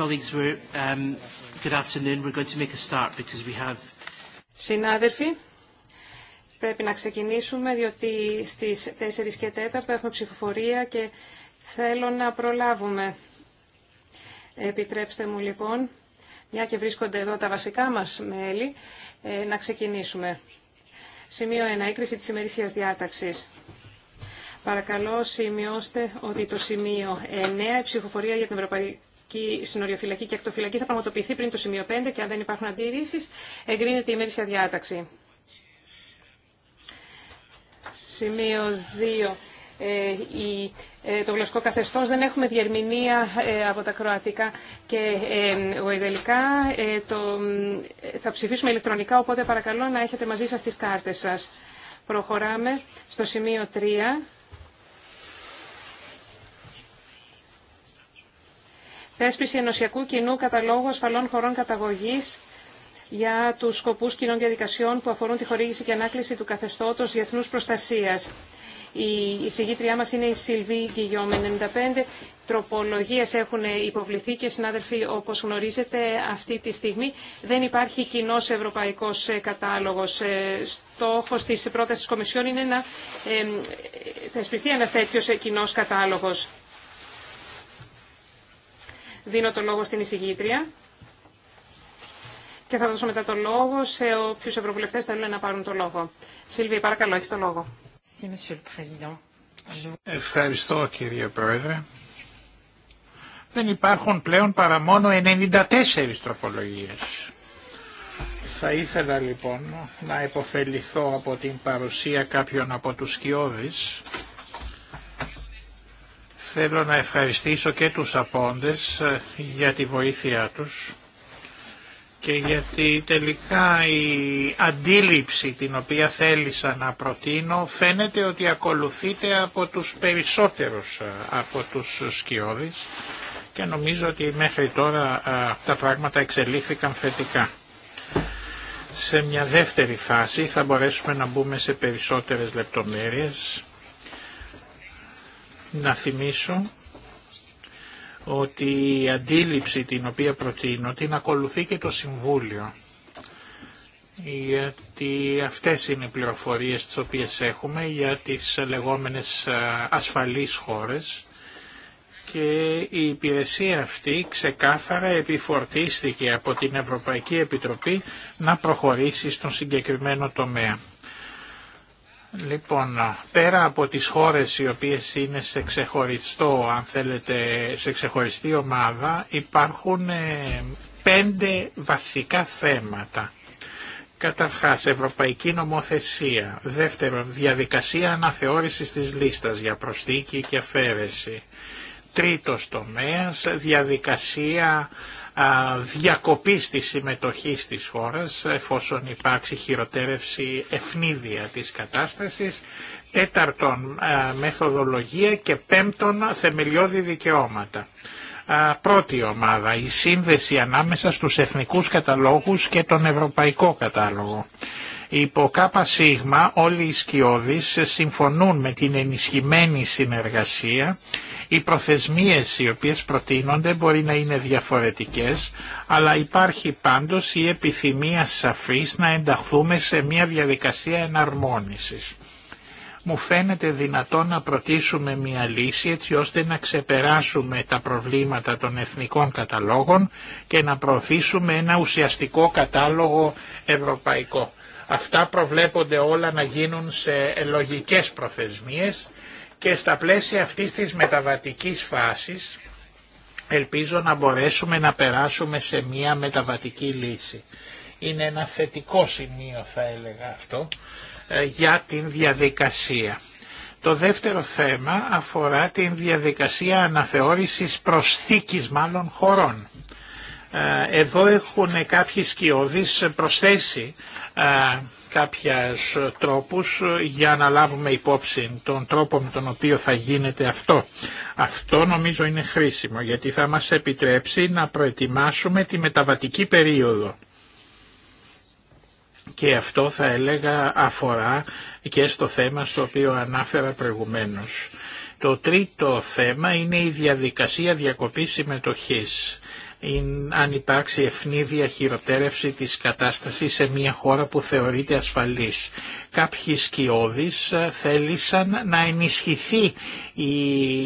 Colleagues, we're, um, good afternoon. We're going to make a start because we have... Συνάδελφοι, πρέπει να ξεκινήσουμε διότι στις 4 και 4 έχουμε ψηφοφορία και θέλω να προλάβουμε. Επιτρέψτε μου λοιπόν, μια και βρίσκονται εδώ τα βασικά μας μέλη, ε, να ξεκινήσουμε. Σημείο 1. Έκριση της ημερήσιας διάταξης. Παρακαλώ σημειώστε ότι το σημείο 9, η ψηφοφορία για την Ευρωπαϊκή συνοριοφυλακή και ακτοφυλακή θα πραγματοποιηθεί πριν το σημείο 5 και αν δεν υπάρχουν αντιρρήσει, εγκρίνεται η ημέρησια διάταξη. Σημείο 2. Ε, η, ε, το γλωσσικό καθεστώς δεν έχουμε διερμηνία ε, από τα κροατικά και γοηδελικά. Ε, ε, το, ε, θα ψηφίσουμε ηλεκτρονικά, οπότε παρακαλώ να έχετε μαζί σας τις κάρτες σας. Προχωράμε στο σημείο 3. θέσπιση ενωσιακού κοινού καταλόγου ασφαλών χωρών καταγωγή για του σκοπού κοινών διαδικασιών που αφορούν τη χορήγηση και ανάκληση του καθεστώτο διεθνού προστασία. Η εισηγήτριά μα είναι η Σιλβή Γκυγιό με 95. Τροπολογίε έχουν υποβληθεί και συνάδελφοι όπω γνωρίζετε αυτή τη στιγμή δεν υπάρχει κοινό ευρωπαϊκό ε, κατάλογο. Ε, Στόχο τη πρόταση τη Κομισιόν είναι να ε, θεσπιστεί ένα τέτοιο κοινό κατάλογο δίνω το λόγο στην εισηγήτρια και θα δώσω μετά το λόγο σε όποιους ευρωβουλευτές θέλουν να πάρουν το λόγο. Σίλβη, παρακαλώ, έχεις το λόγο. Ευχαριστώ κύριε Πρόεδρε. Δεν υπάρχουν πλέον παρά μόνο 94 τροπολογίες. Θα ήθελα λοιπόν να υποφεληθώ από την παρουσία κάποιων από τους σκιώδεις Θέλω να ευχαριστήσω και τους απόντες ε, για τη βοήθειά τους και γιατί τελικά η αντίληψη την οποία θέλησα να προτείνω φαίνεται ότι ακολουθείται από τους περισσότερους ε, από τους σκιώδεις και νομίζω ότι μέχρι τώρα ε, τα πράγματα εξελίχθηκαν θετικά. Σε μια δεύτερη φάση θα μπορέσουμε να μπούμε σε περισσότερες λεπτομέρειες να θυμίσω ότι η αντίληψη την οποία προτείνω την ακολουθεί και το Συμβούλιο. Γιατί αυτές είναι οι πληροφορίες τις οποίες έχουμε για τις λεγόμενες ε, ασφαλείς χώρες και η υπηρεσία αυτή ξεκάθαρα επιφορτίστηκε από την Ευρωπαϊκή Επιτροπή να προχωρήσει στον συγκεκριμένο τομέα. Λοιπόν, πέρα από τις χώρες οι οποίες είναι σε ξεχωριστό, αν θέλετε, σε ξεχωριστή ομάδα, υπάρχουν ε, πέντε βασικά θέματα. Καταρχάς, ευρωπαϊκή νομοθεσία. Δεύτερον, διαδικασία αναθεώρησης της λίστας για προσθήκη και αφαίρεση. Τρίτος τομέας, διαδικασία διακοπής της συμμετοχής της χώρας εφόσον υπάρξει χειροτέρευση ευνίδια της κατάστασης, τέταρτον μεθοδολογία και πέμπτον θεμελιώδη δικαιώματα. Πρώτη ομάδα, η σύνδεση ανάμεσα στους εθνικούς καταλόγους και τον ευρωπαϊκό κατάλογο. Υπό ΚΑΠΑ όλοι οι σκιώδεις συμφωνούν με την ενισχυμένη συνεργασία οι προθεσμίες οι οποίες προτείνονται μπορεί να είναι διαφορετικές, αλλά υπάρχει πάντως η επιθυμία σαφής να ενταχθούμε σε μια διαδικασία εναρμόνισης. Μου φαίνεται δυνατό να προτίσουμε μια λύση έτσι ώστε να ξεπεράσουμε τα προβλήματα των εθνικών καταλόγων και να προωθήσουμε ένα ουσιαστικό κατάλογο ευρωπαϊκό. Αυτά προβλέπονται όλα να γίνουν σε λογικές προθεσμίες και στα πλαίσια αυτής της μεταβατικής φάσης ελπίζω να μπορέσουμε να περάσουμε σε μια μεταβατική λύση. Είναι ένα θετικό σημείο θα έλεγα αυτό ε, για την διαδικασία. Το δεύτερο θέμα αφορά την διαδικασία αναθεώρησης προσθήκης μάλλον χωρών. Ε, εδώ έχουν κάποιοι σκιώδεις προσθέσει ε, κάποιες τρόπους για να λάβουμε υπόψη τον τρόπο με τον οποίο θα γίνεται αυτό. Αυτό νομίζω είναι χρήσιμο γιατί θα μας επιτρέψει να προετοιμάσουμε τη μεταβατική περίοδο. Και αυτό θα έλεγα αφορά και στο θέμα στο οποίο ανάφερα προηγουμένως. Το τρίτο θέμα είναι η διαδικασία διακοπής συμμετοχής αν υπάρξει ευνίδια χειροτέρευση της κατάστασης σε μια χώρα που θεωρείται ασφαλής. Κάποιοι σκιώδεις ε, θέλησαν να ενισχυθεί η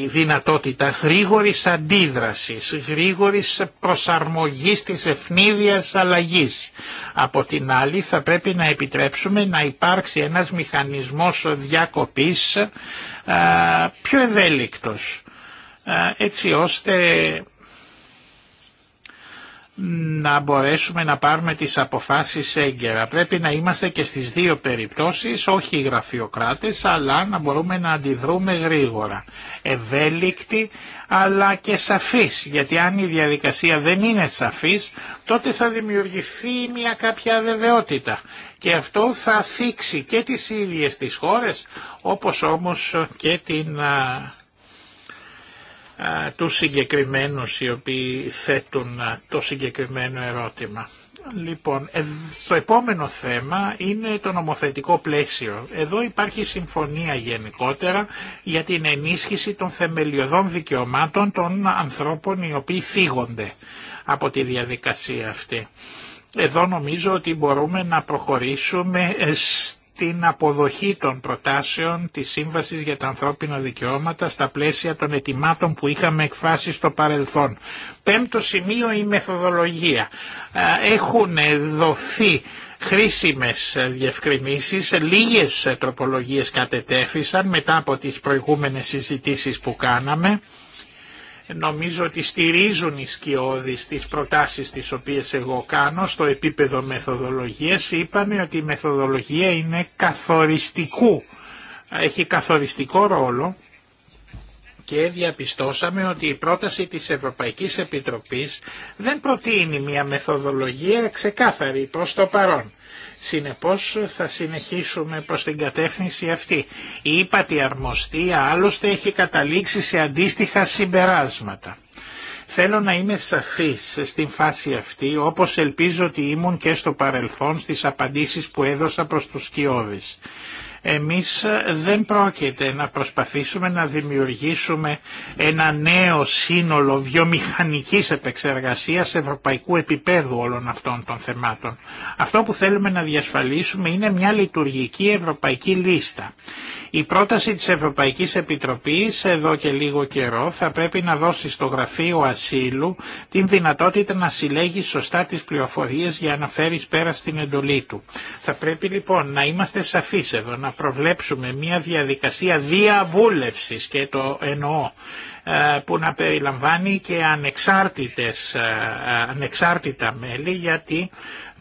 δυνατότητα γρήγορης αντίδρασης, γρήγορης προσαρμογής της ευνίδιας αλλαγής. Από την άλλη θα πρέπει να επιτρέψουμε να υπάρξει ένας μηχανισμός διακοπής ε, πιο ευέλικτος ε, έτσι ώστε να μπορέσουμε να πάρουμε τις αποφάσεις έγκαιρα. Πρέπει να είμαστε και στις δύο περιπτώσεις, όχι οι γραφειοκράτες, αλλά να μπορούμε να αντιδρούμε γρήγορα. Ευέλικτοι, αλλά και σαφείς, γιατί αν η διαδικασία δεν είναι σαφής, τότε θα δημιουργηθεί μια κάποια αβεβαιότητα. Και αυτό θα θίξει και τις ίδιες τις χώρες, όπως όμως και την του συγκεκριμένου οι οποίοι θέτουν το συγκεκριμένο ερώτημα. Λοιπόν, το επόμενο θέμα είναι το νομοθετικό πλαίσιο. Εδώ υπάρχει συμφωνία γενικότερα για την ενίσχυση των θεμελιωδών δικαιωμάτων των ανθρώπων οι οποίοι φύγονται από τη διαδικασία αυτή. Εδώ νομίζω ότι μπορούμε να προχωρήσουμε ε, την αποδοχή των προτάσεων της Σύμβασης για τα Ανθρώπινα Δικαιώματα στα πλαίσια των ετοιμάτων που είχαμε εκφράσει στο παρελθόν. Πέμπτο σημείο η μεθοδολογία. Έχουν δοθεί χρήσιμες διευκρινήσεις, λίγες τροπολογίες κατετέθησαν μετά από τις προηγούμενες συζητήσεις που κάναμε νομίζω ότι στηρίζουν οι σκιώδεις τις προτάσεις τις οποίες εγώ κάνω στο επίπεδο μεθοδολογίας. Είπαμε ότι η μεθοδολογία είναι καθοριστικού, έχει καθοριστικό ρόλο και διαπιστώσαμε ότι η πρόταση της Ευρωπαϊκής Επιτροπής δεν προτείνει μια μεθοδολογία ξεκάθαρη προς το παρόν. Συνεπώς θα συνεχίσουμε προς την κατεύθυνση αυτή. Η ύπατη αρμοστία άλλωστε έχει καταλήξει σε αντίστοιχα συμπεράσματα. Θέλω να είμαι σαφής στην φάση αυτή, όπως ελπίζω ότι ήμουν και στο παρελθόν στις απαντήσεις που έδωσα προς τους σκιώδεις. Εμείς ε, δεν πρόκειται να προσπαθήσουμε να δημιουργήσουμε ένα νέο σύνολο βιομηχανικής επεξεργασίας ευρωπαϊκού επίπεδου όλων αυτών των θεμάτων. Αυτό που θέλουμε να διασφαλίσουμε είναι μια λειτουργική ευρωπαϊκή λίστα. Η πρόταση της Ευρωπαϊκής Επιτροπής εδώ και λίγο καιρό θα πρέπει να δώσει στο Γραφείο Ασύλου την δυνατότητα να συλλέγει σωστά τις πληροφορίες για να φέρει πέρα στην εντολή του. Θα πρέπει λοιπόν να είμαστε σαφείς εδώ, να προβλέψουμε μια διαδικασία διαβούλευσης και το εννοώ ε, που να περιλαμβάνει και ανεξάρτητες, ε, ανεξάρτητα μέλη γιατί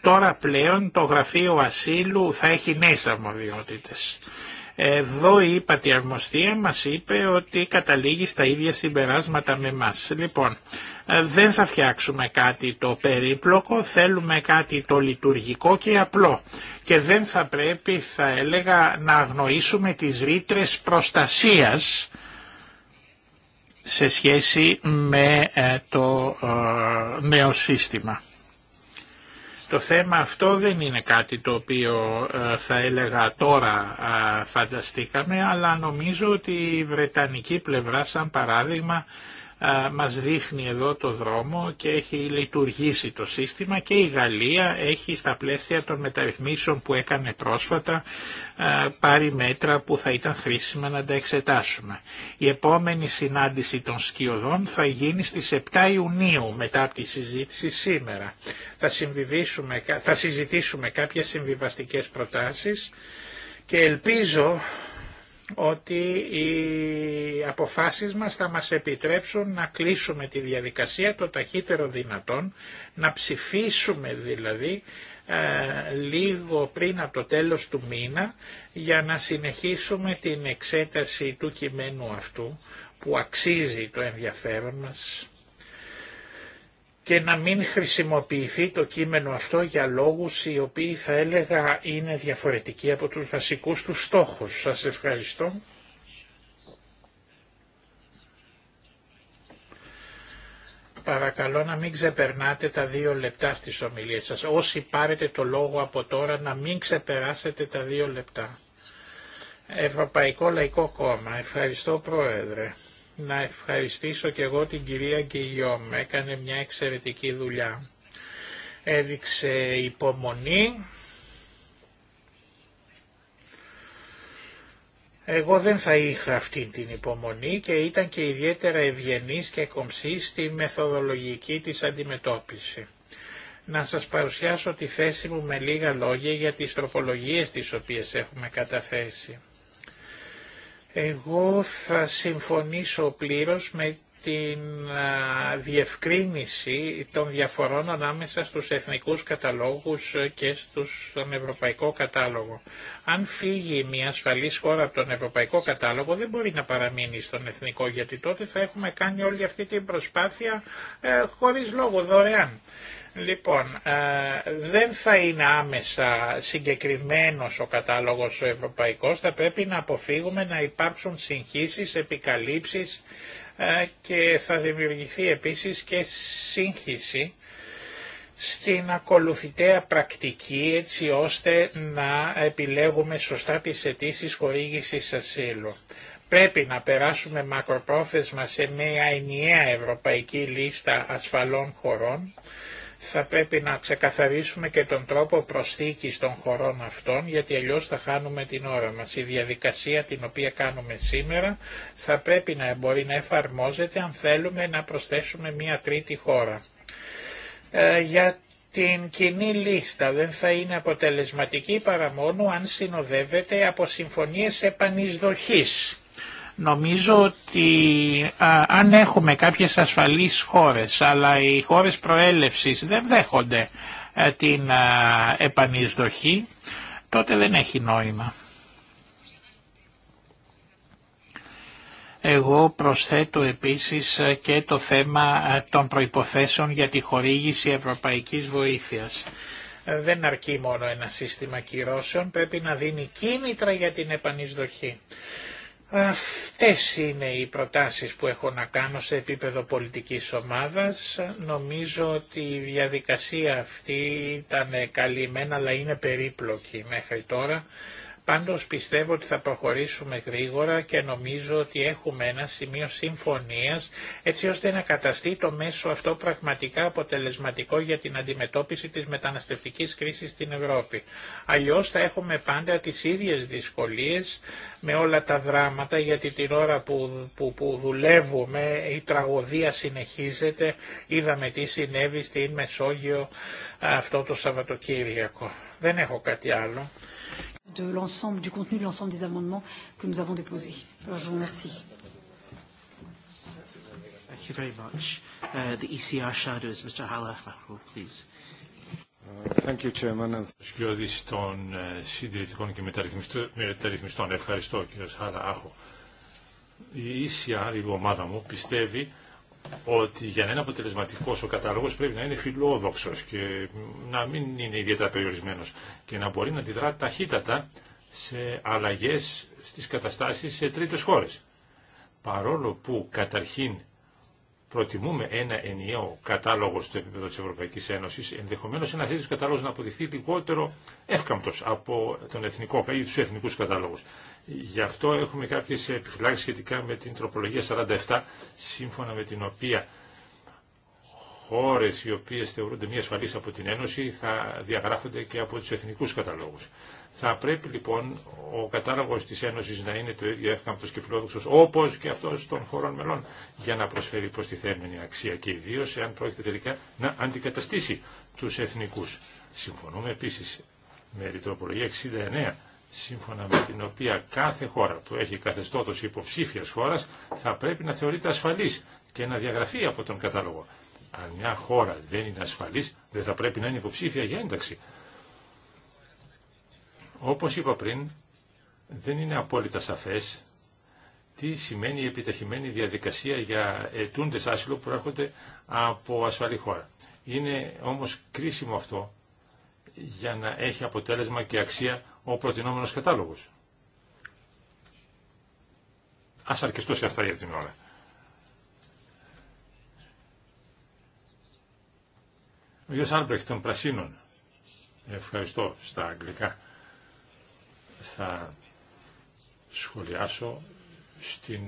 τώρα πλέον το Γραφείο Ασύλου θα έχει νέες αρμοδιότητες. Εδώ η πατιαρμοστία μας είπε ότι καταλήγει στα ίδια συμπεράσματα με μας. Λοιπόν, ε, δεν θα φτιάξουμε κάτι το περίπλοκο, θέλουμε κάτι το λειτουργικό και απλό. Και δεν θα πρέπει, θα έλεγα, να αγνοήσουμε τις ρήτρε προστασίας σε σχέση με ε, το ε, νέο σύστημα. Το θέμα αυτό δεν είναι κάτι το οποίο ε, θα έλεγα τώρα ε, φανταστήκαμε, αλλά νομίζω ότι η Βρετανική πλευρά σαν παράδειγμα μας δείχνει εδώ το δρόμο και έχει λειτουργήσει το σύστημα και η Γαλλία έχει στα πλαίσια των μεταρρυθμίσεων που έκανε πρόσφατα πάρει μέτρα που θα ήταν χρήσιμα να τα εξετάσουμε. Η επόμενη συνάντηση των σκιωδών θα γίνει στις 7 Ιουνίου μετά από τη συζήτηση σήμερα. Θα, συζητήσουμε κάποιες συμβιβαστικές προτάσεις και ελπίζω ότι οι αποφάσεις μας θα μας επιτρέψουν να κλείσουμε τη διαδικασία το ταχύτερο δυνατόν, να ψηφίσουμε δηλαδή ε, λίγο πριν από το τέλος του μήνα για να συνεχίσουμε την εξέταση του κειμένου αυτού που αξίζει το ενδιαφέρον μας και να μην χρησιμοποιηθεί το κείμενο αυτό για λόγους οι οποίοι θα έλεγα είναι διαφορετικοί από τους βασικούς του στόχους. Σας ευχαριστώ. Παρακαλώ να μην ξεπερνάτε τα δύο λεπτά στις ομιλίες σας. Όσοι πάρετε το λόγο από τώρα να μην ξεπεράσετε τα δύο λεπτά. Ευρωπαϊκό Λαϊκό Κόμμα. Ευχαριστώ Πρόεδρε να ευχαριστήσω και εγώ την κυρία Γκυλιόμ. Έκανε μια εξαιρετική δουλειά. Έδειξε υπομονή. Εγώ δεν θα είχα αυτή την υπομονή και ήταν και ιδιαίτερα ευγενής και κομψή στη μεθοδολογική της αντιμετώπιση. Να σας παρουσιάσω τη θέση μου με λίγα λόγια για τις τροπολογίες τις οποίες έχουμε καταθέσει. Εγώ θα συμφωνήσω πλήρως με την διευκρίνηση των διαφορών ανάμεσα στους εθνικούς καταλόγους και στους, στον ευρωπαϊκό κατάλογο. Αν φύγει μια ασφαλής χώρα από τον ευρωπαϊκό κατάλογο δεν μπορεί να παραμείνει στον εθνικό γιατί τότε θα έχουμε κάνει όλη αυτή την προσπάθεια ε, χωρίς λόγο δωρεάν. Λοιπόν, ε, δεν θα είναι άμεσα συγκεκριμένος ο κατάλογος ο ευρωπαϊκός, θα πρέπει να αποφύγουμε να υπάρξουν συγχύσεις, επικαλύψεις ε, και θα δημιουργηθεί επίσης και σύγχυση στην ακολουθητέα πρακτική έτσι ώστε να επιλέγουμε σωστά τις αιτήσει χορήγησης ασύλου. Πρέπει να περάσουμε μακροπρόθεσμα σε μια ενιαία ευρωπαϊκή λίστα ασφαλών χωρών θα πρέπει να ξεκαθαρίσουμε και τον τρόπο προσθήκης των χωρών αυτών, γιατί αλλιώς θα χάνουμε την ώρα μας. Η διαδικασία την οποία κάνουμε σήμερα θα πρέπει να μπορεί να εφαρμόζεται αν θέλουμε να προσθέσουμε μια τρίτη χώρα. Ε, για την κοινή λίστα δεν θα είναι αποτελεσματική παρά μόνο αν συνοδεύεται από συμφωνίες επανεισδοχής Νομίζω ότι αν έχουμε κάποιες ασφαλείς χώρες αλλά οι χώρες προέλευσης δεν δέχονται ε, την α, επανεισδοχή τότε δεν έχει νόημα. Εγώ προσθέτω επίσης ε, και το θέμα ε, των προϋποθέσεων για τη χορήγηση ευρωπαϊκής βοήθειας. Δεν αρκεί μόνο ένα σύστημα κυρώσεων, πρέπει να δίνει κίνητρα για την επανεισδοχή. Αυτές είναι οι προτάσεις που έχω να κάνω σε επίπεδο πολιτικής ομάδας. Νομίζω ότι η διαδικασία αυτή ήταν καλυμμένα αλλά είναι περίπλοκη μέχρι τώρα. Πάντως πιστεύω ότι θα προχωρήσουμε γρήγορα και νομίζω ότι έχουμε ένα σημείο συμφωνίας έτσι ώστε να καταστεί το μέσο αυτό πραγματικά αποτελεσματικό για την αντιμετώπιση της μεταναστευτικής κρίσης στην Ευρώπη. Αλλιώς θα έχουμε πάντα τις ίδιες δυσκολίες με όλα τα δράματα γιατί την ώρα που, που, που δουλεύουμε η τραγωδία συνεχίζεται. Είδαμε τι συνέβη στην Μεσόγειο αυτό το Σαββατοκύριακο. Δεν έχω κάτι άλλο de l'ensemble, du contenu de l'ensemble des amendements que nous avons déposés. Alors, je vous remercie. Thank you very much. Uh, the ECR shadow is Mr. Halafako, please. Thank you, Chairman. Σκιώδης των συντηρητικών και μεταρρυθμιστών. Ευχαριστώ, κύριε Χάλα Άχο. Η ECR, η ομάδα μου, πιστεύει ότι για να είναι αποτελεσματικό ο κατάλογος πρέπει να είναι φιλόδοξος και να μην είναι ιδιαίτερα περιορισμένος και να μπορεί να αντιδρά ταχύτατα σε αλλαγές στις καταστάσεις σε τρίτες χώρες. Παρόλο που καταρχήν προτιμούμε ένα ενιαίο κατάλογο στο επίπεδο τη Ευρωπαϊκή Ένωση. Ενδεχομένω ένα τέτοιο κατάλογος να αποδειχθεί λιγότερο εύκαμπτο από τον εθνικό ή του εθνικού κατάλογους. Γι' αυτό έχουμε κάποιε επιφυλάξει σχετικά με την τροπολογία 47, σύμφωνα με την οποία χώρε οι οποίε θεωρούνται μη ασφαλεί από την Ένωση θα διαγράφονται και από του Εθνικού καταλόγου. Θα πρέπει λοιπόν ο κατάλογο τη Ένωση να είναι το ίδιο εύκαμπτο και φιλόδοξο όπω και αυτό των χωρών μελών για να προσφέρει προστιθέμενη αξία και ιδίω εάν πρόκειται τελικά να αντικαταστήσει του εθνικού. Συμφωνούμε επίση με την τροπολογία 69 σύμφωνα με την οποία κάθε χώρα που έχει καθεστώτος υποψήφιας χώρας θα πρέπει να θεωρείται ασφαλής και να διαγραφεί από τον κατάλογο. Αν μια χώρα δεν είναι ασφαλής, δεν θα πρέπει να είναι υποψήφια για ένταξη. Όπως είπα πριν, δεν είναι απόλυτα σαφές τι σημαίνει η επιταχυμένη διαδικασία για ετούντες άσυλο που έρχονται από ασφαλή χώρα. Είναι όμως κρίσιμο αυτό για να έχει αποτέλεσμα και αξία ο προτινόμενος κατάλογος. Ας αρκεστώ σε αυτά για την ώρα. Ο Γιος Άλμπρεχτ των Πρασίνων. Ευχαριστώ στα αγγλικά θα σχολιάσω στην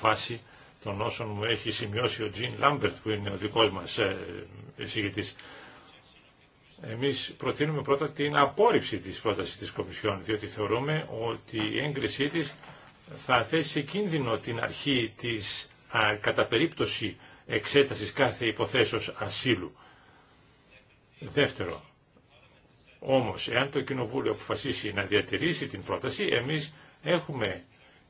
βάση των όσων μου έχει σημειώσει ο Τζιν Λάμπερτ που είναι ο δικός μας ε, εισηγητής. Εμείς προτείνουμε πρώτα την απόρριψη της πρότασης της Κομισιόν, διότι θεωρούμε ότι η έγκρισή της θα θέσει σε κίνδυνο την αρχή της α, κατά περίπτωση εξέτασης κάθε υποθέσεως ασύλου. Δεύτερο, όμως, εάν το Κοινοβούλιο αποφασίσει να διατηρήσει την πρόταση, εμείς έχουμε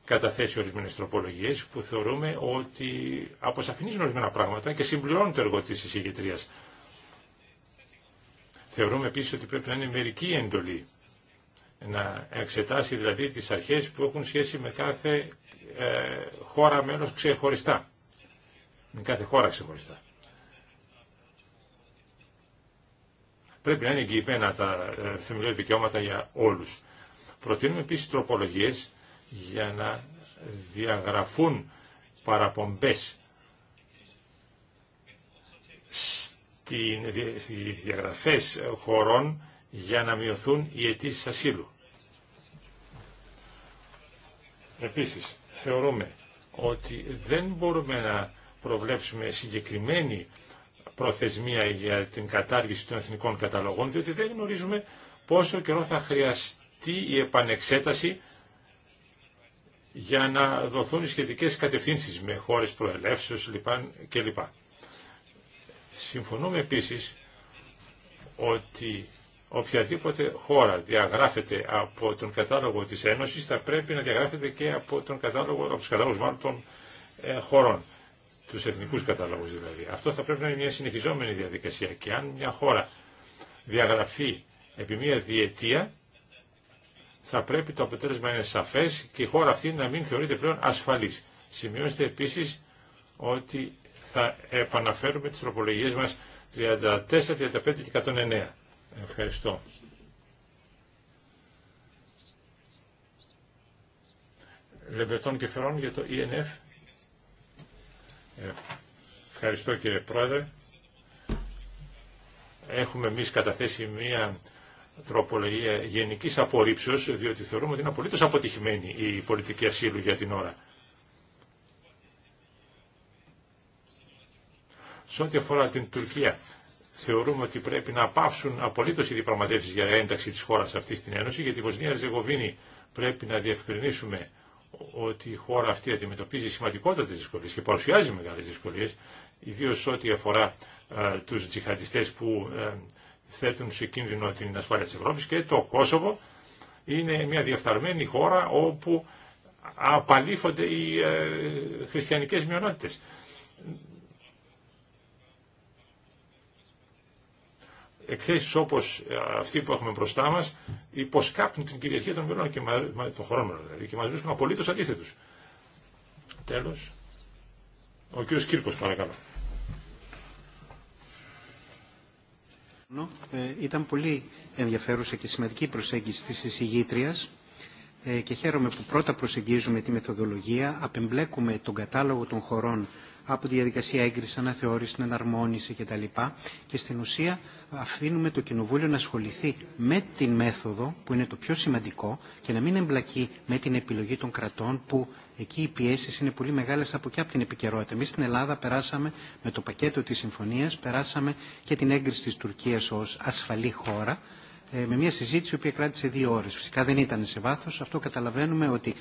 καταθέσει ορισμένες τροπολογίες που θεωρούμε ότι αποσαφηνίζουν ορισμένα πράγματα και συμπληρώνουν το έργο της εισηγητρίας. Θεωρούμε επίσης ότι πρέπει να είναι μερική εντολή, να εξετάσει δηλαδή τις αρχές που έχουν σχέση με κάθε ε, χώρα μέλος ξεχωριστά. Με κάθε χώρα ξεχωριστά. πρέπει να είναι εγγυημένα τα ε, θεμελιώδη δικαιώματα για όλους. Προτείνουμε επίσης τροπολογίες για να διαγραφούν παραπομπές στις διαγραφές χωρών για να μειωθούν οι αιτήσει ασύλου. Επίσης, θεωρούμε ότι δεν μπορούμε να προβλέψουμε συγκεκριμένη προθεσμία για την κατάργηση των εθνικών καταλογών, διότι δεν γνωρίζουμε πόσο καιρό θα χρειαστεί η επανεξέταση για να δοθούν οι σχετικές κατευθύνσεις με χώρες προελεύσεως κλπ. Συμφωνούμε επίσης ότι οποιαδήποτε χώρα διαγράφεται από τον κατάλογο της Ένωσης θα πρέπει να διαγράφεται και από, τον κατάλογο, τους κατάλογους μάλλον των ε, χωρών τους εθνικούς καταλόγους δηλαδή. Αυτό θα πρέπει να είναι μια συνεχιζόμενη διαδικασία και αν μια χώρα διαγραφεί επί μια διετία θα πρέπει το αποτέλεσμα να είναι σαφές και η χώρα αυτή να μην θεωρείται πλέον ασφαλής. Σημειώστε επίσης ότι θα επαναφέρουμε τις τροπολογίες μας 34, 35 και 109. Ευχαριστώ. Λεμπερτών και Φερών για το ENF. Ευχαριστώ κύριε Πρόεδρε. Έχουμε εμεί καταθέσει μία τροπολογία γενικής απορρίψεως, διότι θεωρούμε ότι είναι απολύτως αποτυχημένη η πολιτική ασύλου για την ώρα. Σε ό,τι αφορά την Τουρκία, θεωρούμε ότι πρέπει να πάυσουν απολύτως οι διαπραγματεύσεις για ένταξη της χώρας αυτή στην Ένωση, γιατί η Βοσνία Ζεγοβίνη πρέπει να διευκρινίσουμε ότι η χώρα αυτή αντιμετωπίζει σημαντικότατες δυσκολίες και παρουσιάζει μεγάλες δυσκολίες, ιδίως ό,τι αφορά ε, τους τζιχαντιστές που ε, θέτουν σε κίνδυνο την ασφάλεια της Ευρώπης και το Κόσοβο είναι μια διαφθαρμένη χώρα όπου απαλήφονται οι ε, χριστιανικές μειονότητες. εκθέσεις όπως ε, αυτή που έχουμε μπροστά μας υποσκάπτουν την κυριαρχία των μελών και των χωρών δηλαδή και μας βρίσκουν απολύτως αντίθετους. Τέλος, ο κύριος Κύρκος παρακαλώ. Ε, ήταν πολύ ενδιαφέρουσα και σημαντική προσέγγιση της εισηγήτριας ε, και χαίρομαι που πρώτα προσεγγίζουμε τη μεθοδολογία, απεμπλέκουμε τον κατάλογο των χωρών από τη διαδικασία έγκριση, αναθεώρηση, εναρμόνιση κτλ. Και στην ουσία αφήνουμε το Κοινοβούλιο να ασχοληθεί με την μέθοδο που είναι το πιο σημαντικό και να μην εμπλακεί με την επιλογή των κρατών που εκεί οι πιέσει είναι πολύ μεγάλε από και από την επικαιρότητα. Εμεί στην Ελλάδα περάσαμε με το πακέτο τη συμφωνία, περάσαμε και την έγκριση τη Τουρκία ω ασφαλή χώρα ε, με μια συζήτηση που κράτησε δύο ώρες. Φυσικά δεν ήταν σε βάθος. Αυτό καταλαβαίνουμε ότι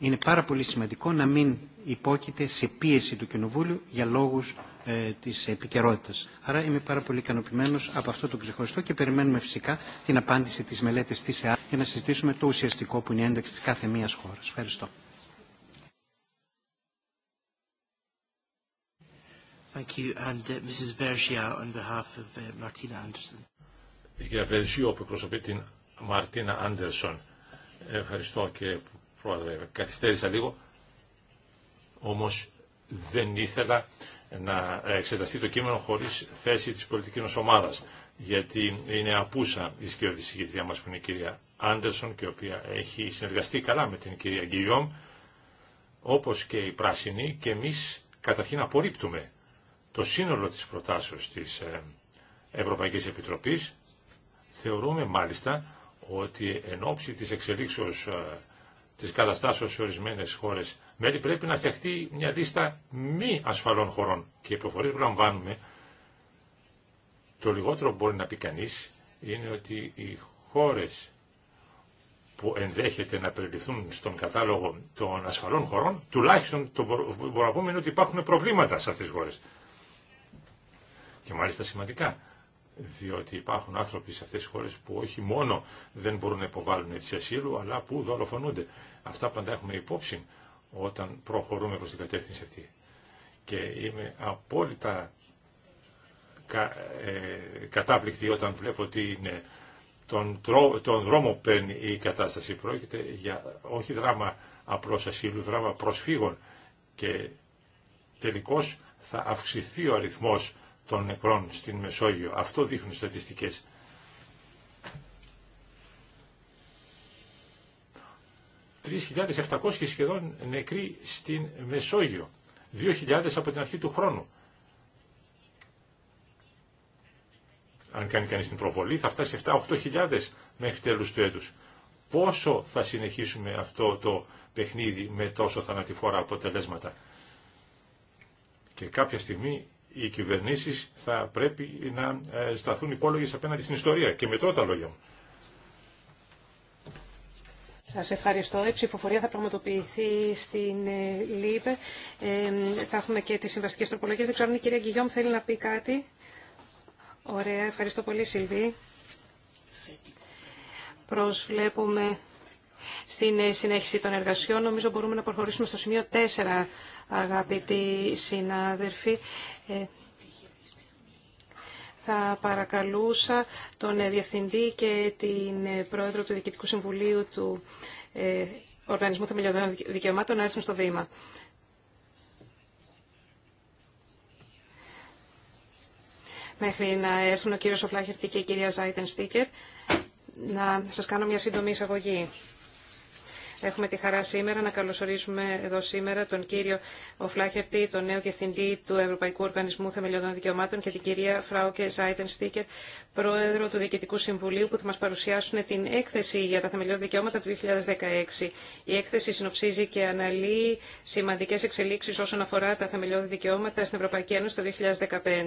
είναι πάρα πολύ σημαντικό να μην υπόκειται σε πίεση του Κοινοβούλου για λόγους ε, της επικαιρότητα. Άρα είμαι πάρα πολύ ικανοποιημένο από αυτό το ξεχωριστό και περιμένουμε φυσικά την απάντηση της μελέτης της ΕΑ για να συζητήσουμε το ουσιαστικό που είναι η ένταξη της κάθε μίας χώρας. Ευχαριστώ. Thank you. And uh, Mrs. on of uh, Martina Anderson. Η κυρία Βεργίου, που εκπροσωπεί την Μαρτίνα Άντερσον. Ευχαριστώ και Πρόεδρε, καθυστέρησα λίγο, όμως δεν ήθελα να εξεταστεί το κείμενο χωρίς θέση της πολιτικής μας ομάδας, γιατί είναι απούσα η σκέφτη συγκεκριά μας που είναι η κυρία Άντερσον και η οποία έχει συνεργαστεί καλά με την κυρία Γκυλιόμ, όπως και η Πράσινη, και εμείς καταρχήν απορρίπτουμε το σύνολο της προτάσεως της ε, Ευρωπαϊκής Επιτροπής. Θεωρούμε μάλιστα ότι εν ώψη της εξελίξεως ε, τι καταστάσεω σε ορισμένε χώρε. μέλη πρέπει να φτιαχτεί μια λίστα μη ασφαλών χωρών και οι προφορίε που λαμβάνουμε το λιγότερο που μπορεί να πει κανεί είναι ότι οι χώρε που ενδέχεται να περιληφθούν στον κατάλογο των ασφαλών χωρών, τουλάχιστον το μπορούμε να πούμε ότι υπάρχουν προβλήματα σε αυτέ τι χώρε. Και μάλιστα σημαντικά, διότι υπάρχουν άνθρωποι σε αυτέ τι χώρε που όχι μόνο δεν μπορούν να υποβάλουν έτσι ασύλου, αλλά που δολοφονούνται. Αυτά πάντα έχουμε υπόψη όταν προχωρούμε προς την κατεύθυνση αυτή. Και είμαι απόλυτα κα, ε, κατάπληκτη όταν βλέπω ότι είναι τον, τρο, τον δρόμο παίρνει η κατάσταση. Πρόκειται για όχι δράμα απλώς ασύλου, δράμα προσφύγων και τελικώς θα αυξηθεί ο αριθμός των νεκρών στην Μεσόγειο. Αυτό δείχνουν οι στατιστικές. 3.700 σχεδόν νεκροί στην Μεσόγειο, 2.000 από την αρχή του χρόνου. Αν κάνει κανείς την προβολή θα φτάσει 7-8.000 μέχρι τέλους του έτους. Πόσο θα συνεχίσουμε αυτό το παιχνίδι με τόσο θανατηφόρα αποτελέσματα. Και κάποια στιγμή οι κυβερνήσεις θα πρέπει να ε, σταθούν υπόλογες απέναντι στην ιστορία και με τρώτα λόγια μου. Σας ευχαριστώ. Η ψηφοφορία θα πραγματοποιηθεί στην ε, ΛΥΠΕ. Ε, θα έχουμε και τις συμβαστικές τροπολογίες. Δεν ξέρω αν η κυρία Γκυγιόμ θέλει να πει κάτι. Ωραία. Ευχαριστώ πολύ, Σιλβί. Προσβλέπουμε στην ε, συνέχιση των εργασιών. Νομίζω μπορούμε να προχωρήσουμε στο σημείο 4, αγαπητοί συνάδελφοι θα παρακαλούσα τον ε, Διευθυντή και την ε, Πρόεδρο του Διοικητικού Συμβουλίου του ε, Οργανισμού Θεμελιωδών Δικαιωμάτων να έρθουν στο βήμα. Μέχρι να έρθουν ο κύριος Οφλάχερτη και η κυρία Ζάιτεν Στίκερ, να σας κάνω μια σύντομη εισαγωγή. Έχουμε τη χαρά σήμερα να καλωσορίσουμε εδώ σήμερα τον κύριο Οφλάχερτη, τον νέο Διευθυντή του Ευρωπαϊκού Οργανισμού Θεμελιωδών Δικαιωμάτων και την κυρία Φράουκε Ζάιτεν Στίκερ, Πρόεδρο του Διοικητικού Συμβουλίου, που θα μα παρουσιάσουν την έκθεση για τα θεμελιώδη δικαιώματα του 2016. Η έκθεση συνοψίζει και αναλύει σημαντικέ εξελίξει όσον αφορά τα θεμελιώδη δικαιώματα στην Ευρωπαϊκή Ένωση το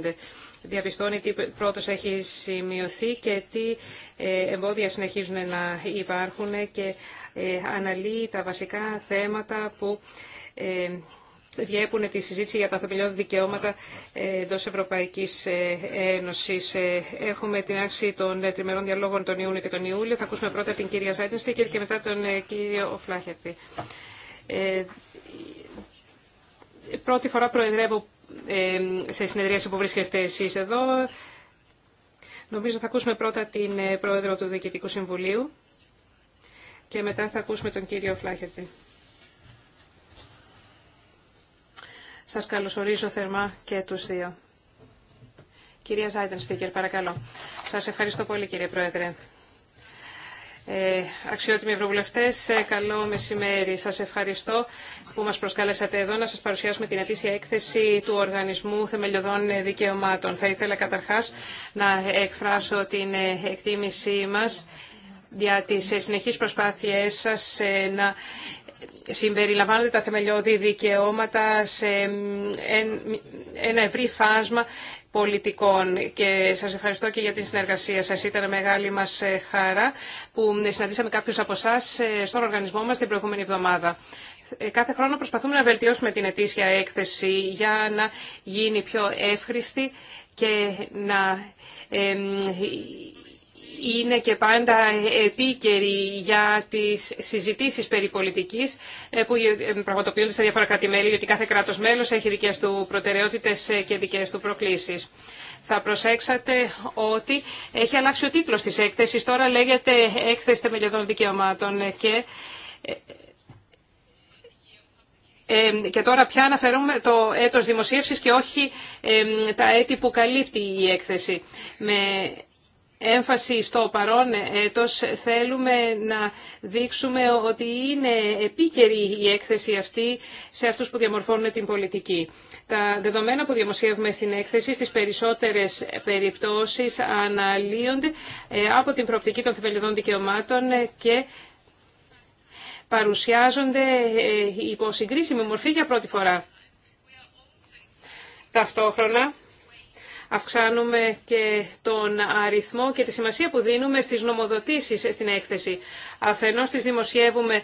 2015. Διαπιστώνει τι πρώτο έχει σημειωθεί και τι ε, εμπόδια συνεχίζουν να υπάρχουν και ε, αναλύει τα βασικά θέματα που ε, διέπουν τη συζήτηση για τα θεμελιώδη δικαιώματα ε, εντό Ευρωπαϊκή Ένωση. Έχουμε την άξη των τριμερών διαλόγων τον Ιούνιο και τον Ιούλιο. Θα ακούσουμε πρώτα την κυρία Σάιτενστικερ και μετά τον κύριο Φλάχερτη. Πρώτη φορά προεδρεύω σε συνεδρίαση που βρίσκεστε εσεί εδώ. Νομίζω θα ακούσουμε πρώτα την πρόεδρο του Διοικητικού Συμβουλίου και μετά θα ακούσουμε τον κύριο Φλάχερτη. Σας καλωσορίζω θερμά και τους δύο. Κυρία Ζάιντεν Στίκερ, παρακαλώ. Σας ευχαριστώ πολύ κύριε Πρόεδρε. Ε, αξιότιμοι Ευρωβουλευτές, ε, καλό μεσημέρι. Σας ευχαριστώ που μας προσκάλεσατε εδώ να σας παρουσιάσουμε την ετήσια έκθεση του Οργανισμού Θεμελιωδών Δικαιωμάτων. Θα ήθελα καταρχάς να εκφράσω την ε, εκτίμησή μας για τις συνεχείς προσπάθειές σας να συμπεριλαμβάνονται τα θεμελιώδη δικαιώματα σε ένα ευρύ φάσμα πολιτικών και σας ευχαριστώ και για την συνεργασία σας. Ήταν μεγάλη μας χαρά που συναντήσαμε κάποιους από εσά στον οργανισμό μας την προηγούμενη εβδομάδα. Ε, κάθε χρόνο προσπαθούμε να βελτιώσουμε την ετήσια έκθεση για να γίνει πιο εύχρηστη και να είναι και πάντα επίκαιρη για τις συζητήσεις περί πολιτικής ε, που ε, πραγματοποιούνται στα διάφορα κράτη-μέλη, γιατί κάθε κράτος μέλος έχει δικές του προτεραιότητες ε, και δικές του προκλήσεις. Θα προσέξατε ότι έχει αλλάξει ο τίτλος της έκθεσης, τώρα λέγεται «Έκθεση θεμελιωδών δικαιωμάτων» και και τώρα πια αναφέρουμε το έτος δημοσίευσης και όχι τα έτη που καλύπτει η έκθεση. Με έμφαση στο παρόν έτος θέλουμε να δείξουμε ότι είναι επίκαιρη η έκθεση αυτή σε αυτούς που διαμορφώνουν την πολιτική. Τα δεδομένα που δημοσιεύουμε στην έκθεση στις περισσότερες περιπτώσεις αναλύονται ε, από την προοπτική των θεμελιωδών δικαιωμάτων και παρουσιάζονται ε, υπό συγκρίσιμη μορφή για πρώτη φορά. Ταυτόχρονα, αυξάνουμε και τον αριθμό και τη σημασία που δίνουμε στις νομοδοτήσεις στην έκθεση. Αφενός τις δημοσιεύουμε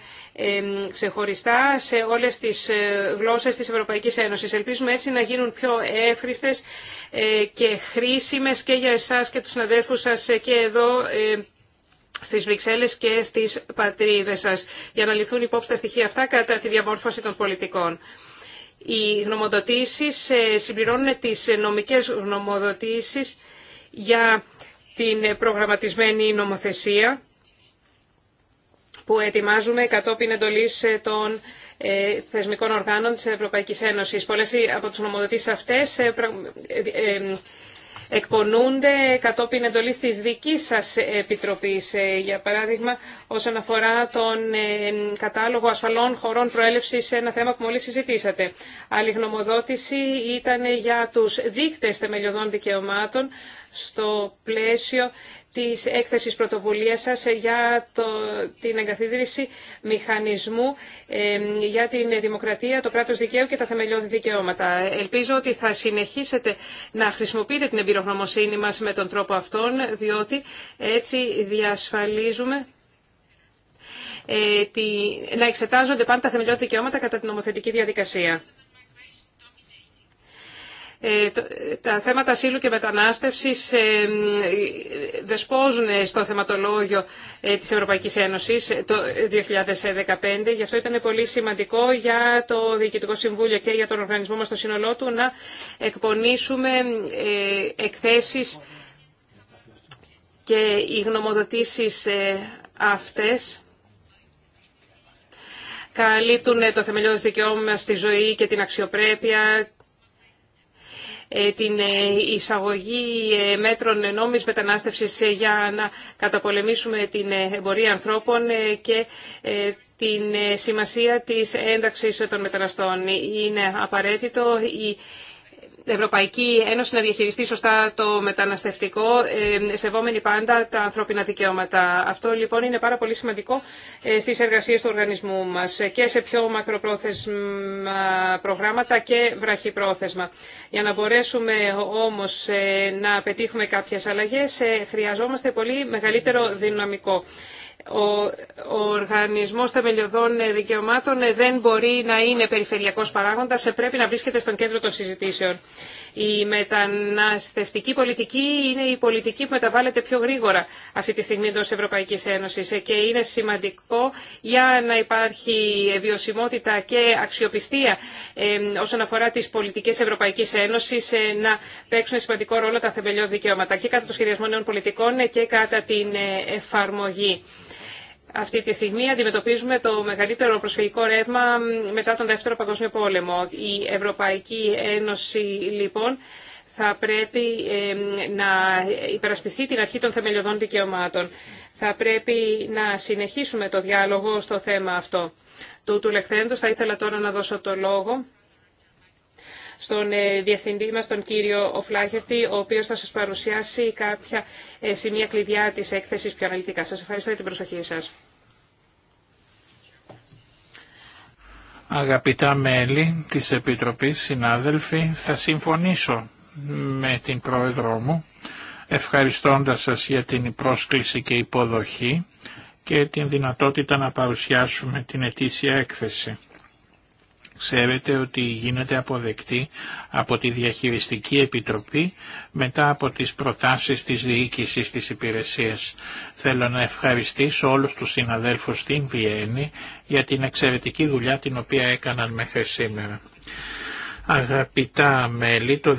ξεχωριστά σε όλες τις ε, γλώσσες της Ευρωπαϊκής Ένωσης. Ελπίζουμε έτσι να γίνουν πιο εύχριστες ε, και χρήσιμες και για εσάς και τους συναδέλφους σας ε, και εδώ στις Βρυξέλλες και στις πατρίδες σας για να λυθούν υπόψη τα στοιχεία αυτά κατά τη διαμόρφωση των πολιτικών. Οι γνωμοδοτήσεις ε, συμπληρώνουν τις νομικές γνωμοδοτήσεις για την προγραμματισμένη νομοθεσία που ετοιμάζουμε κατόπιν εντολής ε, των ε, θεσμικών οργάνων της Ευρωπαϊκής Ένωσης. Πολλές από τις νομοδοτήσεις αυτές εκπονούνται κατόπιν εντολής της δικής σας επιτροπής, ε, για παράδειγμα όσον αφορά τον ε, κατάλογο ασφαλών χωρών προέλευσης σε ένα θέμα που μόλις συζητήσατε. Άλλη γνωμοδότηση ήταν για τους δείκτες θεμελιωδών δικαιωμάτων στο πλαίσιο της έκθεσης πρωτοβουλίας σας για το, την εγκαθίδρυση μηχανισμού ε, για την δημοκρατία, το κράτος δικαίου και τα θεμελιώδη δικαιώματα. Ελπίζω ότι θα συνεχίσετε να χρησιμοποιείτε την εμπειρογνωμοσύνη μας με τον τρόπο αυτόν, διότι έτσι διασφαλίζουμε ε, τη, να εξετάζονται πάντα τα θεμελιώδη δικαιώματα κατά την νομοθετική διαδικασία. Ε, τα θέματα ασύλου και μετανάστευσης ε, δεσπόζουν στο θεματολόγιο ε, της Ευρωπαϊκής Ένωσης το 2015. Γι' αυτό ήταν πολύ σημαντικό για το Διοικητικό Συμβούλιο και για τον οργανισμό μας στο σύνολό του να εκπονήσουμε εκθέσεις και οι γνωμοδοτήσεις αυτές καλύπτουν το θεμελιώδες δικαιώμα στη ζωή και την αξιοπρέπεια, ε, την ε, εισαγωγή ε, μέτρων νόμης μετανάστευσης για να καταπολεμήσουμε την εμπορία ανθρώπων και την σημασία της ένταξης των μεταναστών. Είναι απαραίτητο η Ευρωπαϊκή Ένωση να διαχειριστεί σωστά το μεταναστευτικό, ε, σεβόμενη πάντα τα ανθρώπινα δικαιώματα. Αυτό λοιπόν είναι πάρα πολύ σημαντικό ε, στι εργασίε του οργανισμού μας ε, και σε πιο μακροπρόθεσμα προγράμματα και βραχυπρόθεσμα. Για να μπορέσουμε όμως να πετύχουμε κάποιες αλλαγές, χρειαζόμαστε πολύ μεγαλύτερο δυναμικό ο Οργανισμός Θεμελιωδών Δικαιωμάτων δεν μπορεί να είναι περιφερειακός παράγοντας, πρέπει να βρίσκεται στον κέντρο των συζητήσεων. Η μεταναστευτική πολιτική είναι η πολιτική που μεταβάλλεται πιο γρήγορα αυτή τη στιγμή εντός Ευρωπαϊκή Ένωση και είναι σημαντικό για να υπάρχει βιωσιμότητα και αξιοπιστία όσον αφορά τι πολιτικέ Ευρωπαϊκή Ένωση ε, να παίξουν σημαντικό ρόλο τα θεμελιώδη δικαιώματα και κατά το σχεδιασμό νέων πολιτικών και κατά την ε, εφαρμογή. Αυτή τη στιγμή αντιμετωπίζουμε το μεγαλύτερο προσφυγικό ρεύμα μετά τον Δεύτερο Παγκόσμιο Πόλεμο. Η Ευρωπαϊκή Ένωση, λοιπόν, θα πρέπει να υπερασπιστεί την αρχή των θεμελιωδών δικαιωμάτων. Θα πρέπει να συνεχίσουμε το διάλογο στο θέμα αυτό. Του Λεχθέντος θα ήθελα τώρα να δώσω το λόγο στον ε, διευθυντή μας, τον κύριο Οφλάχερτη, ο οποίος θα σας παρουσιάσει κάποια ε, σημεία κλειδιά της έκθεσης πιο αναλυτικά. Σας ευχαριστώ για την προσοχή σας. Αγαπητά μέλη της Επιτροπής, συνάδελφοι, θα συμφωνήσω με την Πρόεδρό μου, ευχαριστώντας σας για την πρόσκληση και υποδοχή και την δυνατότητα να παρουσιάσουμε την ετήσια έκθεση. Ξέρετε ότι γίνεται αποδεκτή από τη Διαχειριστική Επιτροπή μετά από τις προτάσεις της διοίκησης της υπηρεσίας. Θέλω να ευχαριστήσω όλους τους συναδέλφους στην Βιέννη για την εξαιρετική δουλειά την οποία έκαναν μέχρι σήμερα. Αγαπητά μέλη, το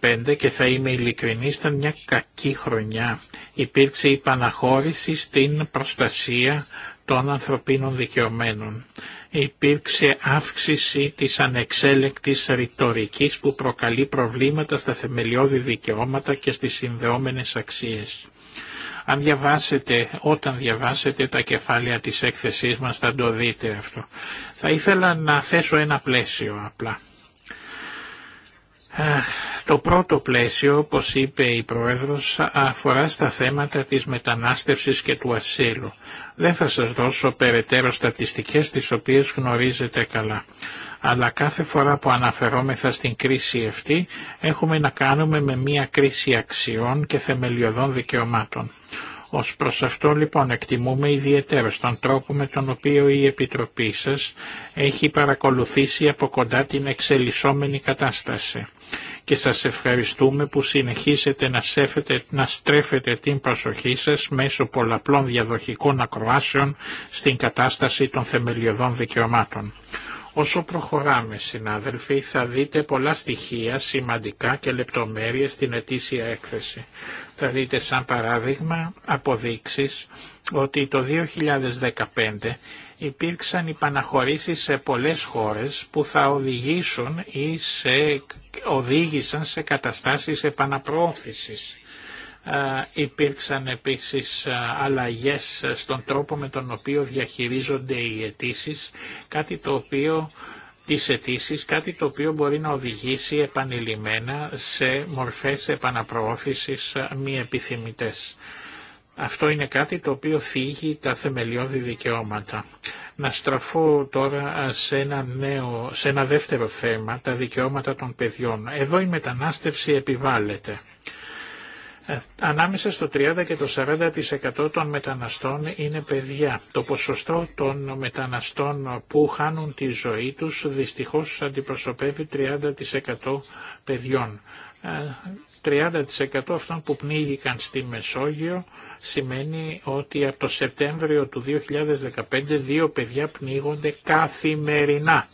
2015 και θα είμαι ειλικρινή ήταν μια κακή χρονιά. Υπήρξε η παναχώρηση στην προστασία των ανθρωπίνων δικαιωμένων. Υπήρξε αύξηση της ανεξέλεκτης ρητορική που προκαλεί προβλήματα στα θεμελιώδη δικαιώματα και στις συνδεόμενες αξίες. Αν διαβάσετε, όταν διαβάσετε τα κεφάλαια της έκθεσής μας θα το δείτε αυτό. Θα ήθελα να θέσω ένα πλαίσιο απλά. Το πρώτο πλαίσιο, όπως είπε η Πρόεδρος, αφορά στα θέματα της μετανάστευσης και του ασύλου. Δεν θα σας δώσω περαιτέρω στατιστικές τις οποίες γνωρίζετε καλά. Αλλά κάθε φορά που αναφερόμεθα στην κρίση αυτή, έχουμε να κάνουμε με μια κρίση αξιών και θεμελιωδών δικαιωμάτων. Ως προς αυτό λοιπόν εκτιμούμε ιδιαίτερα τον τρόπο με τον οποίο η Επιτροπή σας έχει παρακολουθήσει από κοντά την εξελισσόμενη κατάσταση και σας ευχαριστούμε που συνεχίσετε να, σέφετε, να στρέφετε την προσοχή σας μέσω πολλαπλών διαδοχικών ακροάσεων στην κατάσταση των θεμελιωδών δικαιωμάτων. Όσο προχωράμε συνάδελφοι θα δείτε πολλά στοιχεία σημαντικά και λεπτομέρειες στην ετήσια έκθεση δείτε σαν παράδειγμα αποδείξεις ότι το 2015 υπήρξαν υπαναχωρήσεις σε πολλές χώρες που θα οδηγήσουν ή σε, οδήγησαν σε καταστάσεις επαναπροώθησης. Υπήρξαν επίσης αλλαγές στον τρόπο με τον οποίο διαχειρίζονται οι αιτήσει, κάτι το οποίο τις αιτήσει, κάτι το οποίο μπορεί να οδηγήσει επανειλημμένα σε μορφές επαναπροώθησης μη επιθυμητές. Αυτό είναι κάτι το οποίο θίγει τα θεμελιώδη δικαιώματα. Να στραφώ τώρα σε ένα, νέο, σε ένα δεύτερο θέμα, τα δικαιώματα των παιδιών. Εδώ η μετανάστευση επιβάλλεται. Ανάμεσα στο 30 και το 40% των μεταναστών είναι παιδιά. Το ποσοστό των μεταναστών που χάνουν τη ζωή τους δυστυχώς αντιπροσωπεύει 30% παιδιών. 30% ε, αυτών που πνίγηκαν στη Μεσόγειο σημαίνει ότι από το Σεπτέμβριο του 2015 δύο παιδιά πνίγονται καθημερινά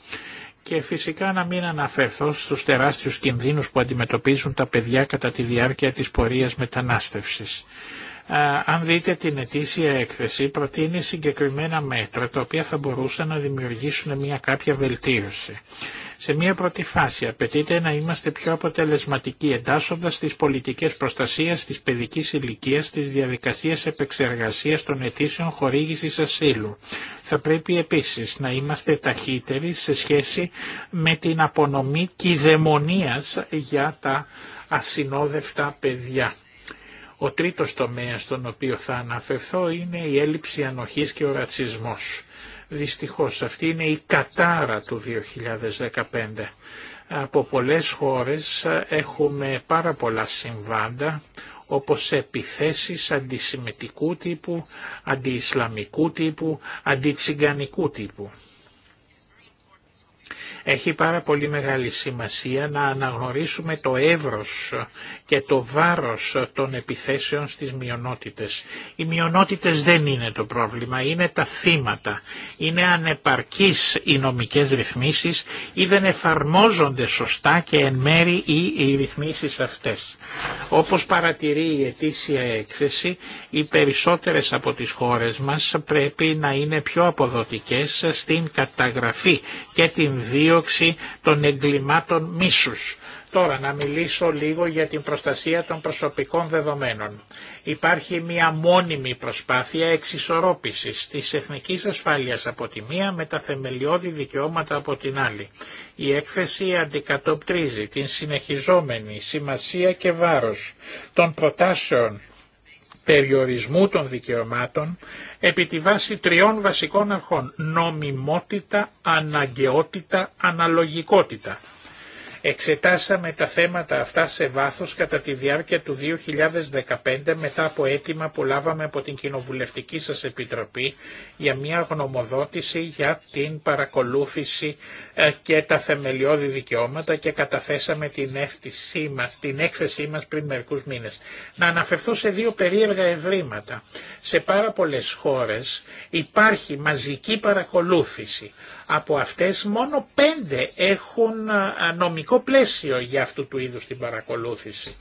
και φυσικά να μην αναφερθώ στους τεράστιους κινδύνους που αντιμετωπίζουν τα παιδιά κατά τη διάρκεια της πορείας μετανάστευσης. Αν δείτε την ετήσια έκθεση, προτείνει συγκεκριμένα μέτρα τα οποία θα μπορούσαν να δημιουργήσουν μια κάποια βελτίωση. Σε μια πρώτη φάση απαιτείται να είμαστε πιο αποτελεσματικοί εντάσσοντας τις πολιτικές προστασίας της παιδικής ηλικίας, τις διαδικασίες επεξεργασίας των αιτήσεων χορήγησης ασύλου. Θα πρέπει επίσης να είμαστε ταχύτεροι σε σχέση με την απονομή κυδαιμονίας για τα ασυνόδευτα παιδιά. Ο τρίτος τομέας στον οποίο θα αναφερθώ είναι η έλλειψη ανοχής και ο ρατσισμός. Δυστυχώς αυτή είναι η κατάρα του 2015. Από πολλές χώρες έχουμε πάρα πολλά συμβάντα όπως επιθέσεις αντισημετικού τύπου, αντιισλαμικού τύπου, αντιτσιγκανικού τύπου. Έχει πάρα πολύ μεγάλη σημασία να αναγνωρίσουμε το εύρος και το βάρος των επιθέσεων στις μειονότητες. Οι μειονότητες δεν είναι το πρόβλημα, είναι τα θύματα. Είναι ανεπαρκείς οι νομικές ρυθμίσεις ή δεν εφαρμόζονται σωστά και εν μέρη οι ρυθμίσεις αυτές. Όπως παρατηρεί η ετήσια έκθεση, οι περισσότερες από τις χώρες μας πρέπει να είναι πιο αποδοτικές στην καταγραφή και την δίωξη δίωξη των εγκλημάτων μίσους. Τώρα να μιλήσω λίγο για την προστασία των προσωπικών δεδομένων. Υπάρχει μια μόνιμη προσπάθεια εξισορρόπησης της εθνικής ασφάλειας από τη μία με τα θεμελιώδη δικαιώματα από την άλλη. Η έκθεση αντικατοπτρίζει την συνεχιζόμενη σημασία και βάρος των προτάσεων περιορισμού των δικαιωμάτων επί τη βάση τριών βασικών αρχών. Νομιμότητα, αναγκαιότητα, αναλογικότητα. Εξετάσαμε τα θέματα αυτά σε βάθος κατά τη διάρκεια του 2015 μετά από αίτημα που λάβαμε από την Κοινοβουλευτική σας Επιτροπή για μια γνωμοδότηση για την παρακολούθηση ε, και τα θεμελιώδη δικαιώματα και καταθέσαμε την, μας, την έκθεσή μας πριν μερικούς μήνες. Να αναφερθώ σε δύο περίεργα ευρήματα. Σε πάρα πολλές χώρες υπάρχει μαζική παρακολούθηση από αυτές μόνο πέντε έχουν νομικό πλαίσιο για αυτού του είδους την παρακολούθηση.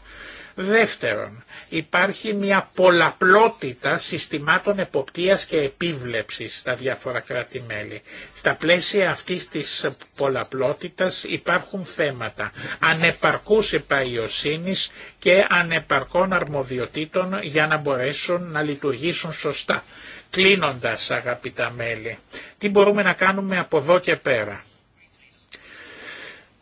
Δεύτερον, υπάρχει μια πολλαπλότητα συστημάτων εποπτείας και επίβλεψης στα διάφορα κράτη-μέλη. Στα πλαίσια αυτής της πολλαπλότητας υπάρχουν θέματα ανεπαρκούς επαϊωσύνης και ανεπαρκών αρμοδιοτήτων για να μπορέσουν να λειτουργήσουν σωστά. Κλείνοντας αγαπητά μέλη, τι μπορούμε να κάνουμε από εδώ και πέρα.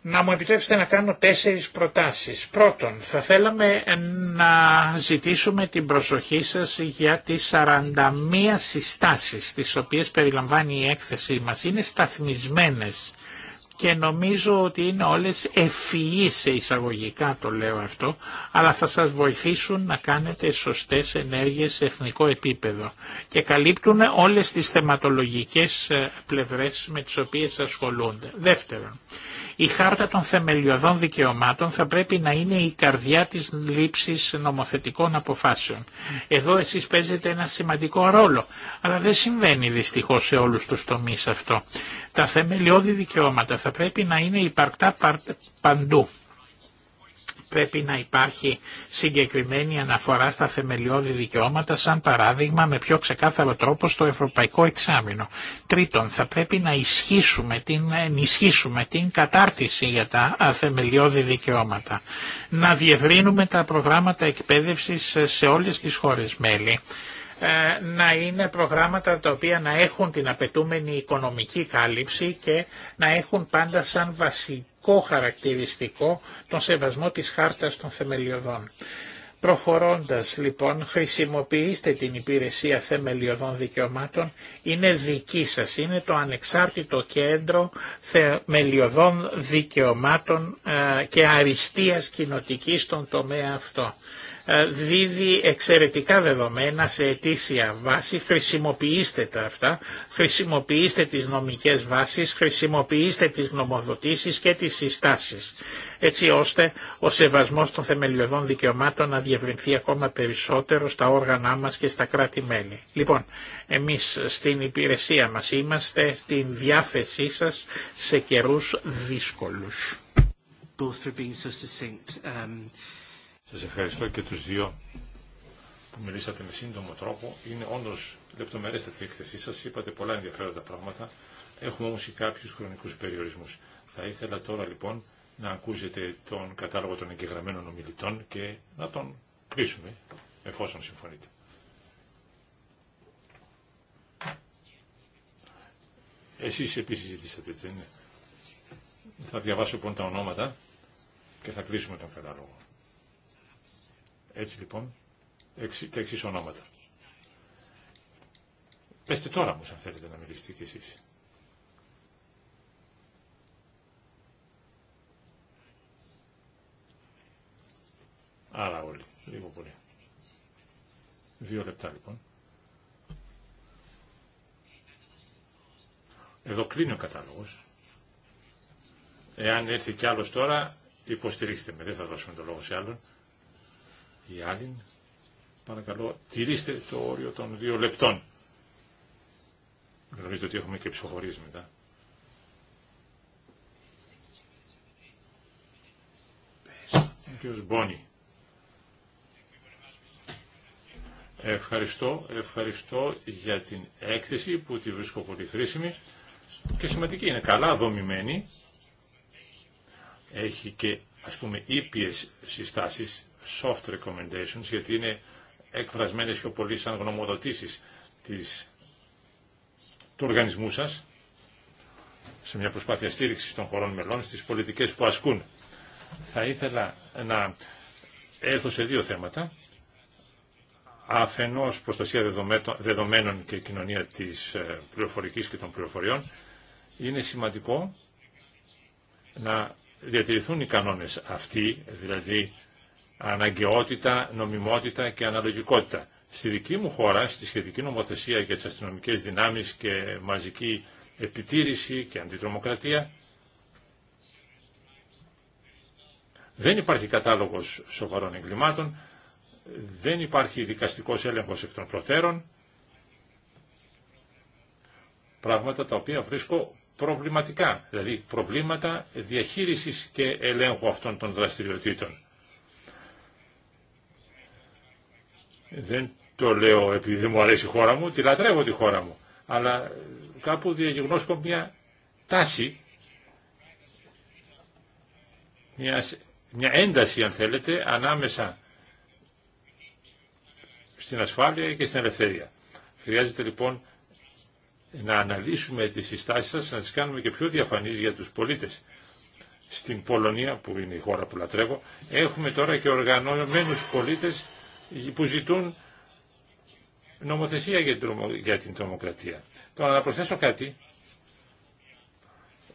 Να μου επιτρέψετε να κάνω τέσσερις προτάσεις. Πρώτον, θα θέλαμε να ζητήσουμε την προσοχή σας για τις 41 συστάσεις τις οποίες περιλαμβάνει η έκθεσή μας. Είναι σταθμισμένες και νομίζω ότι είναι όλες ευφυείς σε εισαγωγικά το λέω αυτό, αλλά θα σας βοηθήσουν να κάνετε σωστές ενέργειες σε εθνικό επίπεδο και καλύπτουν όλες τις θεματολογικές ε, πλευρές με τις οποίες ασχολούνται. Δεύτερον, η χάρτα των θεμελιωδών δικαιωμάτων θα πρέπει να είναι η καρδιά της λήψης νομοθετικών αποφάσεων. Εδώ εσείς παίζετε ένα σημαντικό ρόλο, αλλά δεν συμβαίνει δυστυχώς σε όλους τους τομείς αυτό. Τα θεμελιώδη δικαιώματα θα πρέπει να είναι υπαρκτά παντού πρέπει να υπάρχει συγκεκριμένη αναφορά στα θεμελιώδη δικαιώματα, σαν παράδειγμα με πιο ξεκάθαρο τρόπο στο Ευρωπαϊκό Εξάμεινο. Τρίτον, θα πρέπει να ισχύσουμε την, ενισχύσουμε την κατάρτιση για τα θεμελιώδη δικαιώματα. Να διευρύνουμε τα προγράμματα εκπαίδευσης σε όλες τις χώρες μέλη ε, να είναι προγράμματα τα οποία να έχουν την απαιτούμενη οικονομική κάλυψη και να έχουν πάντα σαν βασική βασικό χαρακτηριστικό τον σεβασμό της χάρτας των θεμελιωδών. Προχωρώντας λοιπόν, χρησιμοποιήστε την υπηρεσία θεμελιωδών δικαιωμάτων, είναι δική σας, είναι το ανεξάρτητο κέντρο θεμελιωδών δικαιωμάτων ε, και αριστείας κοινοτικής στον τομέα αυτό. Ε, δίδει εξαιρετικά δεδομένα σε αιτήσια βάση, χρησιμοποιήστε τα αυτά, χρησιμοποιήστε τις νομικές βάσεις, χρησιμοποιήστε τις νομοδοτήσεις και τις συστάσεις, έτσι ώστε ο σεβασμός των θεμελιωδών δικαιωμάτων να διευρυνθεί ακόμα περισσότερο στα όργανά μας και στα κράτη-μέλη. Λοιπόν, εμείς στην υπηρεσία μας είμαστε στην διάθεσή σας σε καιρούς δύσκολους. Um, σας ευχαριστώ και τους δύο που μιλήσατε με σύντομο τρόπο. Είναι όντως λεπτομερέστατη η εκθεσή σας, είπατε πολλά ενδιαφέροντα πράγματα. Έχουμε όμως και κάποιους χρονικούς περιορισμούς. Θα ήθελα τώρα λοιπόν να ακούσετε τον κατάλογο των εγγεγραμμένων ομιλητών και να τον κλείσουμε εφόσον συμφωνείτε. Εσείς επίσης ζητήσατε, είναι. Θα διαβάσω λοιπόν τα ονόματα και θα κλείσουμε τον κατάλογο. Έτσι λοιπόν, τα εξή ονόματα. Πεςτε τώρα όμως αν θέλετε να μιλήσετε κι εσείς. Άρα όλοι, λίγο πολύ. Δύο λεπτά λοιπόν. Εδώ κλείνει ο κατάλογος. Εάν έρθει κι άλλος τώρα, υποστηρίξτε με, δεν θα δώσουμε το λόγο σε άλλον η άλλοι, παρακαλώ, τηρήστε το όριο των δύο λεπτών. Γνωρίζετε ότι έχουμε και ψηφοφορίες μετά. Ο Μπόνι. Ευχαριστώ, ευχαριστώ για την έκθεση που τη βρίσκω πολύ χρήσιμη και σημαντική. Είναι καλά δομημένη, έχει και ας πούμε ήπιες συστάσεις soft recommendations, γιατί είναι εκφρασμένες πιο πολύ σαν γνωμοδοτήσεις της, του οργανισμού σας, σε μια προσπάθεια στήριξης των χωρών μελών, στις πολιτικές που ασκούν. Θα ήθελα να έρθω σε δύο θέματα. Αφενός προστασία δεδομένων και κοινωνία της ε, πληροφορικής και των πληροφοριών, είναι σημαντικό να διατηρηθούν οι κανόνες αυτοί, δηλαδή αναγκαιότητα, νομιμότητα και αναλογικότητα. Στη δική μου χώρα, στη σχετική νομοθεσία για τις αστυνομικές δυνάμεις και μαζική επιτήρηση και αντιτρομοκρατία, δεν υπάρχει κατάλογος σοβαρών εγκλημάτων, δεν υπάρχει δικαστικός έλεγχος εκ των προτέρων, πράγματα τα οποία βρίσκω προβληματικά, δηλαδή προβλήματα διαχείρισης και ελέγχου αυτών των δραστηριοτήτων. Δεν το λέω επειδή δεν μου αρέσει η χώρα μου, τη λατρεύω τη χώρα μου. Αλλά κάπου διαγνώσκω μια τάση, μια, μια ένταση αν θέλετε, ανάμεσα στην ασφάλεια και στην ελευθερία. Χρειάζεται λοιπόν να αναλύσουμε τις συστάσεις σας, να τις κάνουμε και πιο διαφανείς για τους πολίτες. Στην Πολωνία, που είναι η χώρα που λατρεύω, έχουμε τώρα και οργανωμένους πολίτες που ζητούν νομοθεσία για την τρομοκρατία. Τώρα να προσθέσω κάτι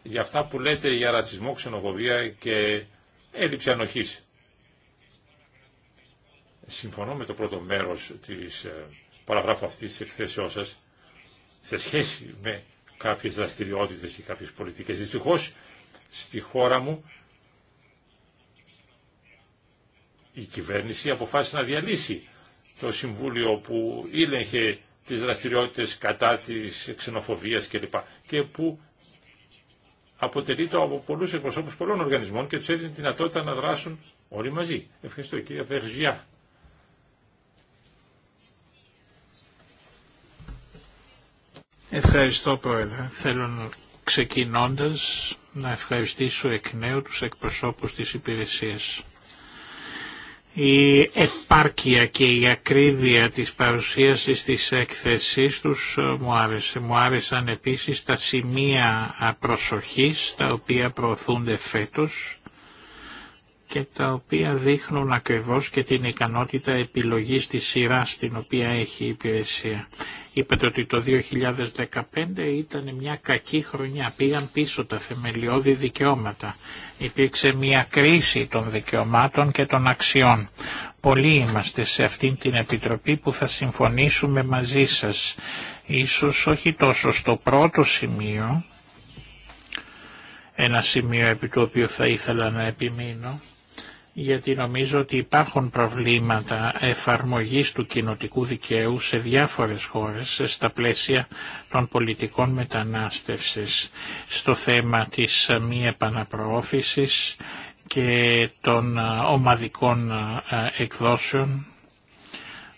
για αυτά που λέτε για ρατσισμό, ξενοφοβία και έλλειψη ανοχής. Συμφωνώ με το πρώτο μέρος της ε, παραγράφου αυτής της εκθέσεώς σας σε σχέση με κάποιες δραστηριότητες και κάποιες πολιτικές. Δυστυχώς στη χώρα μου η κυβέρνηση αποφάσισε να διαλύσει το Συμβούλιο που ήλεγχε τις δραστηριότητες κατά της ξενοφοβίας κλπ. Και που αποτελείται από πολλούς εκπροσώπους πολλών οργανισμών και τους έδινε τη δυνατότητα να δράσουν όλοι μαζί. Ευχαριστώ κύριε Βεργιά. Ευχαριστώ Πρόεδρε. Θέλω ξεκινώντας να ευχαριστήσω εκ νέου τους εκπροσώπους της υπηρεσίας η επάρκεια και η ακρίβεια της παρουσίασης της έκθεσής τους ε, μου άρεσε. Μου άρεσαν επίσης τα σημεία προσοχής τα οποία προωθούνται φέτος και τα οποία δείχνουν ακριβώς και την ικανότητα επιλογής της σειράς την οποία έχει η υπηρεσία. Είπατε ότι το 2015 ήταν μια κακή χρονιά, πήγαν πίσω τα θεμελιώδη δικαιώματα. Υπήρξε μια κρίση των δικαιωμάτων και των αξιών. Πολλοί είμαστε σε αυτήν την Επιτροπή που θα συμφωνήσουμε μαζί σας. Ίσως όχι τόσο στο πρώτο σημείο, ένα σημείο επί το οποίο θα ήθελα να επιμείνω, γιατί νομίζω ότι υπάρχουν προβλήματα εφαρμογής του κοινοτικού δικαίου σε διάφορες χώρες στα πλαίσια των πολιτικών μετανάστευσης στο θέμα της μη επαναπροώθησης και των ομαδικών ε, εκδόσεων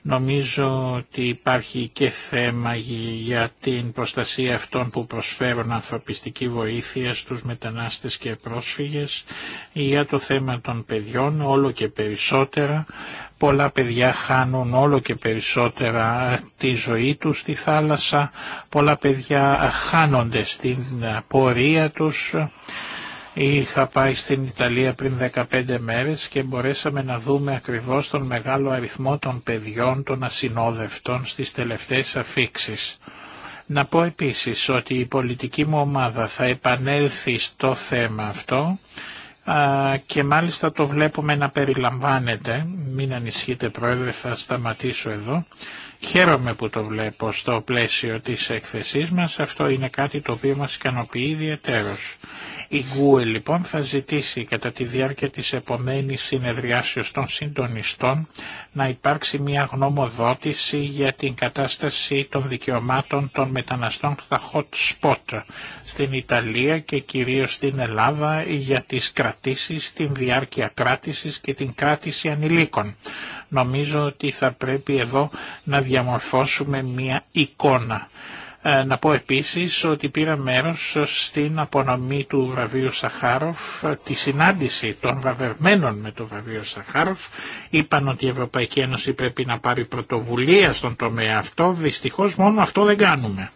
Νομίζω ότι υπάρχει και θέμα για την προστασία αυτών που προσφέρουν ανθρωπιστική βοήθεια στους μετανάστες και πρόσφυγες, για το θέμα των παιδιών όλο και περισσότερα. Πολλά παιδιά χάνουν όλο και περισσότερα τη ζωή τους στη θάλασσα, πολλά παιδιά χάνονται στην πορεία τους Είχα πάει στην Ιταλία πριν 15 μέρες και μπορέσαμε να δούμε ακριβώς τον μεγάλο αριθμό των παιδιών των ασυνόδευτων στις τελευταίες αφήξεις. Να πω επίσης ότι η πολιτική μου ομάδα θα επανέλθει στο θέμα αυτό και μάλιστα το βλέπουμε να περιλαμβάνεται, μην ανησυχείτε πρόεδρε θα σταματήσω εδώ, χαίρομαι που το βλέπω στο πλαίσιο της έκθεσής μας, αυτό είναι κάτι το οποίο μας ικανοποιεί ιδιαίτερος. Η Γκουε λοιπόν θα ζητήσει κατά τη διάρκεια της επομένης συνεδριάσεως των συντονιστών να υπάρξει μια γνωμοδότηση για την κατάσταση των δικαιωμάτων των μεταναστών στα hot spot στην Ιταλία και κυρίως στην Ελλάδα για τις κρατήσεις, την διάρκεια κράτησης και την κράτηση ανηλίκων. Νομίζω ότι θα πρέπει εδώ να διαμορφώσουμε μια εικόνα. Ε, να πω επίσης ότι πήρα μέρος στην απονομή του βραβείου Σαχάροφ, τη συνάντηση των βαβερμένων με το βραβείο Σαχάροφ. Είπαν ότι η Ευρωπαϊκή Ένωση πρέπει να πάρει πρωτοβουλία στον τομέα αυτό. Δυστυχώς μόνο αυτό δεν κάνουμε.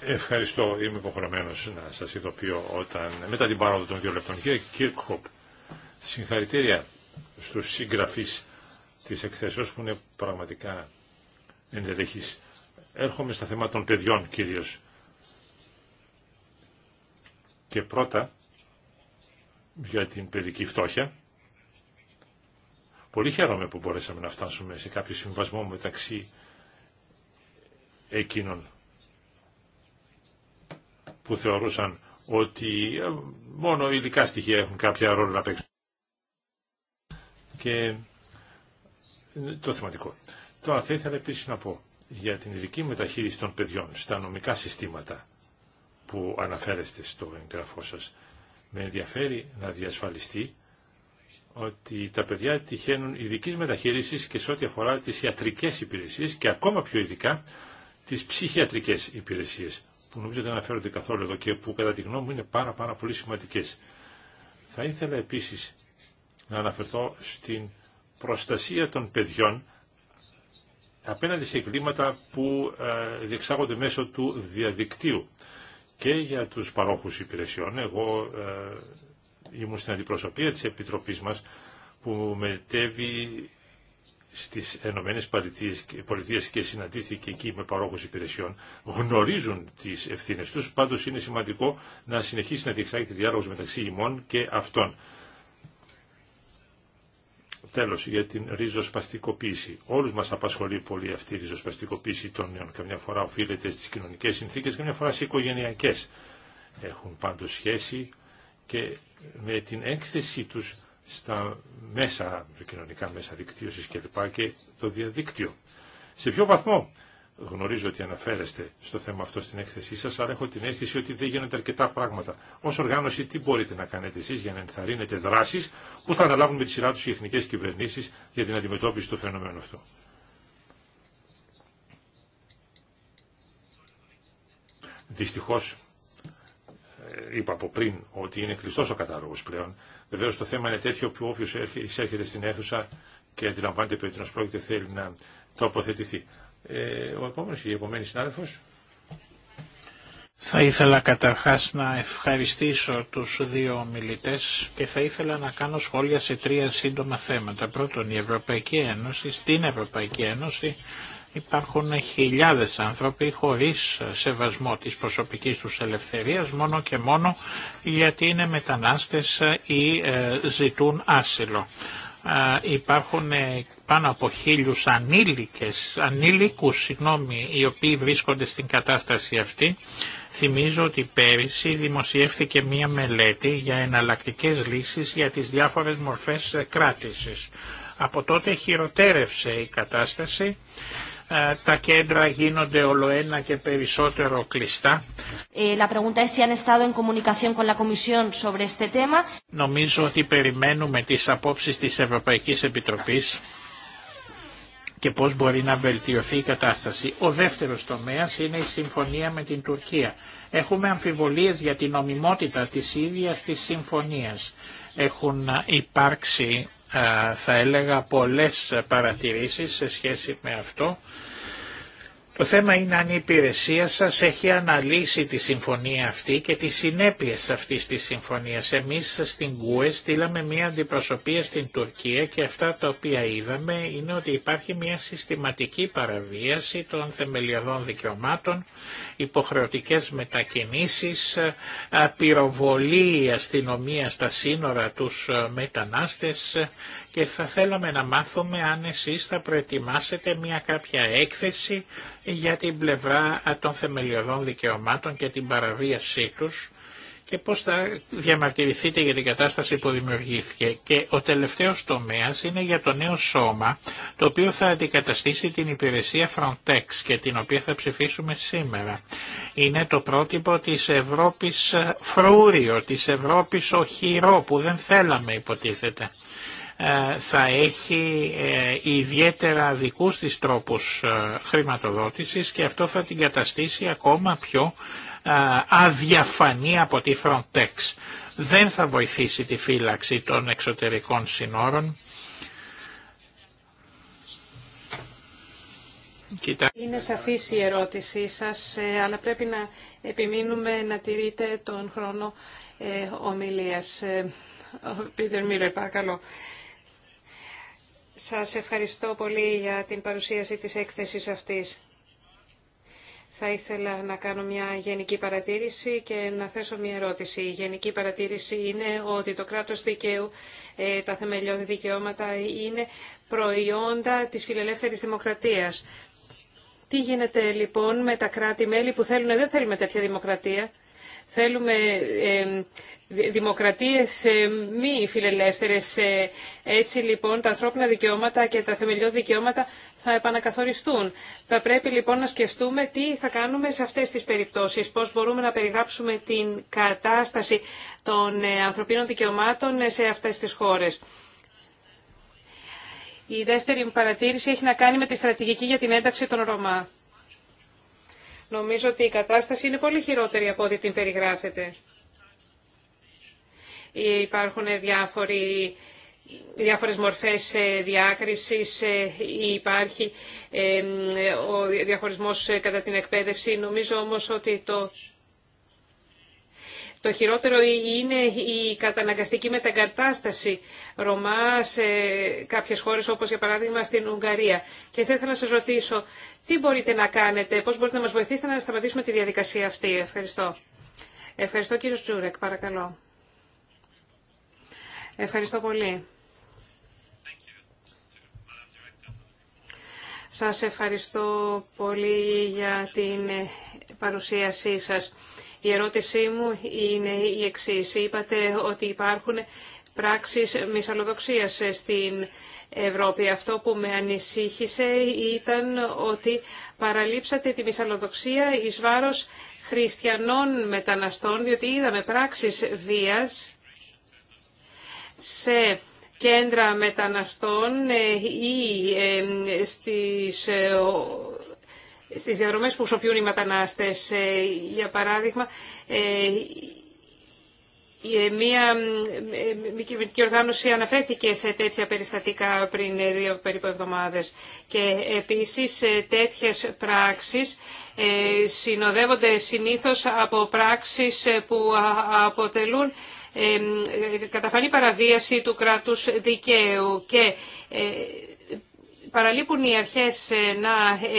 Ευχαριστώ. Είμαι υποχρεωμένος να σας ειδοποιώ όταν, μετά την πάροδο των δύο λεπτών. Κύριε Κίρκοπ, συγχαρητήρια στους συγγραφείς τις εκθέσεις που είναι πραγματικά ενδελεχείς. Έρχομαι στα θέματα των παιδιών κυρίως. Και πρώτα για την παιδική φτώχεια. Πολύ χαίρομαι που μπορέσαμε να φτάσουμε σε κάποιο συμβασμό μεταξύ εκείνων που θεωρούσαν ότι ε, μόνο υλικά στοιχεία έχουν κάποια ρόλο να παίξουν. Και το θεματικό. Τώρα θα ήθελα επίσης να πω για την ειδική μεταχείριση των παιδιών στα νομικά συστήματα που αναφέρεστε στο εγγραφό σας. Με ενδιαφέρει να διασφαλιστεί ότι τα παιδιά τυχαίνουν ειδική μεταχείριση και σε ό,τι αφορά τις ιατρικές υπηρεσίες και ακόμα πιο ειδικά τις ψυχιατρικές υπηρεσίες που νομίζω δεν αναφέρονται καθόλου εδώ και που κατά τη γνώμη μου είναι πάρα πάρα πολύ σημαντικές. Θα ήθελα επίση να αναφερθώ στην προστασία των παιδιών απέναντι σε εγκλήματα που ε, διεξάγονται μέσω του διαδικτύου. Και για τους παρόχους υπηρεσιών, εγώ ε, ήμουν στην αντιπροσωπεία της Επιτροπής μας που μετέβη στις Ενωμένες Πολιτείες και συναντήθηκε εκεί με παρόχους υπηρεσιών γνωρίζουν τις ευθύνες τους, πάντως είναι σημαντικό να συνεχίσει να διεξάγεται διάλογος μεταξύ ημών και αυτών. Τέλος, για την ριζοσπαστικοποίηση. Όλους μας απασχολεί πολύ αυτή η ριζοσπαστικοποίηση των νέων. Καμιά φορά οφείλεται στις κοινωνικές συνθήκες, καμιά φορά σε οικογενειακές. Έχουν πάντως σχέση και με την έκθεσή τους στα μέσα, κοινωνικά μέσα δικτύωσης κλπ. Και, και το διαδίκτυο. Σε ποιο βαθμό Γνωρίζω ότι αναφέρεστε στο θέμα αυτό στην έκθεσή σας, αλλά έχω την αίσθηση ότι δεν γίνονται αρκετά πράγματα. Ως οργάνωση τι μπορείτε να κάνετε εσείς για να ενθαρρύνετε δράσεις που θα αναλάβουν με τη σειρά τους οι εθνικές κυβερνήσεις για την αντιμετώπιση του φαινομένου αυτού. Δυστυχώς, ε, είπα από πριν ότι είναι κλειστός ο κατάλογος πλέον. Βεβαίως το θέμα είναι τέτοιο που όποιος εισέρχεται στην αίθουσα και αντιλαμβάνεται περί πρόκειται θέλει να τοποθετηθεί. Ε, ο επόμενος, η επόμενη συνάδελφος. Θα ήθελα καταρχάς να ευχαριστήσω τους δύο μιλητές και θα ήθελα να κάνω σχόλια σε τρία σύντομα θέματα. Πρώτον, η Ευρωπαϊκή Ένωση, στην Ευρωπαϊκή Ένωση υπάρχουν χιλιάδες άνθρωποι χωρίς σεβασμό της προσωπικής τους ελευθερίας μόνο και μόνο γιατί είναι μετανάστες ή ε, ζητούν άσυλο υπάρχουν ε, πάνω από χίλιους ανήλικες, ανήλικους συγγνώμη, οι οποίοι βρίσκονται στην κατάσταση αυτή. Θυμίζω ότι πέρυσι δημοσιεύθηκε μία μελέτη για εναλλακτικές λύσεις για τις διάφορες μορφές ε, κράτησης. Από τότε χειροτέρευσε η κατάσταση ε, τα κέντρα γίνονται ολοένα και περισσότερο κλειστά. Νομίζω ότι περιμένουμε τις απόψεις της Ευρωπαϊκής Επιτροπής και πώς μπορεί να βελτιωθεί η κατάσταση. Ο δεύτερος τομέας είναι η συμφωνία με την Τουρκία. Έχουμε αμφιβολίες για την ομιμότητα της ίδιας της συμφωνίας. Έχουν ε, υπάρξει θα έλεγα πολλές παρατηρήσεις σε σχέση με αυτό το θέμα είναι αν η υπηρεσία σας έχει αναλύσει τη συμφωνία αυτή και τις συνέπειες αυτής της συμφωνίας. Εμείς στην ΚΟΕ στείλαμε μια αντιπροσωπεία στην Τουρκία και αυτά τα οποία είδαμε είναι ότι υπάρχει μια συστηματική παραβίαση των θεμελιωδών δικαιωμάτων, υποχρεωτικές μετακινήσεις, πυροβολή αστυνομία στα σύνορα τους μετανάστες και θα θέλαμε να μάθουμε αν εσείς θα προετοιμάσετε μια κάποια έκθεση για την πλευρά των θεμελιωδών δικαιωμάτων και την παραβίασή τους και πώς θα διαμαρτυρηθείτε για την κατάσταση που δημιουργήθηκε. Και ο τελευταίος τομέας είναι για το νέο σώμα, το οποίο θα αντικαταστήσει την υπηρεσία Frontex και την οποία θα ψηφίσουμε σήμερα. Είναι το πρότυπο της Ευρώπης ε, φρούριο, της Ευρώπης οχυρό, που δεν θέλαμε υποτίθεται. Ε, θα έχει ε, ιδιαίτερα δικούς της τρόπους ε, χρηματοδότησης και αυτό θα την καταστήσει ακόμα πιο αδιαφανή από τη Frontex. Δεν θα βοηθήσει τη φύλαξη των εξωτερικών συνόρων. Είναι σαφής η ερώτησή σας, αλλά πρέπει να επιμείνουμε να τηρείτε τον χρόνο ομιλίας. Πίτερ παρακαλώ. Σας ευχαριστώ πολύ για την παρουσίαση της έκθεσης αυτής. Θα ήθελα να κάνω μια γενική παρατήρηση και να θέσω μια ερώτηση. Η γενική παρατήρηση είναι ότι το κράτος δικαίου, ε, τα θεμελιώδη δικαιώματα είναι προϊόντα της φιλελεύθερης δημοκρατίας. Τι γίνεται λοιπόν με τα κράτη-μέλη που θέλουν, δεν θέλουμε τέτοια δημοκρατία, Θέλουμε δημοκρατίες μη φιλελεύθερες. Ε, έτσι λοιπόν τα ανθρώπινα δικαιώματα και τα θεμελιώδη δικαιώματα θα επανακαθοριστούν. Θα πρέπει λοιπόν να σκεφτούμε τι θα κάνουμε σε αυτές τις περιπτώσεις, πώς μπορούμε να περιγράψουμε την κατάσταση των ε, ανθρωπίνων δικαιωμάτων ε, σε αυτές τις χώρες. Η δεύτερη παρατήρηση έχει να κάνει με τη στρατηγική για την ένταξη των Ρωμά. Νομίζω ότι η κατάσταση είναι πολύ χειρότερη από ό,τι την περιγράφεται. Υπάρχουν διάφοροι διάφορες μορφές ε, διάκρισης, ε, υπάρχει ε, ο διαχωρισμός κατά την εκπαίδευση. Νομίζω όμως ότι το το χειρότερο είναι η καταναγκαστική μεταγκατάσταση Ρωμά σε κάποιες χώρες όπως για παράδειγμα στην Ουγγαρία. Και θα ήθελα να σας ρωτήσω τι μπορείτε να κάνετε, πώς μπορείτε να μας βοηθήσετε να σταματήσουμε τη διαδικασία αυτή. Ευχαριστώ. Ευχαριστώ κύριο Τζούρεκ, παρακαλώ. Ευχαριστώ πολύ. Σας ευχαριστώ πολύ για την παρουσίασή σας. Η ερώτησή μου είναι η εξής. Είπατε ότι υπάρχουν πράξεις μυσαλλοδοξίας στην Ευρώπη. Αυτό που με ανησύχησε ήταν ότι παραλείψατε τη μυσαλλοδοξία εις βάρος χριστιανών μεταναστών, διότι είδαμε πράξεις βίας σε κέντρα μεταναστών ε, ή ε, στις ε, στις διαδρομές που χρησιμοποιούν οι μετανάστες. Ε, για παράδειγμα, ε, μία μη κυβερνητική οργάνωση αναφέρθηκε σε τέτοια περιστατικά πριν δύο περίπου εβδομάδες και επίσης ε, τέτοιες πράξεις συνοδεύονται συνήθως από πράξεις που αποτελούν καταφανή παραβίαση του κράτους δικαίου και παραλείπουν οι αρχές ε, να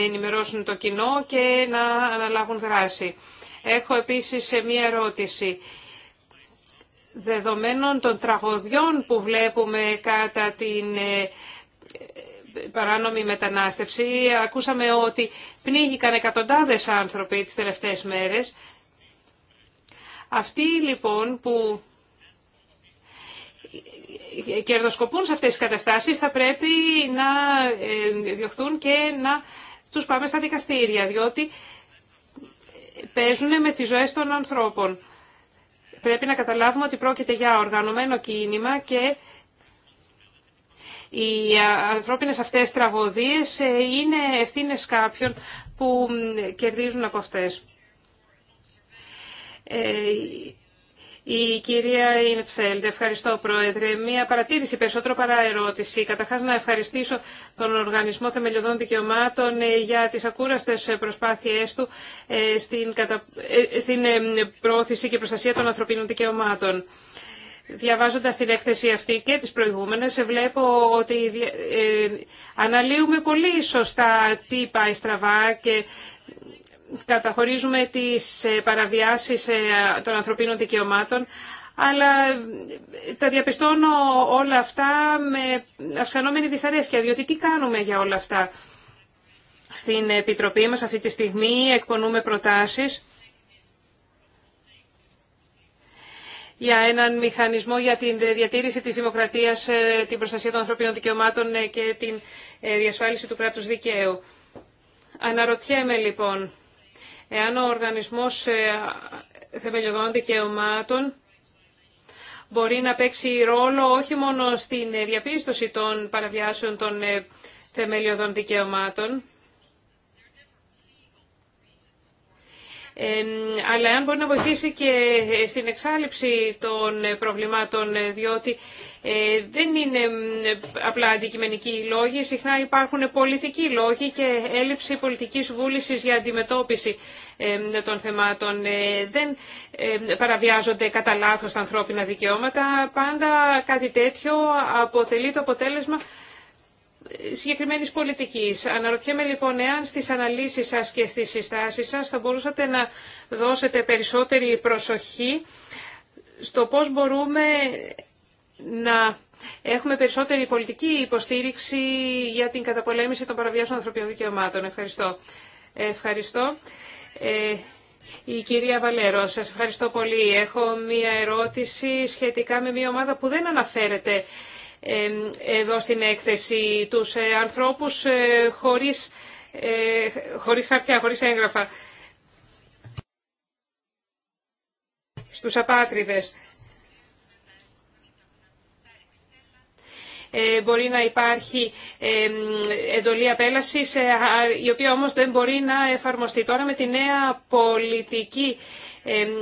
ενημερώσουν το κοινό και να αναλάβουν δράση. Έχω επίσης ε, μία ερώτηση. Δεδομένων των τραγωδιών που βλέπουμε κατά την ε, παράνομη μετανάστευση, ακούσαμε ότι πνίγηκαν εκατοντάδες άνθρωποι τις τελευταίες μέρες. Αυτοί λοιπόν που κερδοσκοπούν σε αυτές τις καταστάσεις θα πρέπει να ε, διωχθούν και να τους πάμε στα δικαστήρια, διότι παίζουν με τις ζωές των ανθρώπων. Πρέπει να καταλάβουμε ότι πρόκειται για οργανωμένο κίνημα και οι ανθρώπινες αυτές τραγωδίες ε, είναι ευθύνες κάποιων που κερδίζουν από αυτές. Ε, η κυρία Ινετφέλντ, ευχαριστώ Πρόεδρε. Μία παρατήρηση περισσότερο παρά ερώτηση. Καταρχάς να ευχαριστήσω τον Οργανισμό Θεμελιωδών Δικαιωμάτων ε, για τις ακούραστες προσπάθειές του ε, στην, ε, πρόθεση και προστασία των ανθρωπίνων δικαιωμάτων. Διαβάζοντας την έκθεση αυτή και τις προηγούμενες, βλέπω ότι αναλύουμε πολύ σωστά τι πάει στραβά και καταχωρίζουμε τις ε, παραβιάσεις ε, των ανθρωπίνων δικαιωμάτων, αλλά ε, τα διαπιστώνω όλα αυτά με αυξανόμενη δυσαρέσκεια, διότι τι κάνουμε για όλα αυτά. Στην Επιτροπή μας αυτή τη στιγμή εκπονούμε προτάσεις για έναν μηχανισμό για την διατήρηση της δημοκρατίας, την προστασία των ανθρωπίνων δικαιωμάτων και την διασφάλιση του κράτους δικαίου. Αναρωτιέμαι λοιπόν, εάν ο οργανισμός ε, θεμελιωδών δικαιωμάτων μπορεί να παίξει ρόλο όχι μόνο στην ε, διαπίστωση των παραβιάσεων των ε, θεμελιωδών δικαιωμάτων, αλλά αν μπορεί να βοηθήσει και ε, στην εξάλληψη των ε, προβλημάτων, ε, διότι δεν είναι απλά αντικειμενικοί λόγοι, συχνά υπάρχουν πολιτικοί λόγοι και έλλειψη πολιτικής βούλησης για αντιμετώπιση των θεμάτων. Δεν παραβιάζονται κατά λάθο τα ανθρώπινα δικαιώματα, πάντα κάτι τέτοιο αποτελεί το αποτέλεσμα συγκεκριμένης πολιτικής. Αναρωτιέμαι λοιπόν εάν στις αναλύσεις σας και στις συστάσεις σας θα μπορούσατε να δώσετε περισσότερη προσοχή στο πώς μπορούμε να έχουμε περισσότερη πολιτική υποστήριξη για την καταπολέμηση των παραβιάσεων ανθρωπίνων δικαιωμάτων. Ευχαριστώ. Ευχαριστώ. Ε, η κυρία Βαλέρο, σας ευχαριστώ πολύ. Έχω μία ερώτηση σχετικά με μία ομάδα που δεν αναφέρεται εδώ στην έκθεση τους ε, ανθρώπους ε, χωρίς, ε, χωρίς χαρτιά, χωρίς έγγραφα. Στους απάτριδες. μπορεί να υπάρχει εντολή απέλασης, η οποία όμως δεν μπορεί να εφαρμοστεί. Τώρα με τη νέα πολιτική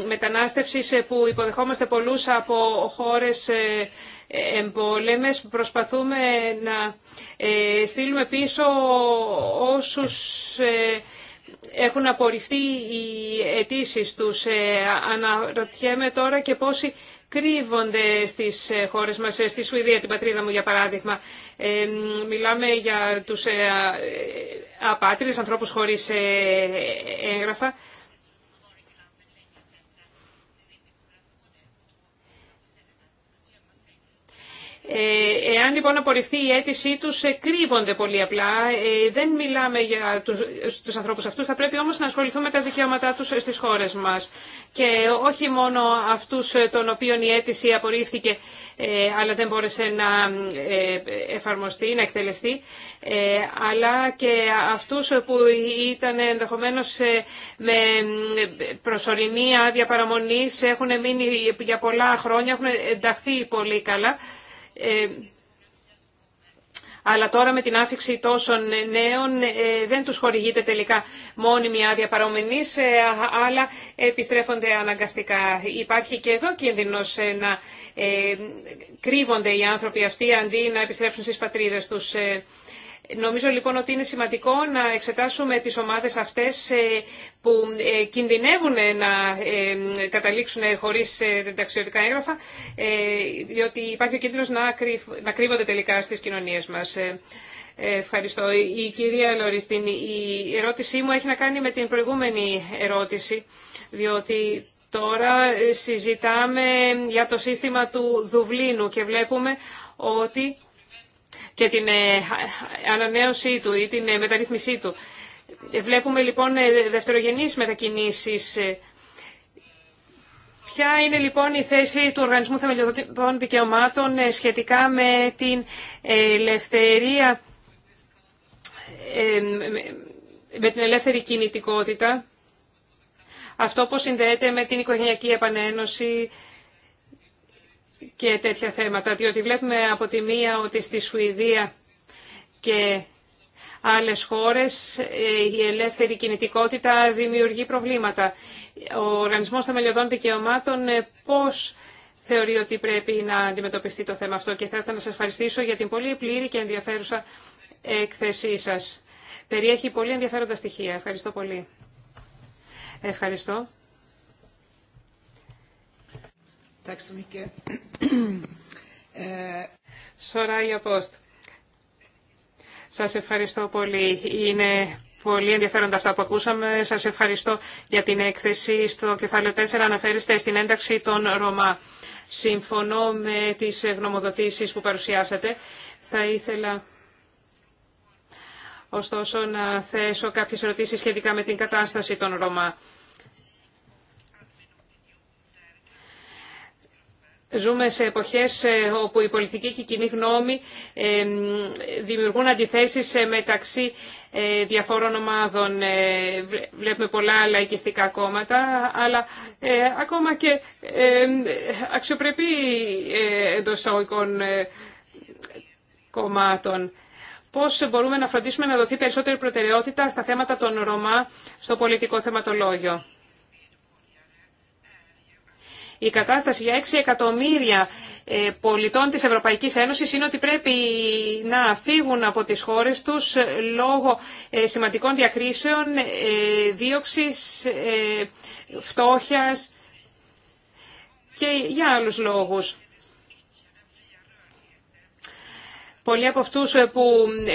μετανάστευσης που υποδεχόμαστε πολλούς από χώρες εμπόλεμες. Προσπαθούμε να ε, στείλουμε πίσω όσους ε, έχουν απορριφθεί οι αιτήσει τους. Ε, αναρωτιέμαι τώρα και πόσοι κρύβονται στις χώρες μας, στη Σουηδία, την πατρίδα μου για παράδειγμα. μιλάμε για τους ε, απάτριδες, ανθρώπους χωρίς έγγραφα. Ε, εάν λοιπόν απορριφθεί η αίτησή τους, ε, κρύβονται πολύ απλά. Ε, δεν μιλάμε για τους, τους ανθρώπους αυτούς, θα πρέπει όμως να ασχοληθούμε με τα δικαιώματά τους στις χώρες μας. Και όχι μόνο αυτούς των οποίων η αίτηση απορρίφθηκε, αλλά δεν μπόρεσε να εφαρμοστεί, να εκτελεστεί, αλλά και αυτούς που ήταν ενδεχομένως με προσωρινή άδεια παραμονής, έχουν μείνει για πολλά χρόνια, έχουν ενταχθεί πολύ καλά ε, αλλά τώρα με την άφηξη τόσων νέων ε, δεν τους χορηγείται τελικά μόνιμη άδεια παρομενής, ε, αλλά επιστρέφονται αναγκαστικά. Υπάρχει και εδώ κίνδυνος να κρύβονται οι άνθρωποι αυτοί αντί να επιστρέψουν στις πατρίδες τους. Νομίζω λοιπόν ότι είναι σημαντικό να εξετάσουμε τις ομάδες αυτές ε, που ε, κινδυνεύουν ε, να καταλήξουν χωρίς ταξιδιωτικά έγγραφα, διότι υπάρχει ο κίνδυνος να κρύβονται τελικά στις κοινωνίες μας. Ευχαριστώ. Η κυρία Λοριστίν, η ερώτησή μου έχει να κάνει με την προηγούμενη ερώτηση, διότι τώρα συζητάμε για το σύστημα του Δουβλίνου και βλέπουμε ότι και την ε, ανανέωσή του ή την ε, μεταρρύθμισή του. Βλέπουμε λοιπόν ε, δευτερογενείς μετακινήσεις. Ποια είναι λοιπόν η θέση του Οργανισμού Θεμελιωδών Δικαιωμάτων σχετικά με την ελευθερία, με την ελεύθερη κινητικότητα, αυτό που συνδέεται με την οικογενειακή επανένωση, και τέτοια θέματα, διότι βλέπουμε από τη μία ότι στη Σουηδία και άλλες χώρες ε, η ελεύθερη κινητικότητα δημιουργεί προβλήματα. Ο Οργανισμός Θεμελιωδών Δικαιωμάτων ε, πώς θεωρεί ότι πρέπει να αντιμετωπιστεί το θέμα αυτό και θα ήθελα να σας ευχαριστήσω για την πολύ πλήρη και ενδιαφέρουσα έκθεσή σας. Περιέχει πολύ ενδιαφέροντα στοιχεία. Ευχαριστώ πολύ. Ευχαριστώ. Tack Σας ευχαριστώ πολύ. Είναι πολύ ενδιαφέροντα αυτά που ακούσαμε. Σας ευχαριστώ για την έκθεση. Στο κεφάλαιο 4 αναφέρεστε στην ένταξη των Ρωμά. Συμφωνώ με τι γνωμοδοτήσει που παρουσιάσατε. Θα ήθελα ωστόσο να θέσω κάποιες ερωτήσεις σχετικά με την κατάσταση των Ρωμά. Ζούμε σε εποχές ε, όπου η πολιτική και η κοινή γνώμη ε, δημιουργούν αντιθέσεις ε, μεταξύ διαφόρων ομάδων. Βλέπουμε πολλά λαϊκιστικά κόμματα, αλλά ακόμα και αξιοπρεπή εντός εισαγωγικών κομμάτων. Πώς μπορούμε να φροντίσουμε να δοθεί περισσότερη προτεραιότητα στα θέματα των Ρωμά στο πολιτικό θεματολόγιο. Η κατάσταση για 6 εκατομμύρια ε, πολιτών της Ευρωπαϊκής Ένωσης είναι ότι πρέπει να φύγουν από τις χώρες τους ε, λόγω ε, σημαντικών διακρίσεων, δίωξης, φτώχειας και για άλλους λόγους. Πολλοί από αυτού ε, που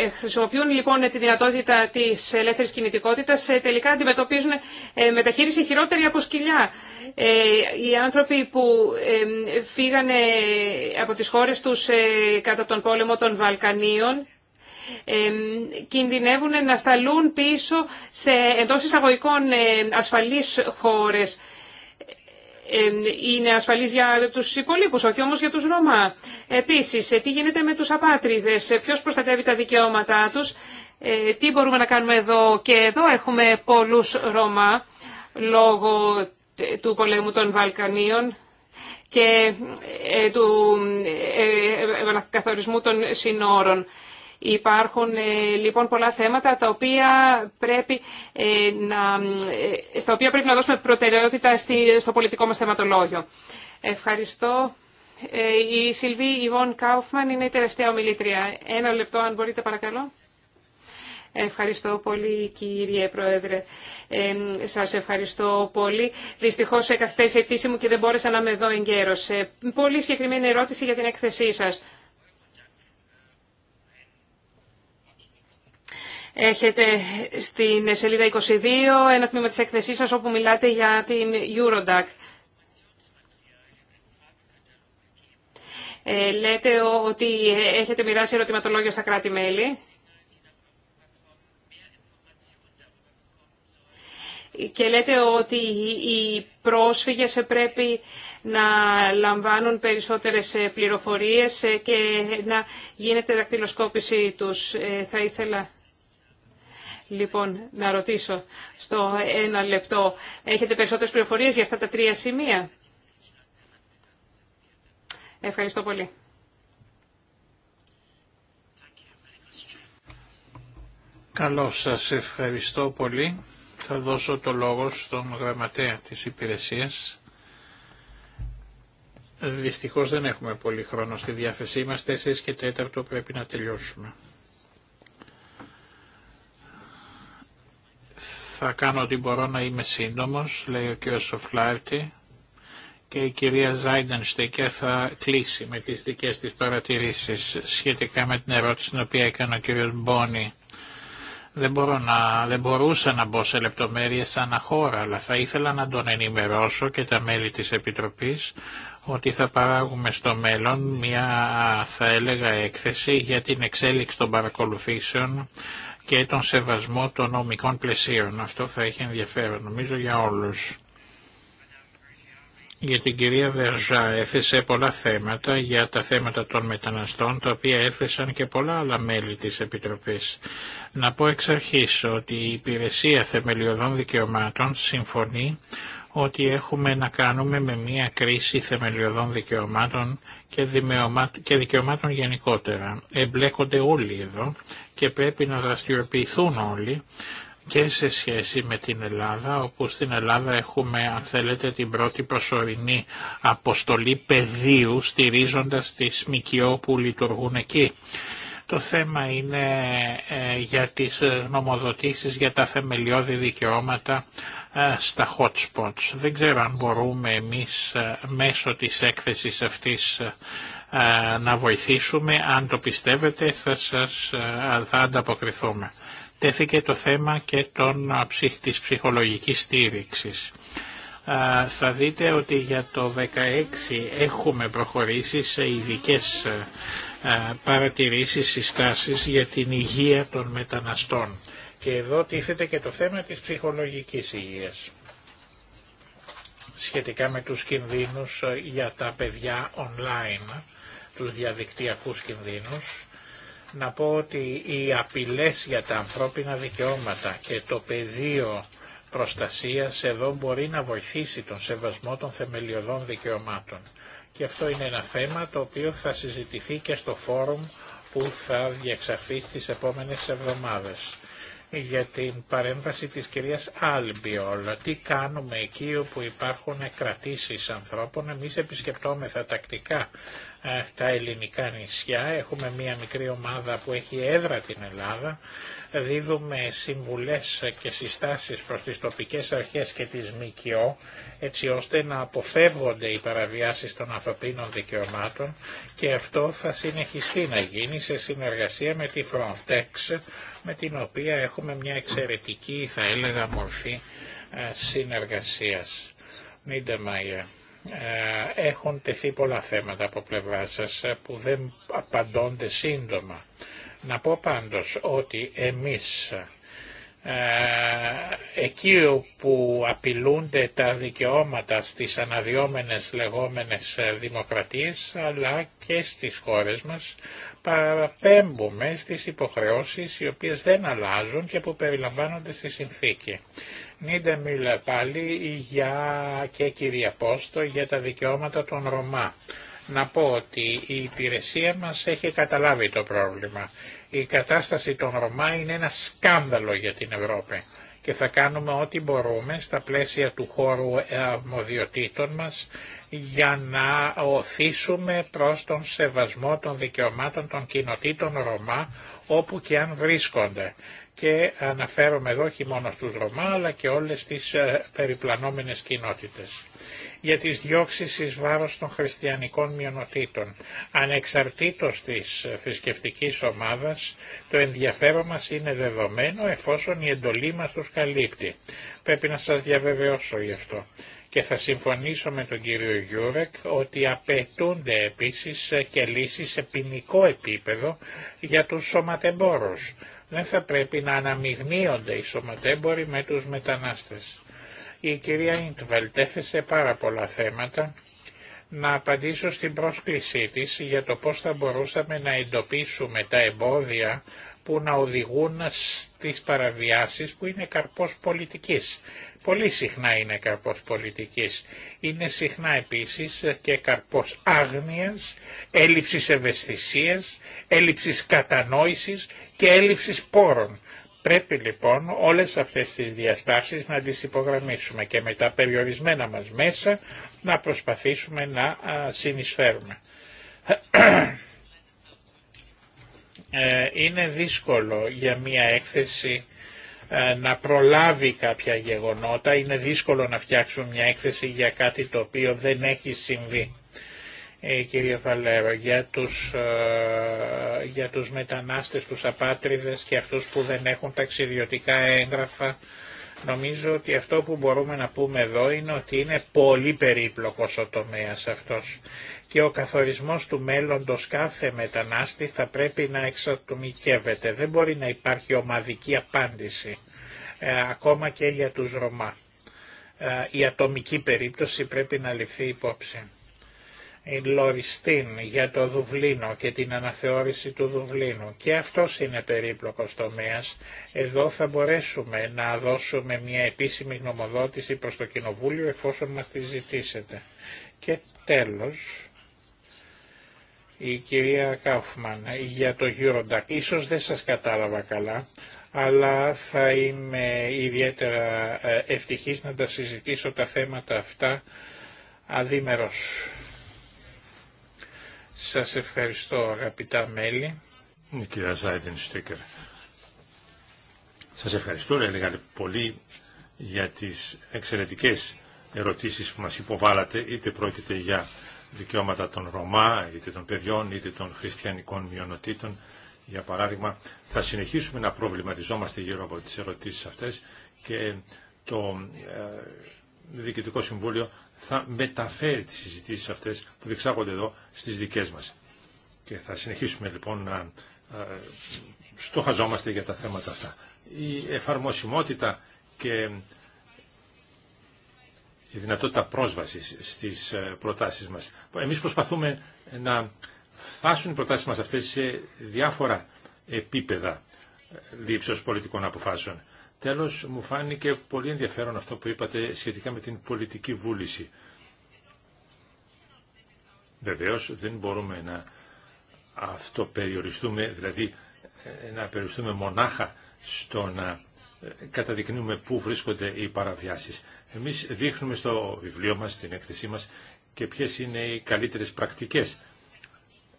ε, χρησιμοποιούν λοιπόν τη δυνατότητα τη ελεύθερη κινητικότητα ε, τελικά αντιμετωπίζουν μεταχείριση χειρότερη από σκυλιά. Οι άνθρωποι που φύγανε από τις χώρες τους κατά τον πόλεμο των Βαλκανίων κινδυνεύουν να σταλούν πίσω σε εντός εισαγωγικών ασφαλείς χώρες είναι ασφαλής για τους υπολείπους, όχι όμως για τους Ρωμά. Επίσης, τι γίνεται με τους απάτριδες, ποιος προστατεύει τα δικαιώματά τους, τι μπορούμε να κάνουμε εδώ και εδώ έχουμε πολλούς Ρωμά λόγω του πολέμου των Βαλκανίων και του καθορισμού των συνόρων. Υπάρχουν ε, λοιπόν πολλά θέματα τα οποία πρέπει ε, να, ε, στα οποία πρέπει να δώσουμε προτεραιότητα στο πολιτικό μας θεματολόγιο. Ευχαριστώ. Η Σιλβή Ιβόν Κάουφμαν είναι η τελευταία ομιλήτρια. Ένα λεπτό αν μπορείτε παρακαλώ. Ευχαριστώ πολύ κύριε Πρόεδρε. Ε, σας ευχαριστώ πολύ. Δυστυχώς καθυστέρησε η πτήση μου και δεν μπόρεσα να είμαι εδώ εγκαίρως. πολύ συγκεκριμένη ερώτηση για την έκθεσή σας. Έχετε στην σελίδα 22 ένα τμήμα της έκθεσής σας όπου μιλάτε για την Eurodac. Ε, λέτε ότι έχετε μοιράσει ερωτηματολόγια στα κράτη-μέλη. Και λέτε ότι οι πρόσφυγες πρέπει να λαμβάνουν περισσότερες πληροφορίες και να γίνεται δακτυλοσκόπηση τους. Ε, θα ήθελα Λοιπόν, να ρωτήσω στο ένα λεπτό. Έχετε περισσότερες πληροφορίες για αυτά τα τρία σημεία. Ευχαριστώ πολύ. Καλώς σας ευχαριστώ πολύ. Θα δώσω το λόγο στον γραμματέα της υπηρεσίας. Δυστυχώς δεν έχουμε πολύ χρόνο στη διάθεσή μας. Τέσσερις και τέταρτο πρέπει να τελειώσουμε. Θα κάνω ό,τι μπορώ να είμαι σύντομος, λέει ο κ. Σοφλάρτη και η κυρία και θα κλείσει με τις δικές της παρατηρήσεις σχετικά με την ερώτηση την οποία έκανε ο κ. Μπόνι. Δεν, να, δεν μπορούσα να μπω σε λεπτομέρειες σαν χώρα, αλλά θα ήθελα να τον ενημερώσω και τα μέλη της Επιτροπής ότι θα παράγουμε στο μέλλον μια, θα έλεγα, έκθεση για την εξέλιξη των παρακολουθήσεων και τον σεβασμό των νομικών πλαισίων. Αυτό θα έχει ενδιαφέρον νομίζω για όλους. Για την κυρία Βερζά έθεσε πολλά θέματα για τα θέματα των μεταναστών, τα οποία έθεσαν και πολλά άλλα μέλη της Επιτροπής. Να πω εξ αρχής ότι η Υπηρεσία Θεμελιωδών Δικαιωμάτων συμφωνεί ότι έχουμε να κάνουμε με μια κρίση θεμελιωδών δικαιωμάτων και δικαιωμάτων γενικότερα. Εμπλέκονται όλοι εδώ και πρέπει να δραστηριοποιηθούν όλοι και σε σχέση με την Ελλάδα, όπου στην Ελλάδα έχουμε, αν θέλετε, την πρώτη προσωρινή αποστολή πεδίου στηρίζοντας τις ΜΚΟ που λειτουργούν εκεί. Το θέμα είναι ε, για τις ε, νομοδοτήσεις για τα θεμελιώδη δικαιώματα ε, στα hot spots. Δεν ξέρω αν μπορούμε εμείς ε, μέσω της έκθεσης αυτής ε, να βοηθήσουμε. Αν το πιστεύετε θα σας θα ανταποκριθούμε. Τέθηκε το θέμα και των, της ψυχολογικής στήριξης. Θα δείτε ότι για το 16 έχουμε προχωρήσει σε ειδικέ παρατηρήσεις, συστάσεις για την υγεία των μεταναστών. Και εδώ τίθεται και το θέμα της ψυχολογικής υγείας σχετικά με τους κινδύνους ε, για τα παιδιά online, του διαδικτυακούς κινδύνους, να πω ότι οι απειλές για τα ανθρώπινα δικαιώματα και το πεδίο προστασίας εδώ μπορεί να βοηθήσει τον σεβασμό των θεμελιωδών δικαιωμάτων. Και αυτό είναι ένα θέμα το οποίο θα συζητηθεί και στο φόρουμ που θα διεξαρθεί στις επόμενες εβδομάδες για την παρέμβαση της κυρίας Άλμπιολ. Τι κάνουμε εκεί όπου υπάρχουν κρατήσεις ανθρώπων, εμείς επισκεπτόμεθα τακτικά τα ελληνικά νησιά. Έχουμε μία μικρή ομάδα που έχει έδρα την Ελλάδα. Δίδουμε συμβουλές και συστάσεις προς τις τοπικές αρχές και τις ΜΚΟ έτσι ώστε να αποφεύγονται οι παραβιάσεις των ανθρωπίνων δικαιωμάτων και αυτό θα συνεχιστεί να γίνει σε συνεργασία με τη Frontex με την οποία έχουμε μια εξαιρετική θα έλεγα μορφή ε, συνεργασίας. Ε, έχουν τεθεί πολλά θέματα από πλευρά σας ε, που δεν απαντώνται σύντομα. Να πω πάντως ότι εμείς ε, εκεί που απειλούνται τα δικαιώματα στις αναδιόμενες λεγόμενες δημοκρατίες αλλά και στις χώρες μας παραπέμπουμε στις υποχρεώσεις οι οποίες δεν αλλάζουν και που περιλαμβάνονται στη συνθήκη. Νίντε Μίλα πάλι για και κυρία Πόστο για τα δικαιώματα των Ρωμά. Να πω ότι η υπηρεσία μας έχει καταλάβει το πρόβλημα. Η κατάσταση των Ρωμά είναι ένα σκάνδαλο για την Ευρώπη και θα κάνουμε ό,τι μπορούμε στα πλαίσια του χώρου ε, αμμοδιοτήτων μας για να οθήσουμε προς τον σεβασμό των δικαιωμάτων των κοινοτήτων Ρωμά όπου και αν βρίσκονται και αναφέρομαι εδώ όχι μόνο στους Ρωμά αλλά και όλες τις ε, περιπλανόμενες κοινότητες για τις διώξεις εις βάρος των χριστιανικών μειονοτήτων. Ανεξαρτήτως της ε, θρησκευτική ομάδας, το ενδιαφέρον μας είναι δεδομένο εφόσον η εντολή μας τους καλύπτει. Πρέπει να σας διαβεβαιώσω γι' αυτό. Και θα συμφωνήσω με τον κύριο Γιούρεκ ότι απαιτούνται επίσης ε, και λύσεις σε ποινικό επίπεδο για τους σωματεμπόρους δεν θα πρέπει να αναμειγνύονται οι σωματέμποροι με τους μετανάστες. Η κυρία Ιντβελτ έθεσε πάρα πολλά θέματα. Να απαντήσω στην πρόσκλησή της για το πώς θα μπορούσαμε να εντοπίσουμε τα εμπόδια που να οδηγούν στις παραβιάσεις που είναι καρπός πολιτικής πολύ συχνά είναι καρπός πολιτικής. Είναι συχνά επίσης και καρπός άγνοιας, έλλειψης ευαισθησίας, έλλειψης κατανόησης και έλλειψης πόρων. Πρέπει λοιπόν όλες αυτές τις διαστάσεις να τις υπογραμμίσουμε και με τα περιορισμένα μας μέσα να προσπαθήσουμε να συνεισφέρουμε. Ε, είναι δύσκολο για μια έκθεση ε, να προλάβει κάποια γεγονότα. Είναι δύσκολο να φτιάξουν μια έκθεση για κάτι το οποίο δεν έχει συμβεί. Ε, κύριε Φαλέρο, για τους, ε, για τους μετανάστες, τους απάτριδες και αυτούς που δεν έχουν ταξιδιωτικά έγγραφα, νομίζω ότι αυτό που μπορούμε να πούμε εδώ είναι ότι είναι πολύ περίπλοκος ο τομέας αυτός και ο καθορισμός του μέλλοντος κάθε μετανάστη θα πρέπει να εξατομικεύεται. Δεν μπορεί να υπάρχει ομαδική απάντηση, ε, ακόμα και για τους Ρωμά. Ε, η ατομική περίπτωση πρέπει να ληφθεί υπόψη. Η Λοριστίν για το Δουβλίνο και την αναθεώρηση του Δουβλίνου. Και αυτός είναι περίπλοκος τομέας. Εδώ θα μπορέσουμε να δώσουμε μια επίσημη γνωμοδότηση προς το Κοινοβούλιο εφόσον μας τη ζητήσετε. Και τέλος, η κυρία Κάουφμαν για το Eurodac. Ίσως δεν σας κατάλαβα καλά, αλλά θα είμαι ιδιαίτερα ε, ευτυχής να τα συζητήσω τα θέματα αυτά αδίμερος. Σας ευχαριστώ αγαπητά μέλη. Η κυρία Ζάιντεν Στίκερ. Σας ευχαριστώ έλεγα πολύ για τις εξαιρετικές ερωτήσεις που μας υποβάλατε, είτε πρόκειται για δικαιώματα των Ρωμά, είτε των παιδιών, είτε των χριστιανικών μειονοτήτων, για παράδειγμα. Θα συνεχίσουμε να προβληματιζόμαστε γύρω από τις ερωτήσεις αυτές και το ε, Διοικητικό Συμβούλιο θα μεταφέρει τις συζητήσεις αυτές που διεξάγονται εδώ στις δικές μας. Και θα συνεχίσουμε λοιπόν να ε, στοχαζόμαστε για τα θέματα αυτά. Η εφαρμοσιμότητα και η δυνατότητα πρόσβασης στις ε, προτάσεις μας. Εμείς προσπαθούμε να φτάσουν οι προτάσεις μας αυτές σε διάφορα επίπεδα ε, λήψεως πολιτικών αποφάσεων. Τέλος, μου φάνηκε πολύ ενδιαφέρον αυτό που είπατε σχετικά με την πολιτική βούληση. Βεβαίως δεν μπορούμε να αυτοπεριοριστούμε, δηλαδή ε, να περιοριστούμε μονάχα στο να καταδεικνύουμε πού βρίσκονται οι παραβιάσεις. Εμείς δείχνουμε στο βιβλίο μας, στην έκθεσή μας και ποιες είναι οι καλύτερες πρακτικές.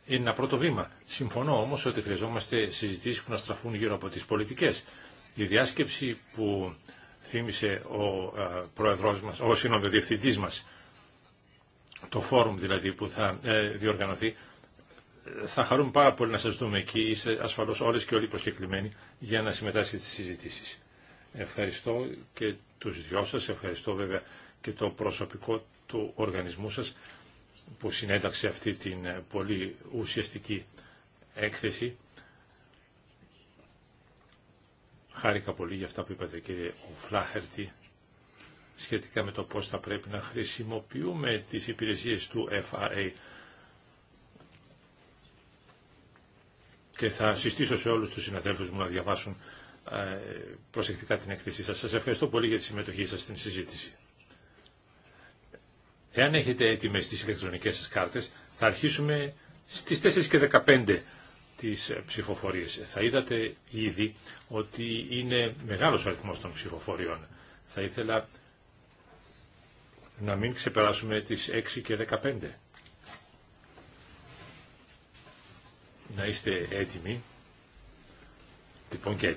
Είναι ένα πρώτο βήμα. Συμφωνώ όμως ότι χρειαζόμαστε συζητήσεις που να στραφούν γύρω από τις πολιτικές. Η διάσκεψη που θύμισε ο ε, πρόεδρός μας, ο διευθυντής μας, το φόρουμ δηλαδή που θα ε, διοργανωθεί, θα χαρούμε πάρα πολύ να σας δούμε εκεί, είστε ασφαλώς όλες και όλοι προσκεκλημένοι για να συμμετάσχετε στις συζητήσεις. Ευχαριστώ και τους δυο σας, ευχαριστώ βέβαια και το προσωπικό του οργανισμού σας που συνέταξε αυτή την πολύ ουσιαστική έκθεση. Χάρηκα πολύ για αυτά που είπατε κύριε Φλάχερτη σχετικά με το πώς θα πρέπει να χρησιμοποιούμε τις υπηρεσίες του FRA. Και θα συστήσω σε όλους τους συναδέλφους μου να διαβάσουν ε, προσεκτικά την εκθέσή σας. Σας ευχαριστώ πολύ για τη συμμετοχή σας στην συζήτηση. Εάν έχετε έτοιμες τις ηλεκτρονικές σας κάρτες, θα αρχίσουμε στις 4 και 15 τις ε, ψηφοφορίες. Θα είδατε ήδη ότι είναι μεγάλος ο αριθμός των ψηφοφοριών. Θα ήθελα να μην ξεπεράσουμε τις 6 και 15. Να είστε έτοιμοι, λοιπόν και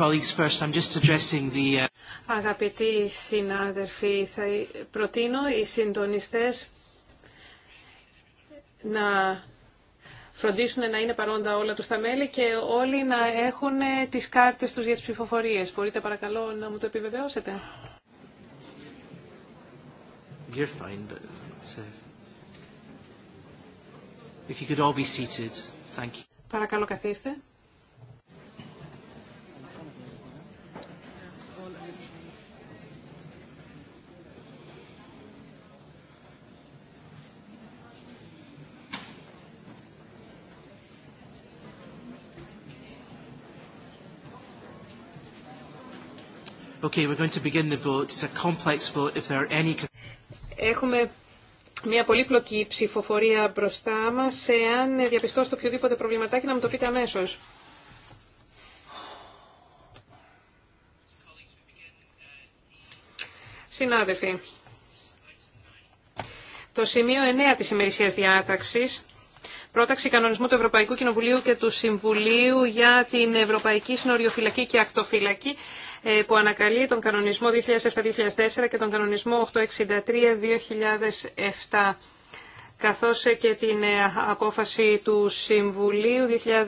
Uh, Αγαπητοί συνάδελφοι, θα προτείνω οι συντονιστές να φροντίσουν να είναι παρόντα όλα τους τα μέλη και όλοι να έχουν τις κάρτες τους για τις ψηφοφορίες. Μπορείτε παρακαλώ να μου το επιβεβαιώσετε. Παρακαλώ καθίστε. Έχουμε μια πολύπλοκη ψηφοφορία μπροστά μας. Εάν διαπιστώσετε οποιοδήποτε προβληματάκι να μου το πείτε αμέσως. Συνάδελφοι, το σημείο 9 της ημερησίας διάταξης, πρόταξη κανονισμού του Ευρωπαϊκού Κοινοβουλίου και του Συμβουλίου για την Ευρωπαϊκή Συνοριοφυλακή και Ακτοφυλακή, ε, που ανακαλεί τον κανονισμό 2007-2004 και τον κανονισμό 863-2007 καθώς ε, και την ε, απόφαση του Συμβουλίου 2005-267.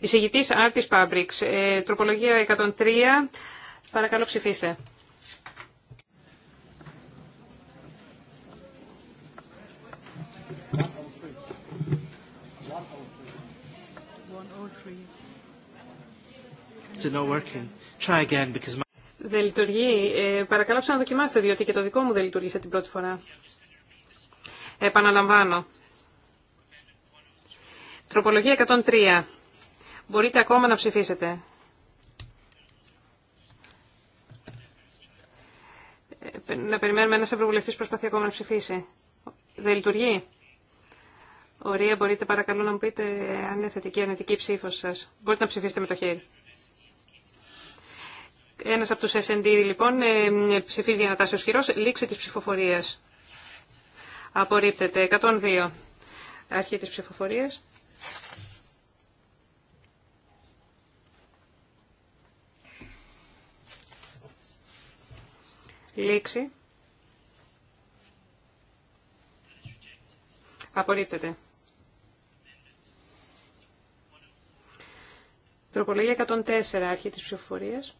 Εισηγητής Artis Πάμπριξ, τροπολογία 103. Παρακαλώ ψηφίστε. Δεν λειτουργεί. Ε, παρακαλώ ξαναδοκιμάστε, διότι και το δικό μου δεν λειτουργήσε την πρώτη φορά. Επαναλαμβάνω. Τροπολογία 103. Μπορείτε ακόμα να ψηφίσετε. Ε, να περιμένουμε ένας ευρωβουλευτής προσπαθεί ακόμα να ψηφίσει. Δεν λειτουργεί. Ωραία, μπορείτε παρακαλώ να μου πείτε αν είναι θετική ή αρνητική ψήφος σας. Μπορείτε να ψηφίσετε με το χέρι. Ένας από τους S&D λοιπόν ε, ε, ψηφίζει για να Λήξη τη ψηφοφορία. Απορρίπτεται. 102. Αρχή τη ψηφοφορία. Λήξη. Απορρίπτεται. Τροπολογία 104, αρχή της ψηφοφορίας.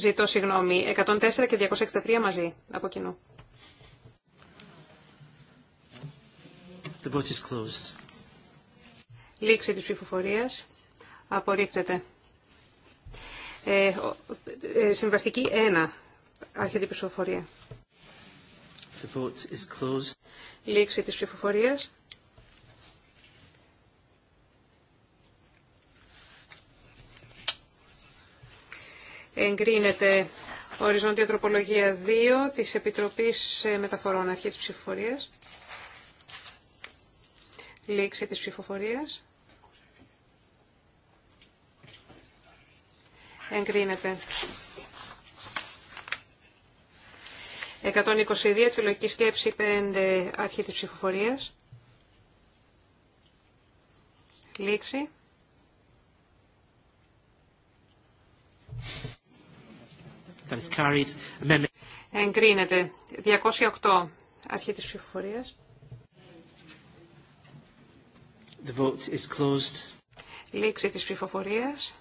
Ζητώ συγγνώμη. 104 και 263 μαζί. Από κοινού. Λήξη της ψηφοφορίας. Απορρίπτεται. Ε, ε συμβαστική 1. Άρχεται η ψηφοφορία. Λήξη της ψηφοφορίας. εγκρίνεται οριζόντια τροπολογία 2 της Επιτροπής Μεταφορών Αρχή της Ψηφοφορίας. Λήξη της ψηφοφορίας. Εγκρίνεται. 122 Λογική Σκέψη 5 Αρχή της Ψηφοφορίας. Λήξη. Εγκρίνεται. 208. Αρχή της ψηφοφορίας. The vote is closed. Λήξη της ψηφοφορίας.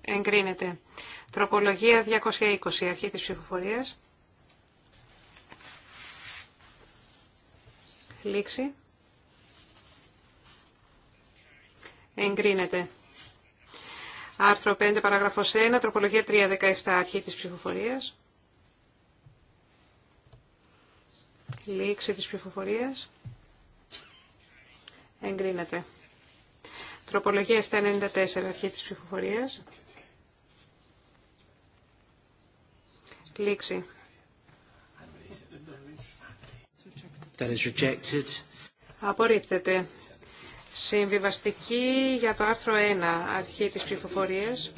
Εγκρίνεται. Τροπολογία 220. Αρχή της ψηφοφορίας. Λήξη. Εγκρίνεται. Άρθρο 5, παράγραφος 1, τροπολογία 317, αρχή της ψηφοφορίας. Λήξη της ψηφοφορίας. Εγκρίνεται. Τροπολογία 794, αρχή της ψηφοφορίας. Λήξη. Απορρίπτεται. Συμβιβαστική για το άρθρο 1, αρχή της ψηφοφορίας.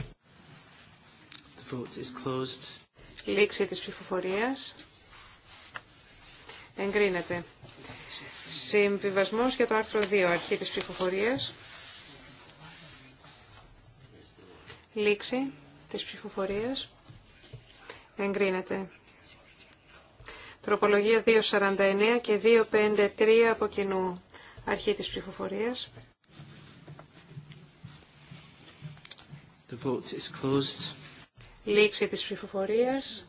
Λήξη της ψηφοφορίας. Εγκρίνεται. Συμβιβασμός για το άρθρο 2, αρχή της ψηφοφορίας. Λήξη της ψηφοφορίας. Εγκρίνεται. Τροπολογία 249 και 253 από κοινού. Αρχή της ψηφοφορίας. The vote is closed. Λήξη της ψηφοφορίας.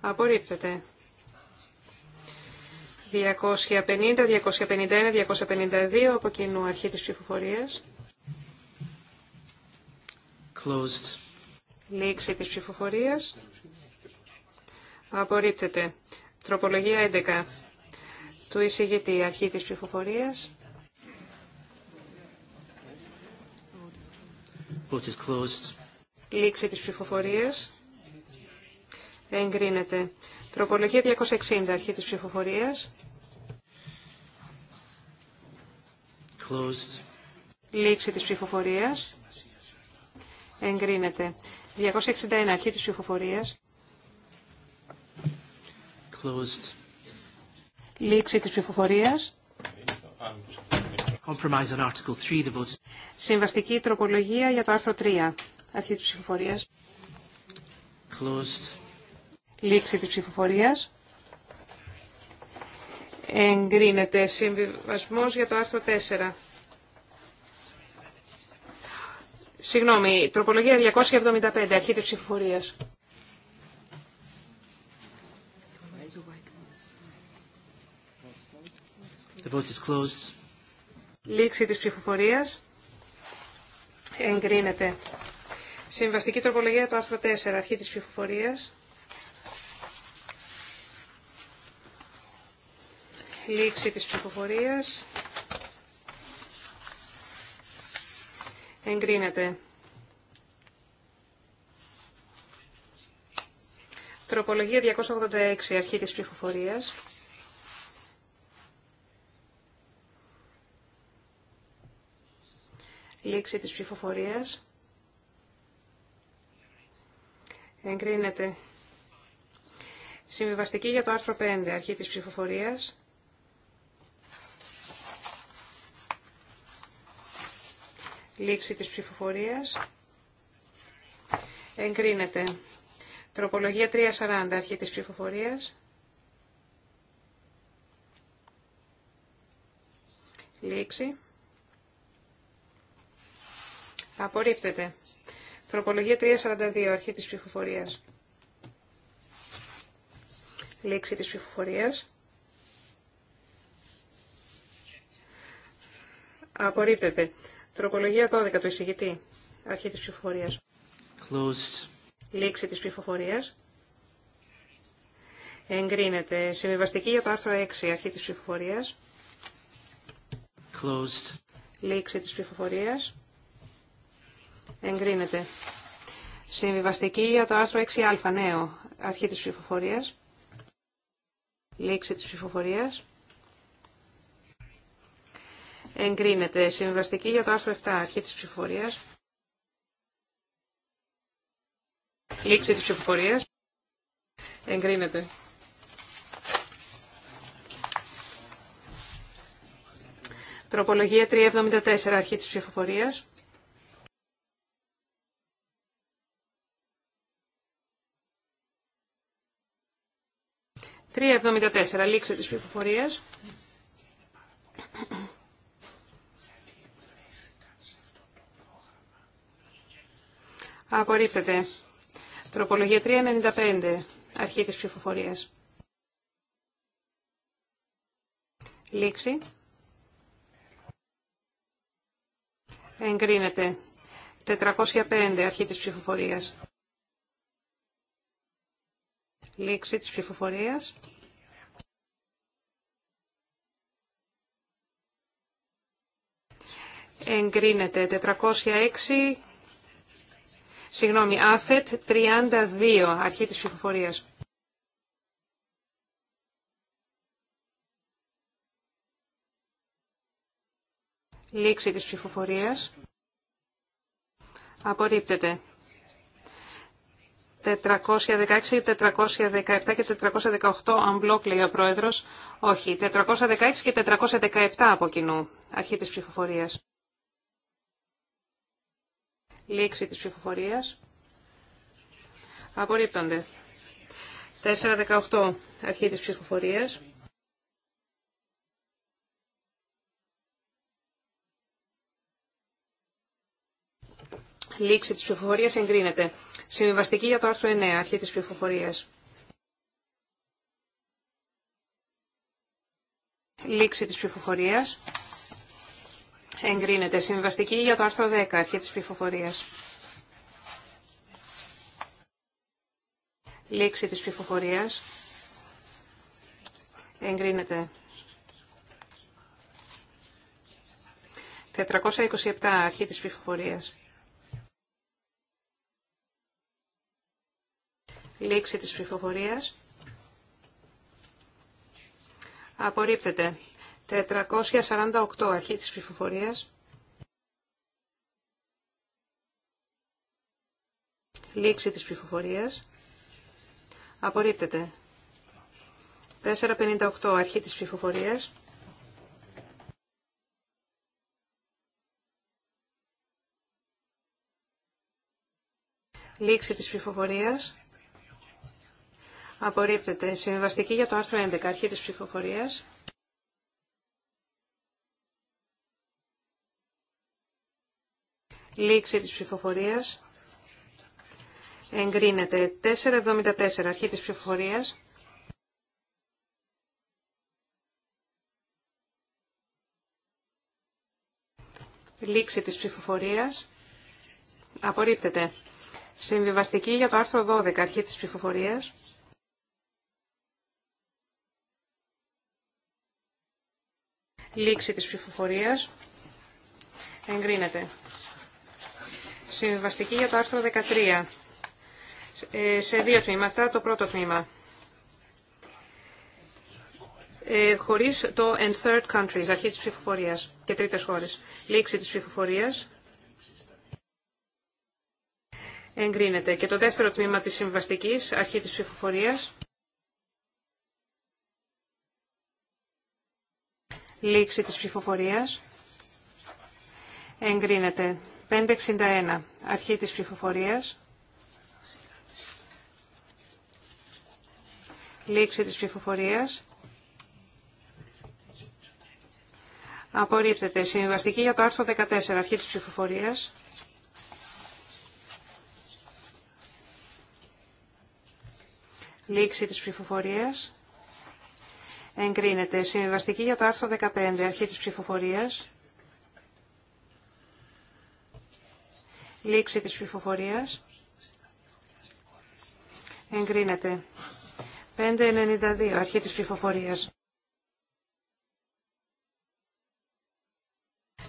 Απορρίπτεται. 250, 251, 252 από κοινού αρχή της ψηφοφορίας. Closed. Λήξη της ψηφοφορίας. Απορρίπτεται. Τροπολογία 11 του εισηγητή. Αρχή της ψηφοφορίας. closed. Λήξη της ψηφοφορίας. Εγκρίνεται. Τροπολογία 260. Αρχή της ψηφοφορίας. Closed. Λήξη της ψηφοφορίας. Εγκρίνεται. 261. Αρχή της ψηφοφορίας. Closed. Λήξη της ψηφοφορίας. Συμβαστική τροπολογία για το άρθρο 3. Αρχή της ψηφοφορίας. Λήξη της ψηφοφορίας. Εγκρίνεται συμβιβασμός για το άρθρο 4. Συγγνώμη, τροπολογία 275, αρχή της ψηφοφορίας. The Λήξη της ψηφοφορίας. Εγκρίνεται. Συμβαστική τροπολογία το άρθρο 4, αρχή της ψηφοφορίας. Λήξη της ψηφοφορίας. Εγκρίνεται. Τροπολογία 286, αρχή της ψηφοφορίας. λήξη της ψηφοφορίας. Εγκρίνεται. Συμβιβαστική για το άρθρο 5, αρχή της ψηφοφορίας. Λήξη της ψηφοφορίας. Εγκρίνεται. Τροπολογία 340, αρχή της ψηφοφορίας. Λήξη. Απορρίπτεται. Τροπολογία 342, αρχή της ψηφοφορία. Λήξη της ψηφοφορία. Απορρίπτεται. Τροπολογία 12 του εισηγητή. Αρχή της ψηφοφορία. Closed. Λήξη της ψηφοφορία. Εγκρίνεται. Συμβιβαστική για το άρθρο 6. Αρχή της ψηφοφορία. Closed. Λήξη της ψηφοφορίας. Εγκρίνεται. Συμβιβαστική για το άρθρο 6α νέο. Αρχή της ψηφοφορίας. Λήξη της ψηφοφορίας. Εγκρίνεται. Συμβιβαστική για το άρθρο 7. Αρχή της ψηφοφορίας. Λήξη της ψηφοφορίας. Εγκρίνεται. Τροπολογία 374. Αρχή της ψηφοφορίας. 374. Λήξη της ψηφοφορίας. Απορρίπτεται. Τροπολογία 395. Αρχή της ψηφοφορίας. Λήξη. Εγκρίνεται. 405. Αρχή της ψηφοφορίας. Λήξη της ψηφοφορίας. Εγκρίνεται 406, συγγνώμη, ΑΦΕΤ 32, αρχή της ψηφοφορίας. Λήξη της ψηφοφορίας. Απορρίπτεται. 416, 417 και 418 unblock, λέει ο πρόεδρος. Όχι, 416 και 417 από κοινού, αρχή της ψηφοφορίας. Λήξη της ψηφοφορίας. Απορρίπτονται. 418, αρχή της ψηφοφορίας. Λήξη της ψηφοφορίας εγκρίνεται. Συμβιβαστική για το άρθρο 9, αρχή της ψηφοφορίας. Λήξη της ψηφοφορίας. Εγκρίνεται. Συμβιβαστική για το άρθρο 10, αρχή της ψηφοφορίας. Λήξη της ψηφοφορίας. Εγκρίνεται. 427, αρχή της ψηφοφορίας. Λήξη της ψηφοφορίας. Απορρίπτεται. 448 αρχή της ψηφοφορίας. Λήξη της ψηφοφορίας. Απορρίπτεται. 458 αρχή της ψηφοφορίας. Λήξη της ψηφοφορίας. Απορρίπτεται. Συμβαστική για το άρθρο 11. Αρχή της ψηφοφορίας. Λήξη της ψηφοφορίας. Εγκρίνεται. 474. Αρχή της ψηφοφορίας. Λήξη της ψηφοφορίας. Απορρίπτεται. Συμβιβαστική για το άρθρο 12. Αρχή της ψηφοφορίας. Λήξη της ψηφοφορίας. Εγκρίνεται. Συμβαστική για το άρθρο 13. Ε, σε δύο τμήματα. Το πρώτο τμήμα. Ε, χωρίς το and third countries, αρχή της ψηφοφορίας και τρίτες χώρες. Λήξη της ψηφοφορίας. Εγκρίνεται. Και το δεύτερο τμήμα της συμβαστικής, αρχή της ψηφοφορίας. Λήξη της ψηφοφορίας. Εγκρίνεται. 561. Αρχή της ψηφοφορίας. Λήξη της ψηφοφορίας. Απορρίπτεται. Συμβαστική για το άρθρο 14. Αρχή της ψηφοφορίας. Λήξη της ψηφοφορίας εγκρίνεται. Συμβιβαστική για το άρθρο 15, αρχή της ψηφοφορίας. Λήξη της ψηφοφορίας. Εγκρίνεται. 592, αρχή της ψηφοφορίας.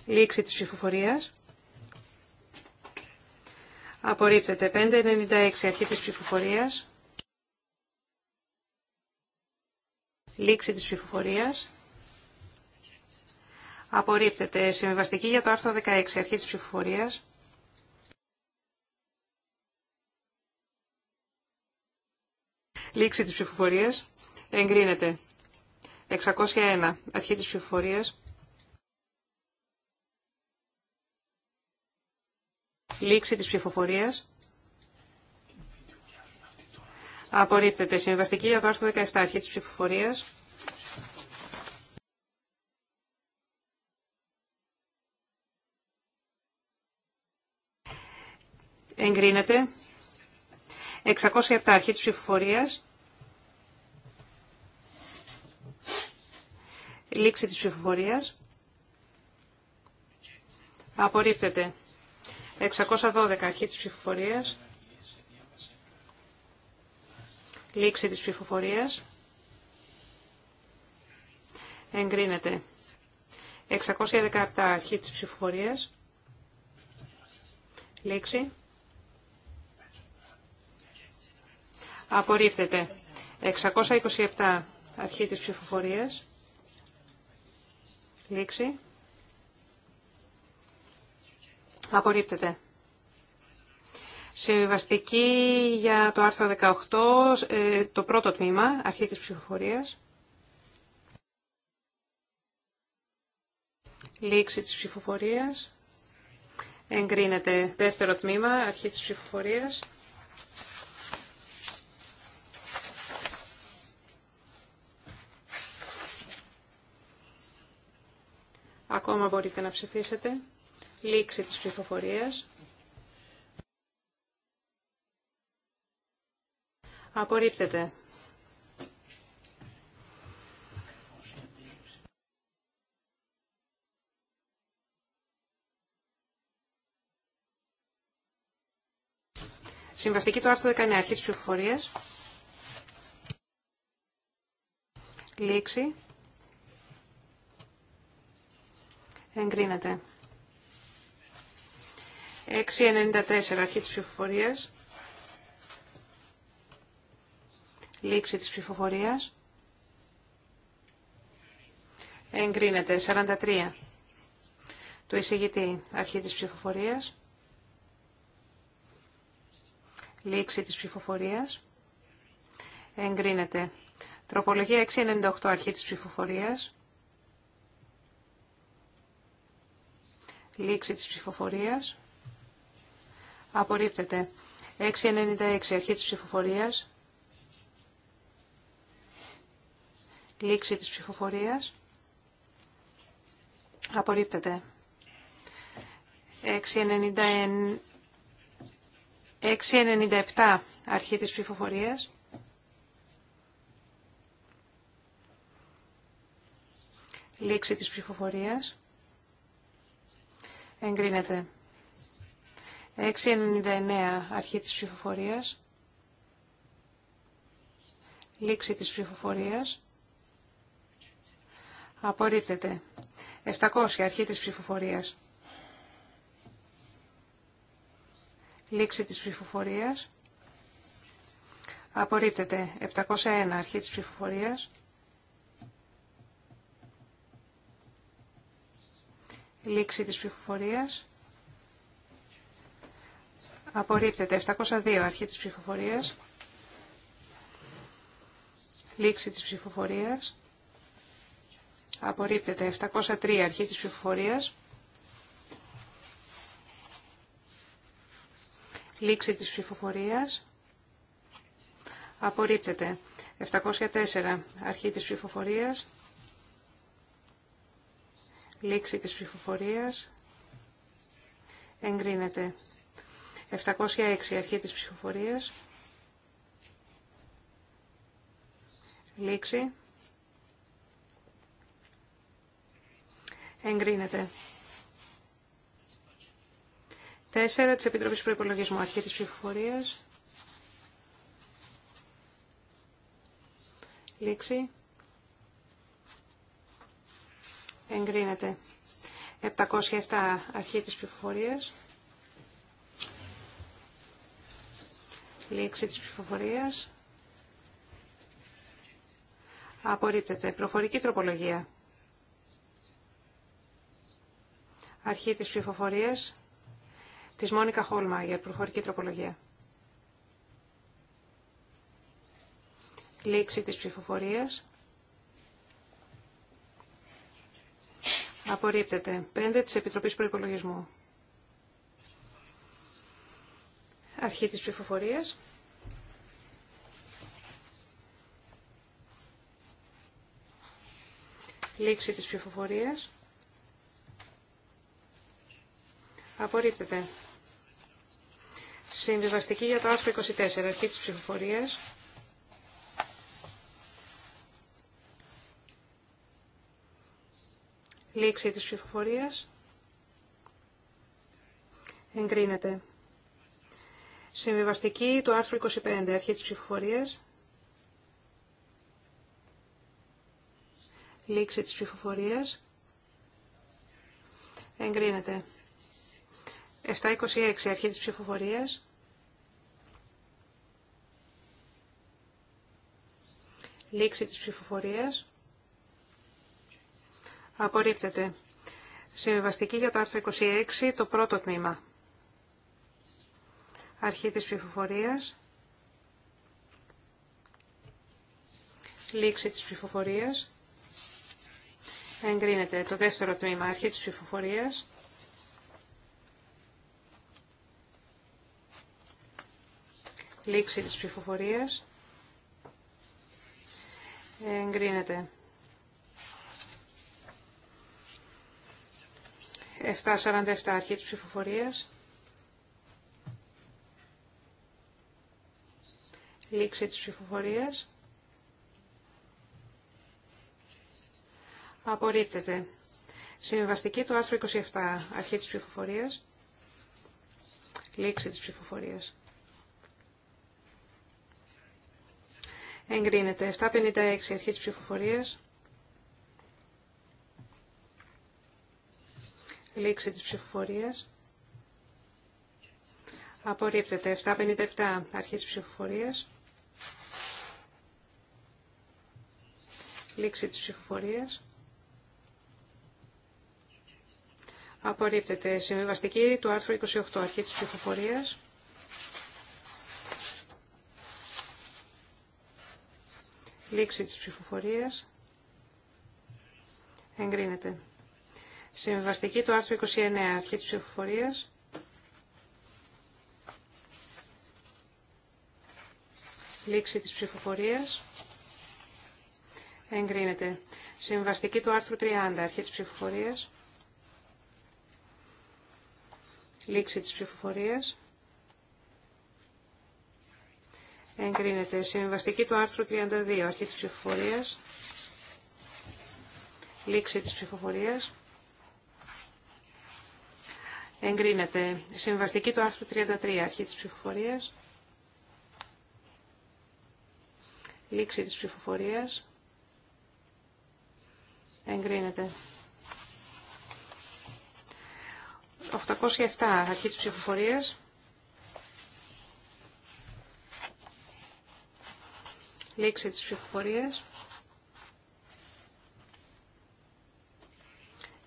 Λήξη της ψηφοφορίας. Απορρίπτεται. 596, αρχή της ψηφοφορίας. Λήξη της ψηφοφορίας. Απορρίπτεται. Συμβιβαστική για το άρθρο 16. Αρχή της ψηφοφορίας. Λήξη της ψηφοφορίας. Εγκρίνεται. 601. Αρχή της ψηφοφορίας. Λήξη της ψηφοφορίας. Απορρίπτεται. Συμβαστική για το άρθρο 17. Αρχή της ψηφοφορίας. Εγκρίνεται. 607. Αρχή της ψηφοφορίας. Λήξη της ψηφοφορίας. Απορρίπτεται. 612. Αρχή της ψηφοφορίας. Λήξη της ψηφοφορίας. Εγκρίνεται. 617 αρχή της ψηφοφορίας. Λήξη. Απορρίφτεται. 627 αρχή της ψηφοφορίας. Λήξη. Απορρίπτεται. Συμβιβαστική για το άρθρο 18, ε, το πρώτο τμήμα, αρχή της ψηφοφορίας. Λήξη της ψηφοφορίας. Εγκρίνεται δεύτερο τμήμα, αρχή της ψηφοφορίας. Ακόμα μπορείτε να ψηφίσετε. Λήξη της ψηφοφορίας. Απορρίπτεται. Συμβαστική του άρθρου 19, αρχή της ψηφοφορίας. Λήξη. Εγκρίνεται. 6.94, αρχή της ψηφοφορίας. Λήξη της ψηφοφορίας. Εγκρίνεται. 43. Του εισηγητή. Αρχή της ψηφοφορίας. Λήξη της ψηφοφορίας. Εγκρίνεται. Τροπολογία 698. Αρχή της ψηφοφορίας. Λήξη της ψηφοφορίας. Απορρίπτεται. 696. Αρχή της ψηφοφορίας. Λήξη της ψηφοφορίας. Απορρίπτεται. 697 αρχή της ψηφοφορίας. Λήξη της ψηφοφορίας. Εγκρίνεται. 699 αρχή της ψηφοφορίας. Λήξη της ψηφοφορίας. Απορρίπτεται. 700. Αρχή της ψηφοφορίας. Λήξη της ψηφοφορίας. Απορρίπτεται. 701. Αρχή της ψηφοφορίας. Λήξη της ψηφοφορίας. Απορρίπτεται. 702. Αρχή της ψηφοφορίας. Λήξη της ψηφοφορίας. Απορρίπτεται. 703 αρχή της ψηφοφορία. Λήξη της ψηφοφορία. Απορρίπτεται. 704 αρχή της ψηφοφορία. Λήξη της ψηφοφορία. Εγκρίνεται. 706 αρχή της ψηφοφορία. Λήξη. Εγκρίνεται. 4 της Επιτροπής Προϋπολογισμού. Αρχή της ψηφοφορίας. Λήξη. Εγκρίνεται. 707 αρχή της ψηφοφορίας. Λήξη της ψηφοφορίας. Απορρίπτεται. Προφορική τροπολογία. αρχή της ψηφοφορίας της Μόνικα Χόλμα για προφορική τροπολογία. Λήξη της ψηφοφορίας. Απορρίπτεται. Πέντε της Επιτροπής Προϋπολογισμού. Αρχή της ψηφοφορίας. Λήξη της ψηφοφορίας. Απορρίπτεται. Συμβιβαστική για το άρθρο 24. Αρχή της ψηφοφορίας. Λήξη της ψηφοφορίας. Εγκρίνεται. Συμβιβαστική του άρθρου 25. Αρχή της ψηφοφορίας. Λήξη της ψηφοφορίας. Εγκρίνεται. 726 αρχή της ψηφοφορίας. Λήξη της ψηφοφορίας. Απορρίπτεται. Συμβιβαστική για το άρθρο 26, το πρώτο τμήμα. Αρχή της ψηφοφορίας. Λήξη της ψηφοφορίας. Εγκρίνεται το δεύτερο τμήμα. Αρχή της ψηφοφορίας. Λήξη της ψηφοφορίας. Εγκρίνεται. 7.47 αρχή της ψηφοφορίας. Λήξη της ψηφοφορίας. Απορρίπτεται. Συμβαστική του άρθρου 27 αρχή της ψηφοφορίας. Λήξη της ψηφοφορίας. Εγκρίνεται. 756 αρχή της ψηφοφορίας. Λήξη της ψηφοφορίας. Απορρίπτεται. 757 αρχή της ψηφοφορίας. Λήξη της ψηφοφορίας. Απορρίπτεται. Συμβιβαστική του άρθρου 28 αρχή της ψηφοφορίας. Λήξη της ψηφοφορίας. Εγκρίνεται. Συμβαστική του άρθρου 29. Αρχή της ψηφοφορίας. Λήξη της ψηφοφορίας. Εγκρίνεται. Συμβαστική του άρθρου 30. Αρχή της ψηφοφορίας. Λήξη της ψηφοφορίας. Εγκρίνεται. Συμβαστική του άρθρου 32. Αρχή της ψηφοφορίας. Λήξη της ψηφοφορίας. Εγκρίνεται. Συμβαστική του άρθρου 33. Αρχή της ψηφοφορίας. Λήξη της ψηφοφορίας. Εγκρίνεται. 807. Αρχή της ψηφοφορίας. Λήξη της ψηφοφορίας.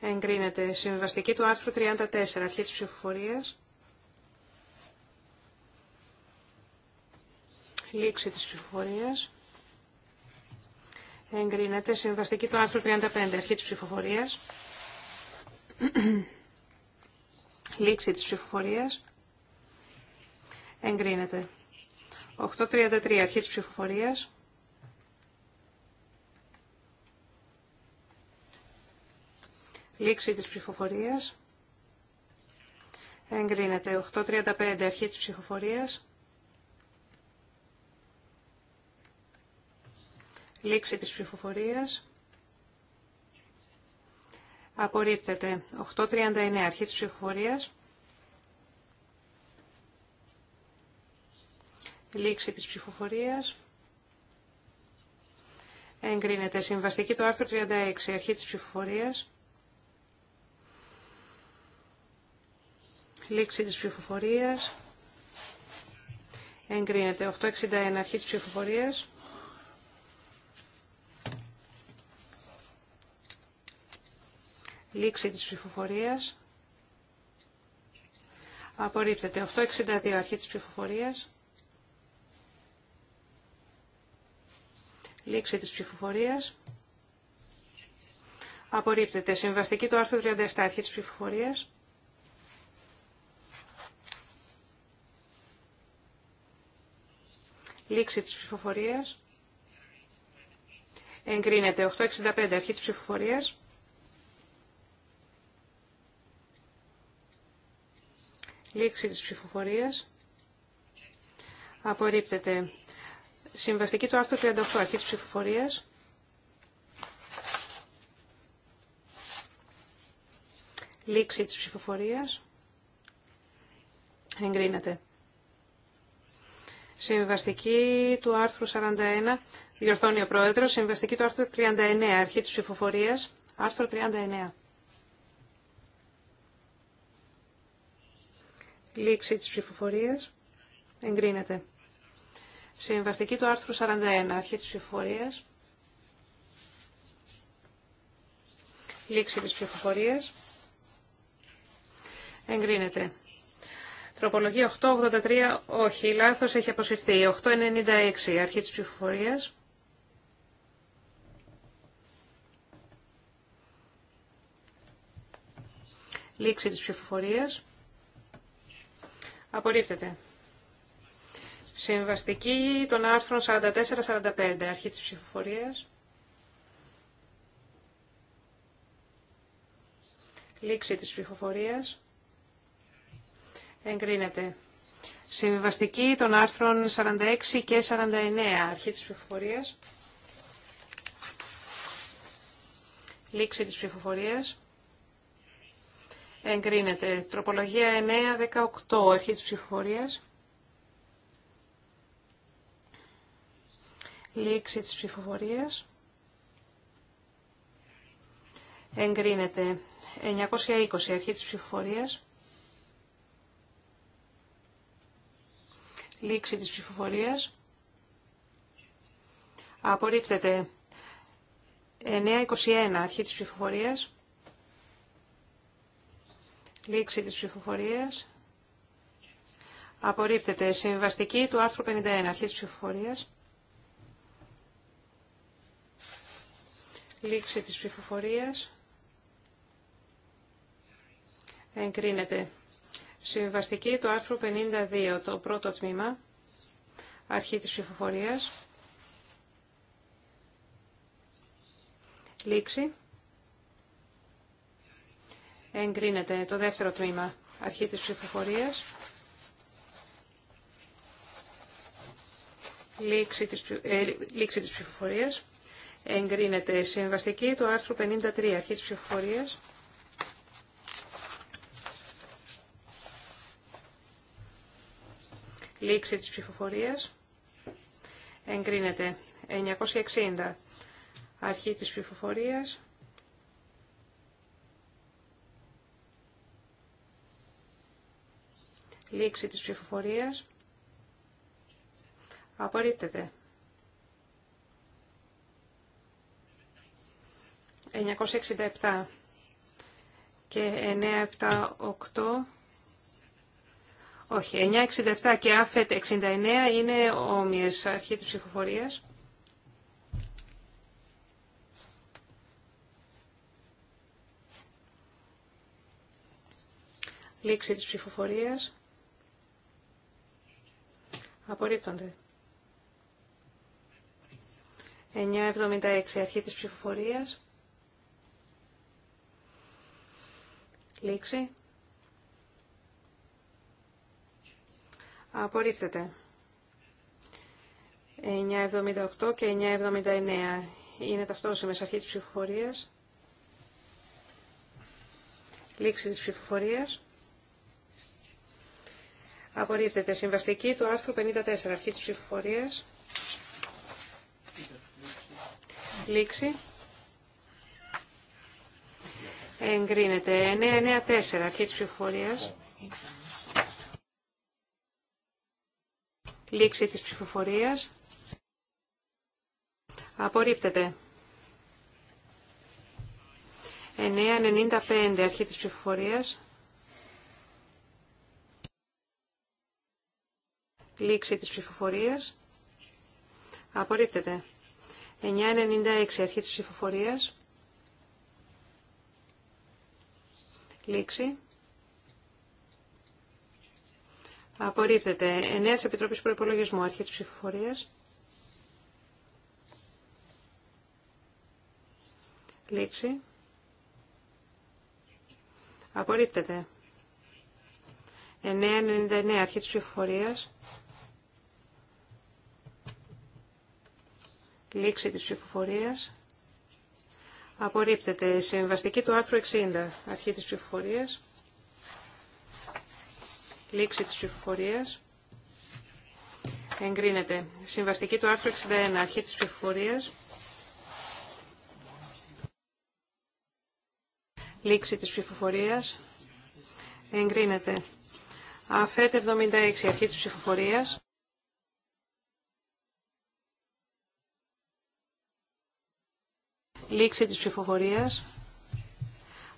Εγκρίνεται. Συμβαστική του άρθρου 34. Αρχή της ψηφοφορίας. Λήξη της ψηφοφορίας. Εγκρίνεται. Συμβαστική του άρθρου 35. Αρχή της ψηφοφορίας. Λήξη της ψηφοφορίας. Εγκρίνεται. 8.33. Αρχή της ψηφοφορίας. Λήξη της ψηφοφορίας. Εγκρίνεται. 8.35 αρχή της ψηφοφορίας. Λήξη της ψηφοφορίας. Απορρίπτεται. 8.39 αρχή της ψηφοφορίας. Λήξη της ψηφοφορίας. Εγκρίνεται. Συμβαστική το άρθρο 36 αρχή της ψηφοφορίας. Λήξη της ψηφοφορίας. Εγκρίνεται. 861 αρχή της ψηφοφορίας. Λήξη της ψηφοφορίας. Απορρίπτεται. 862 αρχή της ψηφοφορίας. Λήξη της ψηφοφορίας. Απορρίπτεται. Συμβαστική του άρθρου 37 αρχή της ψηφοφορίας. Λήξη της ψηφοφορίας. Εγκρίνεται. 8.65 αρχή της ψηφοφορίας. Λήξη της ψηφοφορίας. Απορρίπτεται. Συμβαστική του άρθρου 38 αρχή της ψηφοφορίας. Λήξη της ψηφοφορίας. Εγκρίνεται. Συμβαστική του άρθρου 41, διορθώνει ο Πρόεδρος, συμβαστική του άρθρου 39, αρχή της ψηφοφορίας, άρθρο 39. Λήξη της ψηφοφορίας. Εγκρίνεται. Συμβαστική του άρθρου 41, αρχή της ψηφοφορίας. Λήξη της ψηφοφορίας. Εγκρίνεται. Προπολογή 883, όχι, λάθος, έχει αποσυρθεί. 896, αρχή της ψηφοφορίας. Λήξη της ψηφοφορίας. Απορρίπτεται. Συμβαστική των άρθρων 44-45, αρχή της ψηφοφορίας. Λήξη της ψηφοφορίας. Εγκρίνεται. Συμβιβαστική των άρθρων 46 και 49. Αρχή της ψηφοφορίας. Λήξη της ψηφοφορίας. Εγκρίνεται. Τροπολογία 9-18. Αρχή της ψηφοφορίας. Λήξη της ψηφοφορίας. Εγκρίνεται. 920. Αρχή της ψηφοφορίας. Λήξη της ψηφοφορίας. Απορρίπτεται. 9.21 αρχή της ψηφοφορίας. Λήξη της ψηφοφορίας. Απορρίπτεται. Συμβαστική του άρθρου 51 αρχή της ψηφοφορίας. Λήξη της ψηφοφορίας. Εγκρίνεται. Συμβαστική το άρθρου 52, το πρώτο τμήμα, αρχή της ψηφοφορίας. Λήξη. Εγκρίνεται το δεύτερο τμήμα, αρχή της ψηφοφορίας. Λήξη της, ε, της ψηφοφορίας. Εγκρίνεται συμβαστική του άρθρου 53, αρχή της ψηφοφορίας. Λήξη της ψηφοφορίας. Εγκρίνεται. 960. Αρχή της ψηφοφορίας. Λήξη της ψηφοφορίας. Απορρίπτεται. 967 και 978 όχι, 967 και άφετ 69 είναι όμοιες αρχή της ψηφοφορίας. Λήξη της ψηφοφορίας. Απορρίπτονται. 976 αρχή της ψηφοφορίας. Λήξη. Απορρίπτεται. 978 και 979 είναι ταυτόσιμες αρχή της ψηφοφορίας. Λήξη της ψηφοφορίας. Απορρίπτεται. Συμβαστική του άρθρου 54 αρχή της ψηφοφορίας. Λήξη. Εγκρίνεται. 994 αρχή της ψηφοφορίας. Λήξη της ψηφοφορίας. Απορρίπτεται. 9.95 αρχή της ψηφοφορίας. Λήξη της ψηφοφορίας. Απορρίπτεται. 9.96 αρχή της ψηφοφορίας. Λήξη. Απορρίπτεται. εννέα της Επιτροπής Προϋπολογισμού. Αρχή τη ψηφοφορίας. Λήξη. Απορρίπτεται. 9.99. Αρχή της ψηφοφορίας. Λήξη της ψηφοφορίας. Απορρίπτεται. Συμβαστική του άρθρου 60. Αρχή της ψηφοφορίας. Λήξη της ψηφοφορία. Εγκρίνεται. Συμβαστική του άρθρου 61. Αρχή της ψηφοφορία. Λήξη της ψηφοφορία. Εγκρίνεται. Αφέτ 76. Αρχή της ψηφοφορία. Λήξη της ψηφοφορία.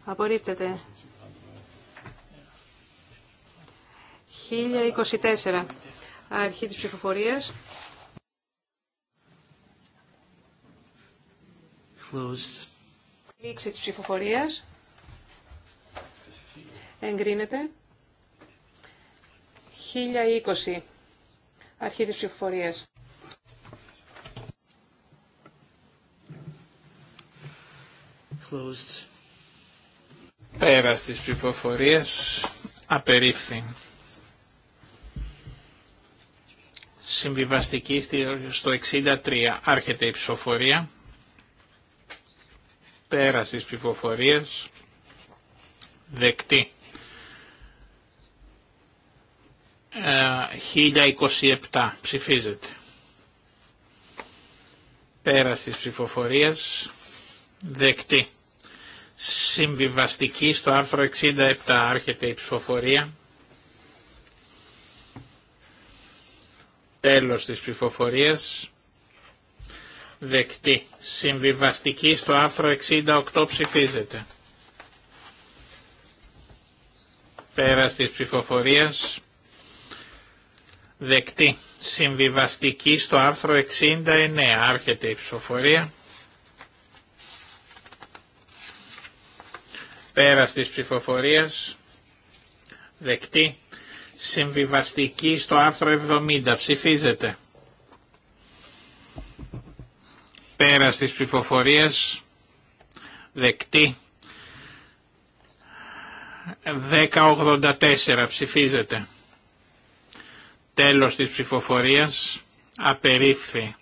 Απορρίπτεται. 1024. Αρχή της ψηφοφορίας. Closed. Λήξη της ψηφοφορίας. Εγκρίνεται. 1020. Αρχή της ψηφοφορίας. Closed. Πέρας της ψηφοφορίας απερίφθη. Συμβιβαστική στο 63 άρχεται η ψηφοφορία. Πέρας της ψηφοφορίας. Δεκτή. 1027 ε, ψηφίζεται. Πέρας της ψηφοφορίας. Δεκτή. Συμβιβαστική στο άρθρο 67 άρχεται η ψηφοφορία Τέλος της ψηφοφορίας. Δεκτή. Συμβιβαστική στο άρθρο 68 ψηφίζεται. Πέρας της ψηφοφορίας. Δεκτή. Συμβιβαστική στο άρθρο 69. Άρχεται η ψηφοφορία. Πέρας της ψηφοφορίας. Δεκτή Συμβιβαστική στο άρθρο 70. Ψηφίζεται. Πέρα της ψηφοφορίας. Δεκτή. 1084 ψηφίζεται. Τέλος της ψηφοφορίας. Απερίφθη.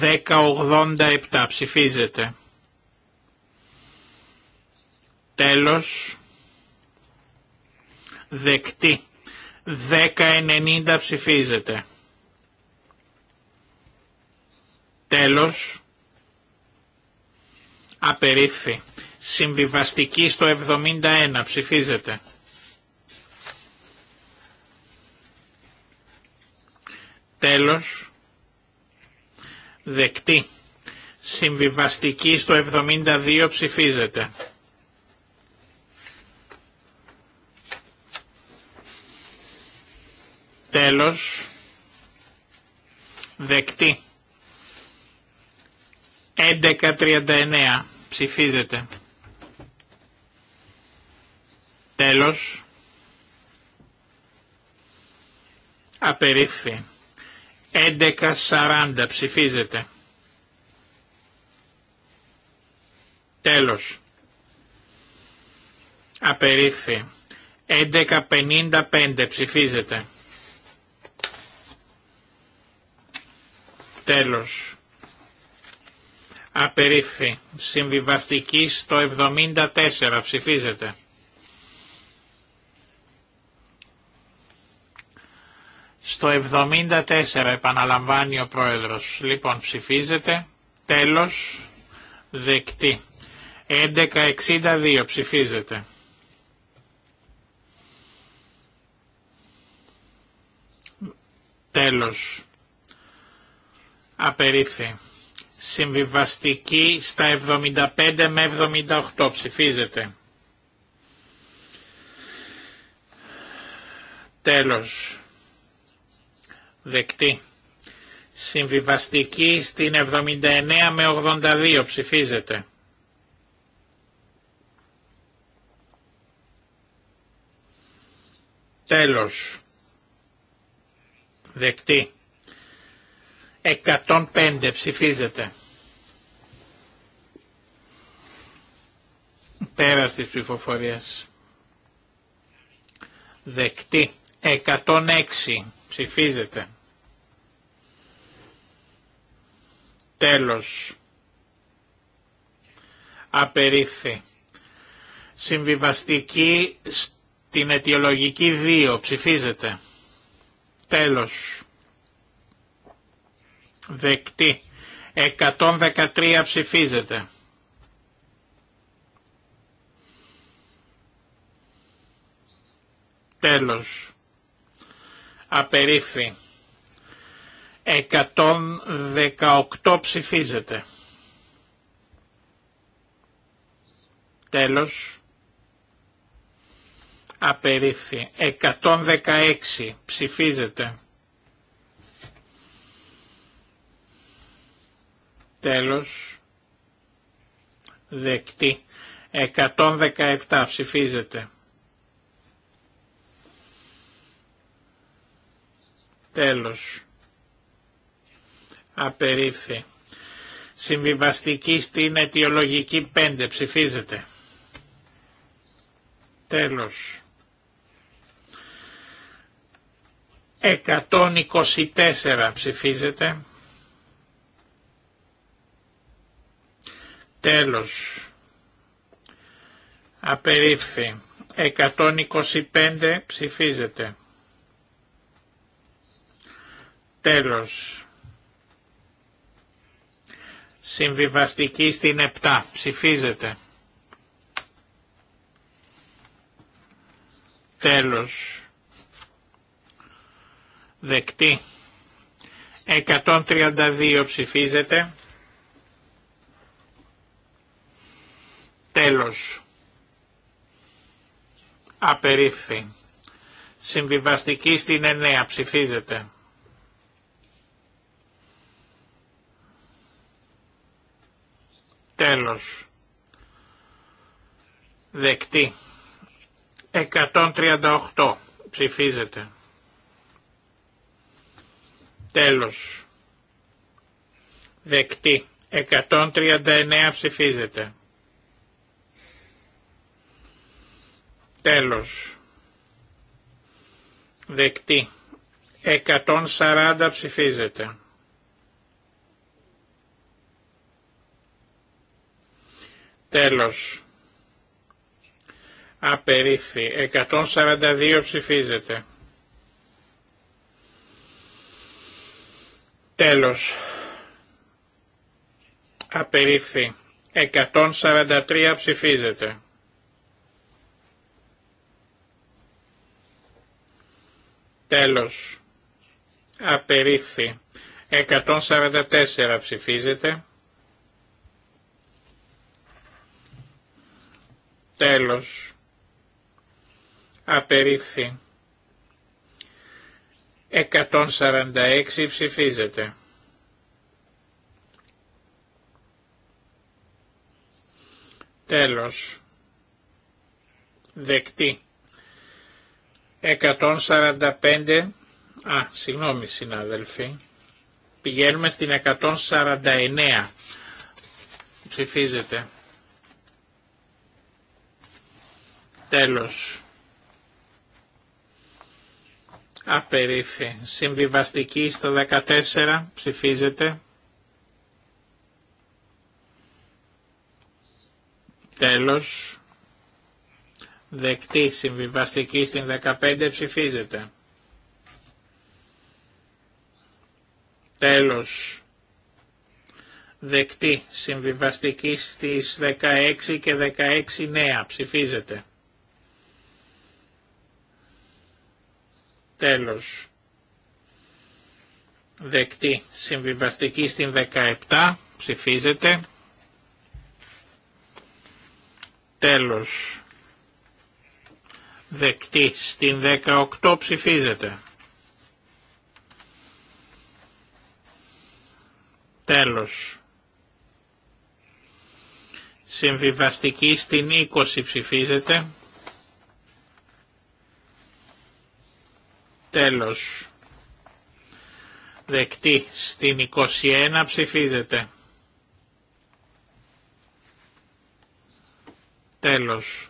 1087 ψηφίζεται. Τέλος. Δεκτή. 10.90 ψηφίζεται. Τέλος. Απερίφθη. Συμβιβαστική στο 71 ψηφίζεται. Τέλος. Δεκτή. Συμβιβαστική στο 72 ψηφίζεται. Τέλος. Δεκτή. 11.39. Ψηφίζεται. Τέλος. Απερίφθη. 11.40. Ψηφίζεται. Τέλος. Απερίφθη. 11.55. Ψηφίζεται. Τέλος. απερίφη. Συμβιβαστική στο 74. Ψηφίζεται. Στο 74 επαναλαμβάνει ο πρόεδρος. Λοιπόν ψηφίζεται. Τέλος. Δεκτή. 1162 ψηφίζεται. Τέλος. Απερίφθη. Συμβιβαστική στα 75 με 78 ψηφίζεται. Τέλος. Δεκτή. Συμβιβαστική στην 79 με 82 ψηφίζεται. Τέλος. Δεκτή. 105 ψηφίζεται. Πέρας της ψηφοφορίας. Δεκτή. 106 ψηφίζεται. Τέλος. Απερίφθη. Συμβιβαστική στην αιτιολογική 2 ψηφίζεται. Τέλος. Δεκτή. 113 ψηφίζεται. Τέλος. Απερίφθη. 118 ψηφίζεται. Τέλος. Απερίφθη. 116 ψηφίζεται. Τέλος. Δεκτή. 117 ψηφίζεται. Τέλος. Απερίφθη. Συμβιβαστική στην αιτιολογική 5 ψηφίζεται. Τέλος. 124 ψηφίζεται. Τέλος. Απερίφθη. 125 ψηφίζεται. Τέλος. Συμβιβαστική στην 7 ψηφίζεται. Τέλος. Δεκτή. 132 ψηφίζεται. Τέλος. Απερίφθη. Συμβιβαστική στην εννέα, Ψηφίζεται. Τέλος. Δεκτή. 138. Ψηφίζεται. Τέλος. Δεκτή. 139 ψηφίζεται. Τέλος. Δεκτή. 140 ψηφίζεται. Τέλος. Απερίφθη. 142 ψηφίζεται. Τέλος. Απερίφθη. 143 ψηφίζεται. Τέλος. Απερίφθη. 144 ψηφίζεται. Τέλος. Απερίφθη. 146 ψηφίζεται. Τέλος. Δεκτή. 145, α, συγγνώμη συναδελφοί, πηγαίνουμε στην 149, ψηφίζεται. Τέλος. Απερίφη. Συμβιβαστική στο 14 ψηφίζετε. Τέλος. Δεκτή συμβιβαστική στην 15 ψηφίζεται. Τέλος. Δεκτή συμβιβαστική στις 16 και 16 νέα ψηφίζεται. Τέλος. Δεκτή συμβιβαστική στην 17 ψηφίζεται. Τέλος Δεκτή. Στην 18 ψηφίζεται. Τέλος. Συμβιβαστική στην 20 ψηφίζεται. Τέλος. Δεκτή. Στην 21 ψηφίζεται. Τέλος.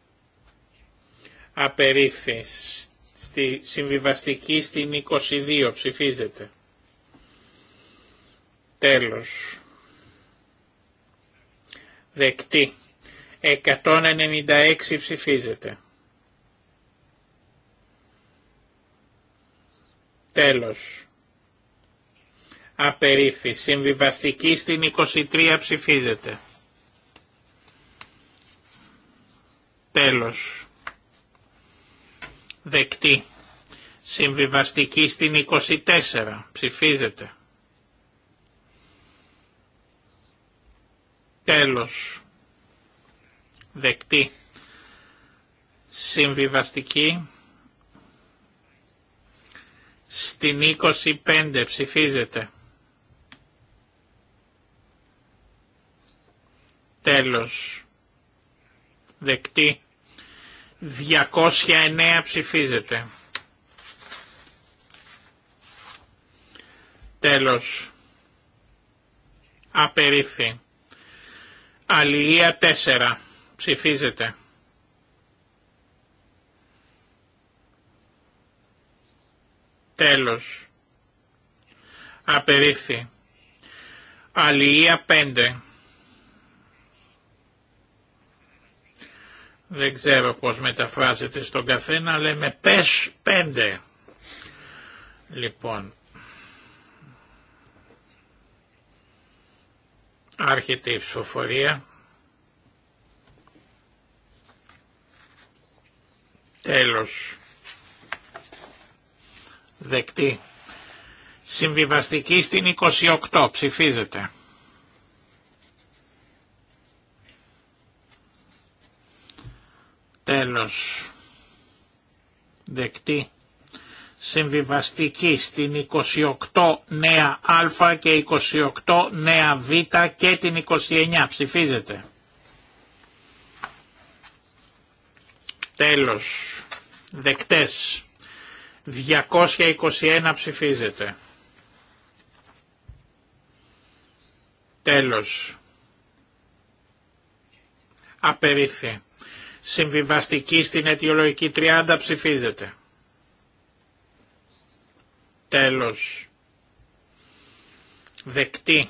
απερίφθη στη συμβιβαστική στην 22 ψηφίζεται. Τέλος. Δεκτή. 196 ψηφίζεται. Τέλος. Απερίφθη. Συμβιβαστική στην 23 ψηφίζεται. Τέλος. Δεκτή. Συμβιβαστική στην 24. Ψηφίζεται. Τέλος. Δεκτή. Συμβιβαστική στην 25. Ψηφίζεται. Τέλος. Δεκτή. 209 ψηφίζεται. Τέλος. Απερίφθη. Αλληλεία 4 ψηφίζεται. Τέλος. Απερίφθη. Αλληλεία 5 δεν ξέρω πώς μεταφράζεται στον καθένα, λέμε πες πέντε. Λοιπόν, άρχεται η ψηφοφορία. Τέλος. Δεκτή. Συμβιβαστική στην 28 ψηφίζεται. Τέλος. Δεκτή. Συμβιβαστική στην 28 νέα α και 28 νέα β και την 29. Ψηφίζεται. Τέλος. Δεκτές. 221 ψηφίζεται. Τέλος. Απερίφθη. Συμβιβαστική στην αιτιολογική 30 ψηφίζεται. Τέλος. Δεκτή.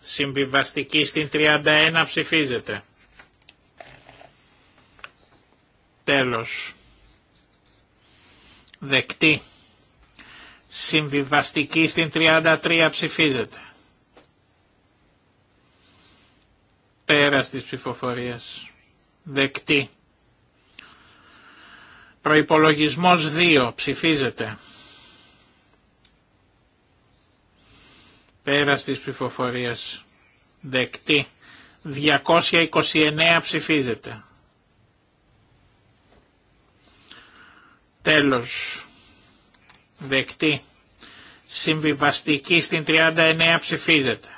Συμβιβαστική στην 31 ψηφίζεται. Τέλος. Δεκτή. Συμβιβαστική στην 33 ψηφίζεται. Πέρας της ψηφοφορίας. Δεκτή. Προϋπολογισμός 2. Ψηφίζεται. Πέρα στις ψηφοφορίες. Δεκτή. 229 ψηφίζεται. Τέλος. Δεκτή. Συμβιβαστική στην 39 ψηφίζεται.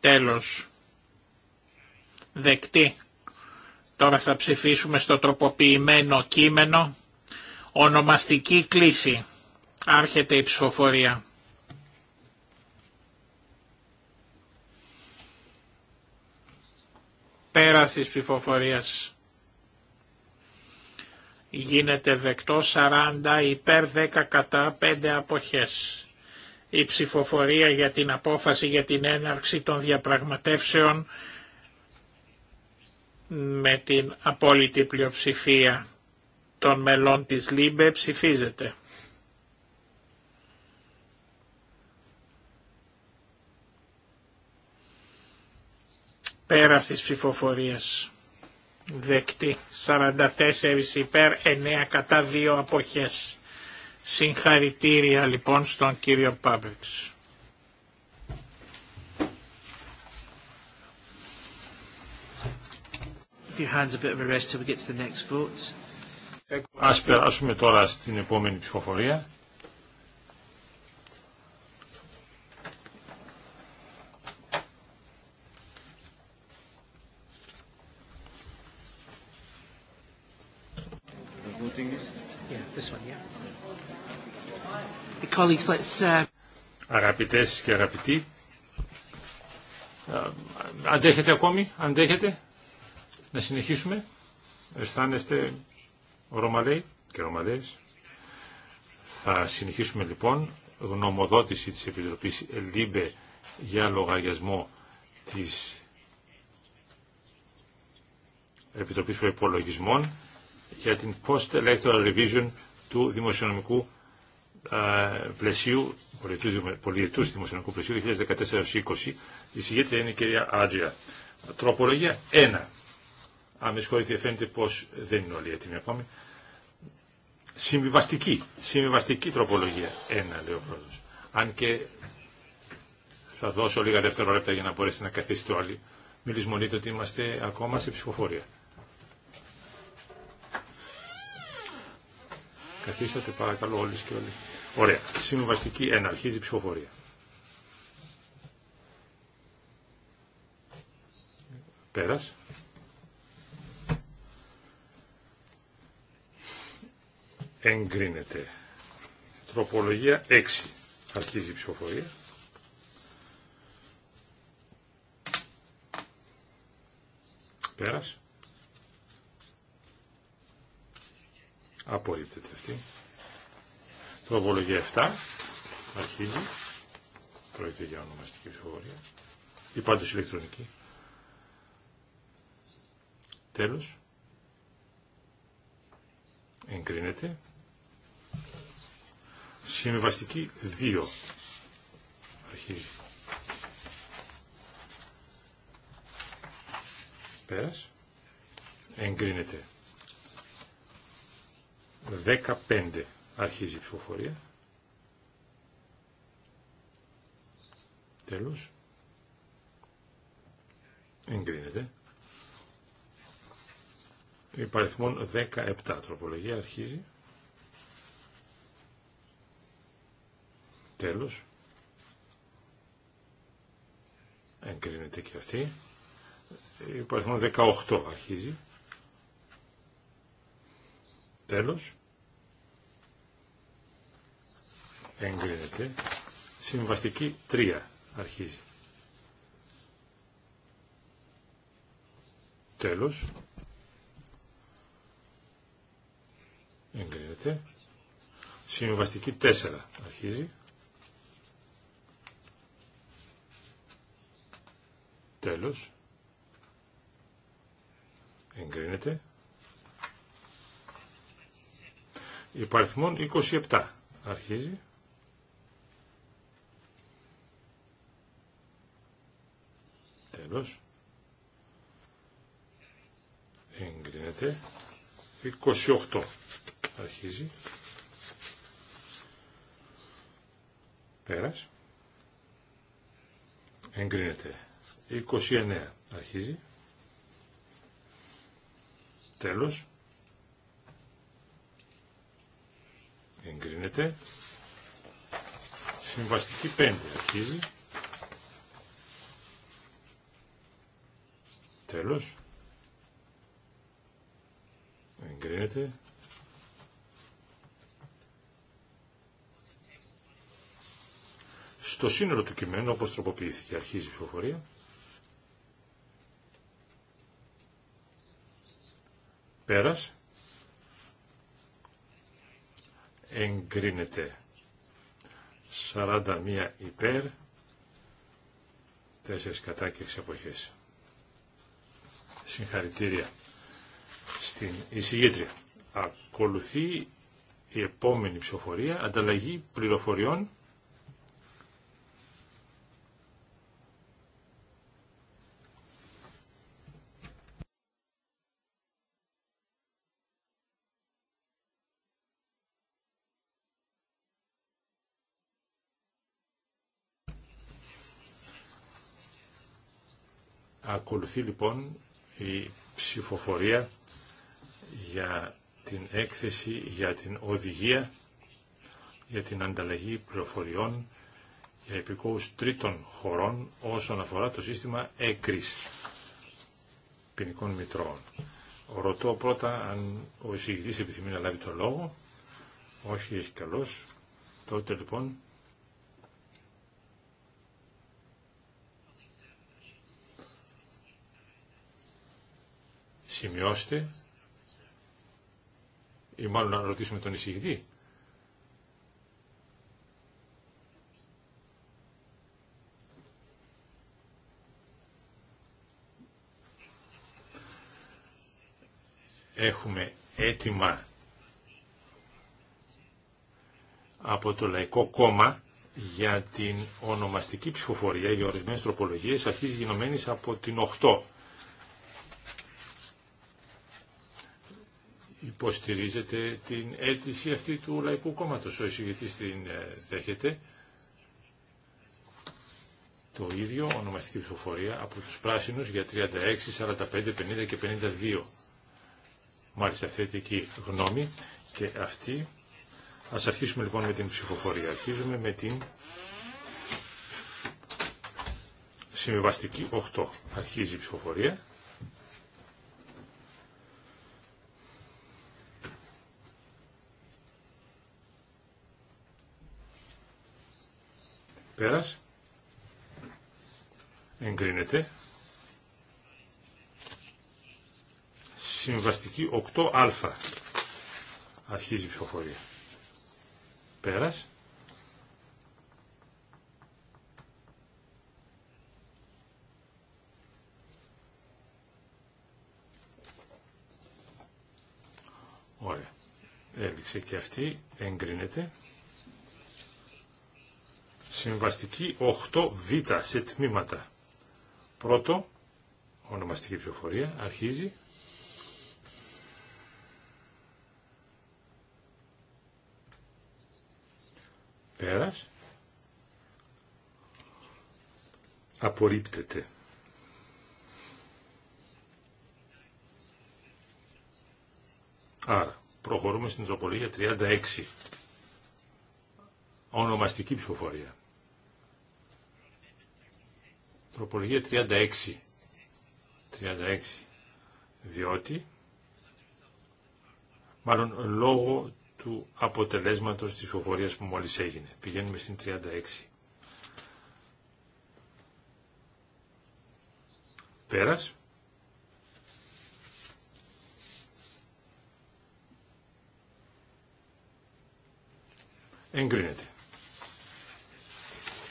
Τέλος. Δεκτή. Τώρα θα ψηφίσουμε στο τροποποιημένο κείμενο. Ονομαστική κλίση. Άρχεται η ψηφοφορία. Πέρας της ψηφοφορίας. Γίνεται δεκτό 40 υπέρ 10 κατά 5 αποχές η ψηφοφορία για την απόφαση για την έναρξη των διαπραγματεύσεων με την απόλυτη πλειοψηφία των μελών της ΛΥΜΠΕ ψηφίζεται. Πέρα στις ψηφοφορίες. Δεκτή. 44 υπέρ, 9 κατά 2 αποχές. Συγχαρητήρια λοιπόν στον κύριο Πάμπεξ. Ας περάσουμε τώρα στην επόμενη ψηφοφορία colleagues, uh, Αγαπητές και αγαπητοί, αντέχετε ακόμη, αντέχετε να συνεχίσουμε. Αισθάνεστε Ρωμαλαίοι και Ρωμαλαίες. Θα συνεχίσουμε λοιπόν γνωμοδότηση της Επιτροπής ΛΥΜΠΕ για λογαριασμό της Επιτροπής Προϋπολογισμών για την Post-Electoral Revision του Δημοσιονομικού πλαισίου, πολιετού δημοσιονομικού πλαισίου 2014-2020. Η συγγέντρια είναι η κυρία Άτζια. Τροπολογία 1. Αν με συγχωρείτε, φαίνεται πω δεν είναι όλοι έτοιμοι ακόμη. Συμβιβαστική. Συμβιβαστική τροπολογία 1, λέει ο πρόεδρο. Αν και θα δώσω λίγα δευτερόλεπτα για να μπορέσει να καθίσει το άλλο. Μην λησμονείτε ότι είμαστε ακόμα σε ψηφοφορία. Καθίσατε παρακαλώ όλες και όλοι. Ωραία. Συμβαστική 1. Αρχίζει η ψηφοφορία. Πέρας. Εγκρίνεται. Τροπολογία 6. Αρχίζει η ψηφοφορία. Πέρας. Απορρίπτεται αυτή. Τροπολογία 7. Αρχίζει. Πρόκειται για ονομαστική ψηφοφορία. Ή πάντως ηλεκτρονική. Τέλος. Εγκρίνεται. Συμβαστική 2. Αρχίζει. Πέρας. Εγκρίνεται. 15. Αρχίζει η ψηφοφορία. Τέλος. Εγκρίνεται. Υπαριθμόν 17 τροπολογία αρχίζει. Τέλος. Εγκρίνεται και αυτή. Υπαριθμόν 18 αρχίζει. Τέλος. εγκρίνεται. Συμβαστική 3 αρχίζει. Τέλος. Εγκρίνεται. Συμβαστική 4 αρχίζει. Τέλος. Εγκρίνεται. Υπαριθμόν 27 αρχίζει. Τέλος. Εγκρίνεται. 28 αρχίζει. Πέρας. Εγκρίνεται. 29 αρχίζει. Τέλος. Εγκρίνεται. Συμβαστική 5 αρχίζει. Τέλος. Εγκρίνεται. Στο σύνολο του κειμένου, όπως τροποποιήθηκε, αρχίζει η ψηφοφορία. Πέρας. Εγκρίνεται. 41 υπέρ, 4 κατά και 6 αποχές. Συγχαρητήρια στην εισηγήτρια. Ακολουθεί η επόμενη ψηφοφορία, ανταλλαγή πληροφοριών Ακολουθεί λοιπόν η ψηφοφορία για την έκθεση, για την οδηγία, για την ανταλλαγή πληροφοριών για επικόους τρίτων χωρών όσον αφορά το σύστημα έκρης ποινικών μητρώων. Ρωτώ πρώτα αν ο εισηγητής επιθυμεί να λάβει το λόγο. Όχι, έχει καλώς. Τότε λοιπόν σημειώστε ή μάλλον να ρωτήσουμε τον εισηγητή. Έχουμε έτοιμα από το Λαϊκό Κόμμα για την ονομαστική ψηφοφορία για ορισμένες τροπολογίες αρχής γινωμένης από την 8 υποστηρίζετε την αίτηση αυτή του Λαϊκού Κόμματος. Ο εισηγητής την ε, δέχεται. Το ίδιο ονομαστική ψηφοφορία από τους πράσινους για 36, 45, 50 και 52. Μάλιστα θετική γνώμη και αυτή. Ας αρχίσουμε λοιπόν με την ψηφοφορία. Αρχίζουμε με την συμβιβαστική 8. Αρχίζει η ψηφοφορία. Πέρας. Εγκρίνεται. Συμβαστική 8α. Αρχίζει η ψηφοφορία. Πέρας. Ωραία. Έληξε και αυτή. Εγκρίνεται. Συμβαστική 8β σε τμήματα. Πρώτο, ονομαστική ψηφοφορία, αρχίζει. Πέρας. Απορρίπτεται. Άρα, προχωρούμε στην τροπολογία 36. Ονομαστική ψηφοφορία προπολογία 36. 36. Διότι, μάλλον λόγω του αποτελέσματος της φοβορίας που μόλις έγινε. Πηγαίνουμε στην 36. Πέρας. Εγκρίνεται.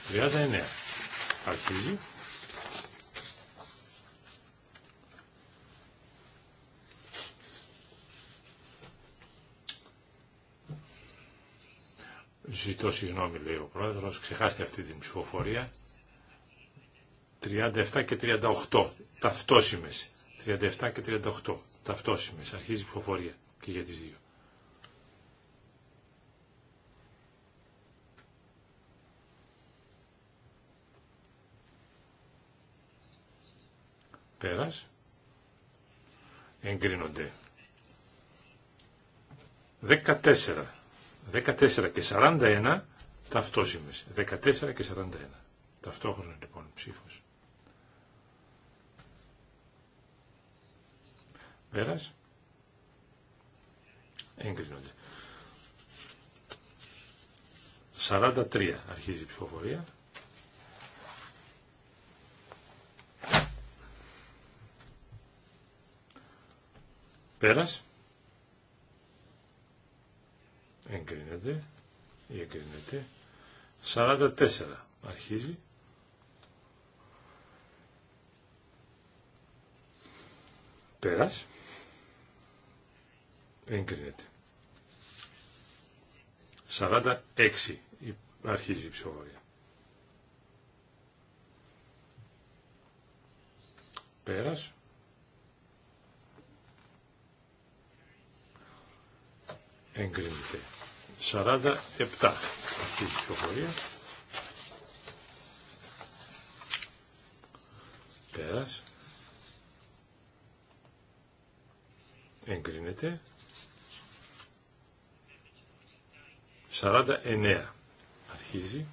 39. Αρχίζει. Ζητώ συγγνώμη, λέει ο πρόεδρος, ξεχάστε αυτή την ψηφοφορία. 37 και 38, ταυτόσιμες. 37 και 38, ταυτόσιμες. Αρχίζει η ψηφοφορία και για τις δύο. Πέρας. Εγκρίνονται. 14. 14 και 41 ταυτόσημες. 14 και 41. Ταυτόχρονα λοιπόν ψήφος. Πέρας. Εγκρίνονται. 43 αρχίζει η ψηφοφορία. Πέρας εγκρίνεται ή εγκρίνεται 44 αρχίζει πέρας εγκρίνεται 46 αρχίζει η ψηφοφορία πέρας εγκρίνεται 47 αυτή η κυκλοφορία. Πέρας. Εγκρίνεται. 49 αρχίζει.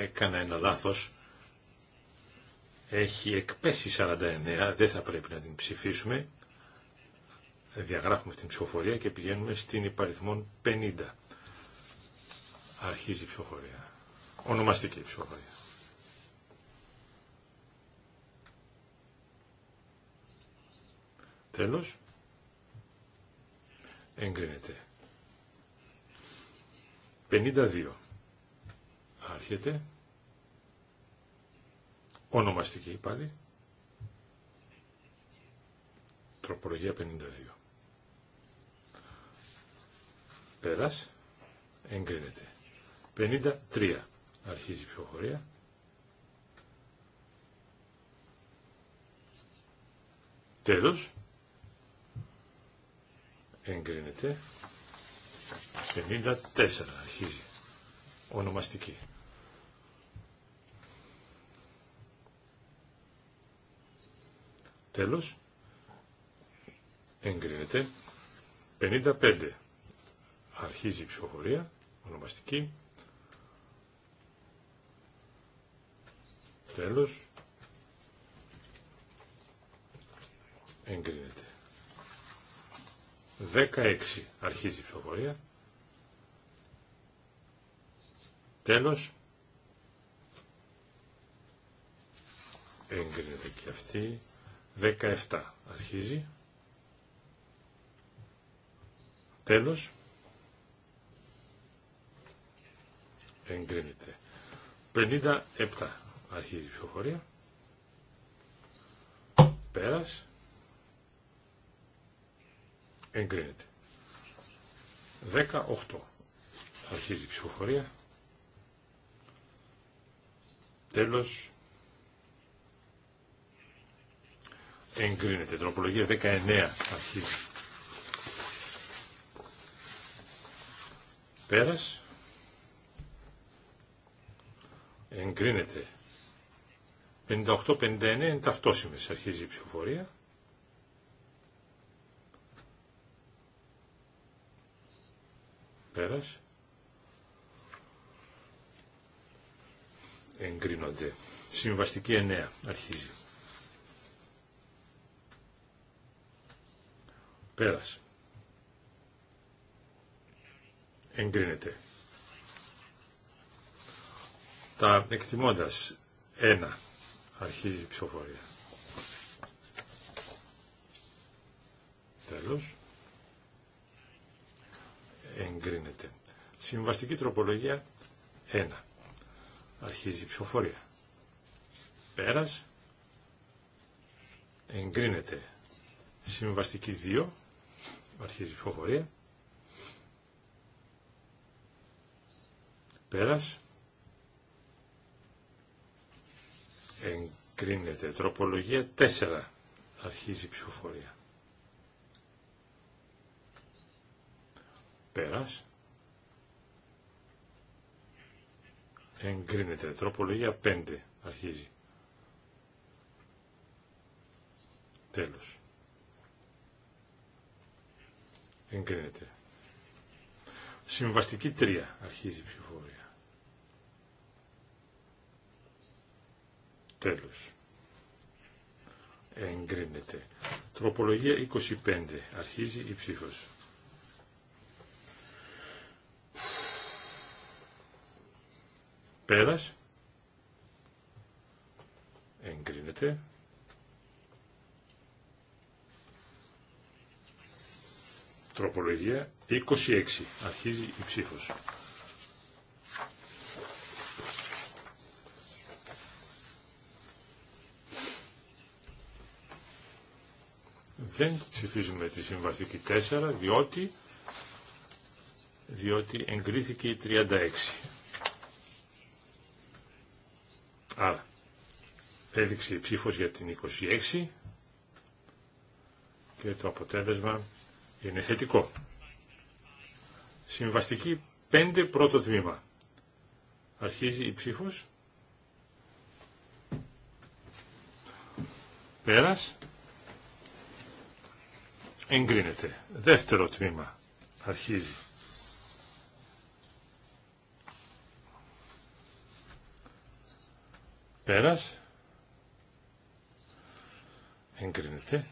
έκανα ένα λάθος. Έχει εκπέσει 49, δεν θα πρέπει να την ψηφίσουμε. Διαγράφουμε την ψηφοφορία και πηγαίνουμε στην υπαριθμόν 50. Αρχίζει η ψηφοφορία. Ονομαστική ψηφοφορία. Τέλος. Εγκρίνεται. 52. Άρχεται. Ονομαστική πάλι. Τροπολογία 52. Πέρας. Εγκρίνεται. 53. Αρχίζει η ψηφοφορία. Τέλος. Εγκρίνεται. 54. Αρχίζει. Ονομαστική. Τέλος. Εγκρίνεται. 55. Αρχίζει η ψηφοφορία. Ονομαστική. Τέλος. Εγκρίνεται. 16. Αρχίζει η ψηφοφορία. Τέλος. Εγκρίνεται και αυτή. 17 αρχίζει. Τέλος. Εγκρίνεται. 57 αρχίζει η ψηφοφορία. Πέρας. Εγκρίνεται. 18 αρχίζει η ψηφοφορία. Τέλος. εγκρίνεται. Τροπολογία 19 αρχίζει. Πέρας. Εγκρίνεται. 58-59 είναι ταυτόσιμες. Αρχίζει η ψηφοφορία. Πέρας. Εγκρίνονται. Συμβαστική 9 αρχίζει. Πέρας. Εγκρίνεται. Τα εκτιμώντας. Ένα. Αρχίζει η ψηφοφορία. Τέλος. Εγκρίνεται. Συμβαστική τροπολογία 1. Αρχίζει η ψηφοφορία. Πέρας. Εγκρίνεται. Συμβαστική 2. Αρχίζει η ψηφοφορία. Πέρας. Εγκρίνεται. Τροπολογία 4. Αρχίζει η ψηφοφορία. Πέρας. Εγκρίνεται. Τροπολογία 5. Αρχίζει. Τέλος. Εγκρίνεται. Συμβαστική 3. Αρχίζει η ψηφοφορία. Τέλος. Εγκρίνεται. Τροπολογία 25. Αρχίζει η ψήφος. Πέρας. Εγκρίνεται. Τροπολογία 26. Αρχίζει η ψήφος. Δεν ψηφίζουμε τη συμβαστική 4 διότι, διότι εγκρίθηκε η 36. Άρα, έδειξε η ψήφος για την 26 και το αποτέλεσμα είναι θετικό. Συμβαστική 5 πρώτο τμήμα. Αρχίζει η ψήφος. Πέρας. Εγκρίνεται. Δεύτερο τμήμα. Αρχίζει. Πέρας. Εγκρίνεται.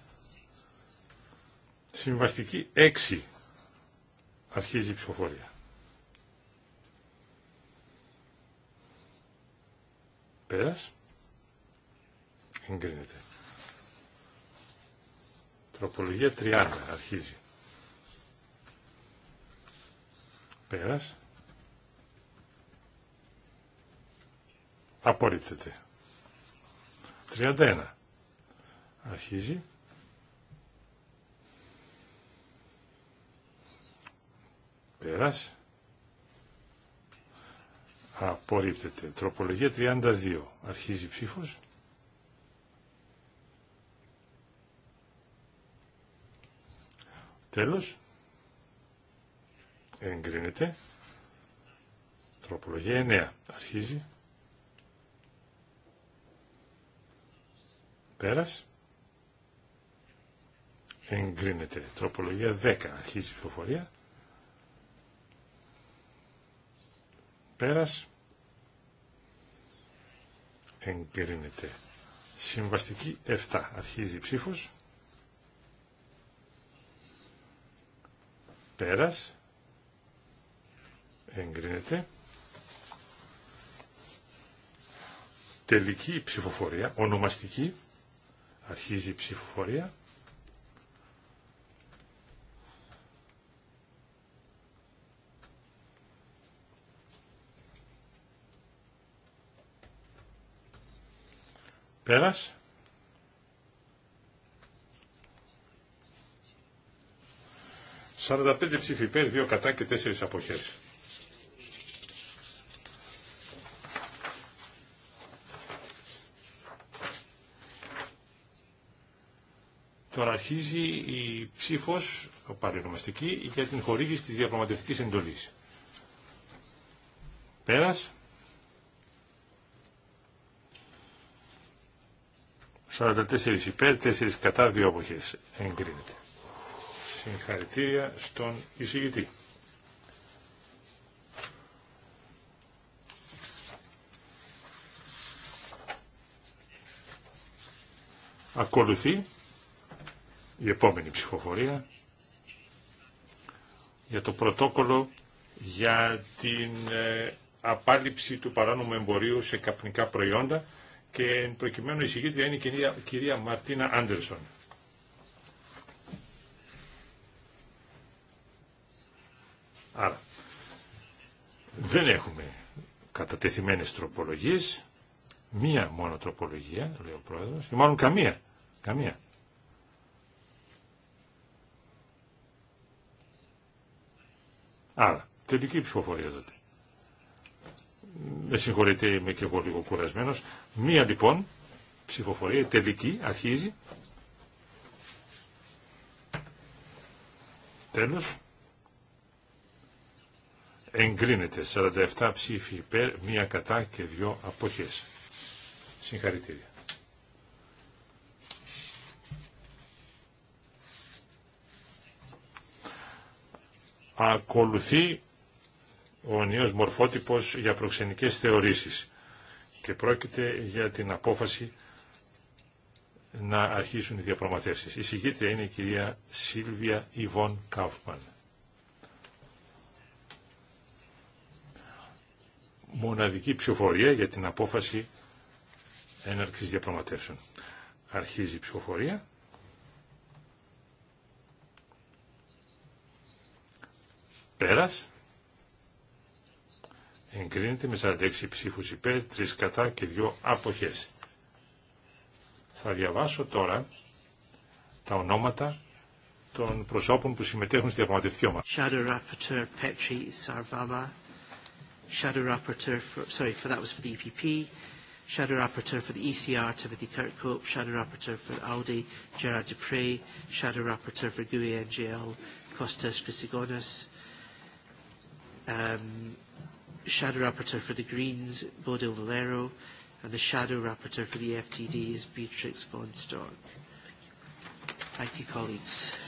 Συμβαστική 6. Αρχίζει η ψηφοφορία. Πέρας. Εγκρίνεται. Τροπολογία 30. Αρχίζει. Πέρας. Απορρίπτεται. 31. Αρχίζει. Πέρας. Απορρίπτεται. Τροπολογία 32. Αρχίζει ψήφος. Τέλος. Εγκρίνεται. Τροπολογία 9. Αρχίζει. Πέρας. Εγκρίνεται. Τροπολογία 10. Αρχίζει η ψηφοφορία. Πέρας. Εγκρίνεται. Συμβαστική 7. Αρχίζει η ψήφος. Πέρας. Εγκρίνεται. Τελική ψηφοφορία. Ονομαστική. Αρχίζει η ψηφοφορία. Πέρας. 45 πέντε ψήφοι υπέρ, δύο κατά και τέσσερις αποχές. Τώρα αρχίζει η ψήφος παρενομαστική για την χορήγηση της διαπραγματευτικής εντολής. Πέρας. 44 υπέρ, 4 κατά, 2 αποχές. Εγκρίνεται. Συγχαρητήρια στον εισηγητή. Ακολουθεί η επόμενη ψηφοφορία για το πρωτόκολλο για την ε, απάλληψη του παράνομου εμπορίου σε καπνικά προϊόντα και εν προκειμένου η είναι η κυρία, Μαρτίνα Άντερσον. Άρα, δεν έχουμε κατατεθειμένες τροπολογίες, μία μόνο τροπολογία, λέει ο πρόεδρος, ή μάλλον καμία, καμία. Άρα, τελική ψηφοφορία τότε. Με συγχωρείτε, είμαι και εγώ λίγο κουρασμένο. Μία λοιπόν ψηφοφορία τελική αρχίζει. Τέλο. Εγκρίνεται 47 ψήφοι υπέρ, μία κατά και δύο αποχέ. Συγχαρητήρια. Ακολουθεί ο νέος μορφότυπος για προξενικές θεωρήσεις και πρόκειται για την απόφαση να αρχίσουν οι διαπραγματεύσεις. Η συγκήτρια είναι η κυρία Σίλβια Ιβόν Κάουφμαν. Μοναδική ψηφοφορία για την απόφαση έναρξης διαπραγματεύσεων. Αρχίζει η ψηφοφορία. Πέρας εγκρίνεται με 46 ψήφους υπέρ, 3 κατά και 2 αποχές. Θα διαβάσω τώρα τα ονόματα των προσώπων που συμμετέχουν στη διαπραγματευτική ομάδα. Shadow Rapporteur Petri Sarvama, Shadow Rapporteur, for, sorry, for that was for the EPP, Shadow Rapporteur for the ECR, Timothy Kirkhope, Shadow Rapporteur for Aldi, Gerard Dupre, Shadow Rapporteur for GUI NGL, Costas Chrysigonis, um, Shadow Rapporteur for the Greens, Bodil Valero, and the Shadow Rapporteur for the FTD is Beatrix von Stork. Thank you, colleagues.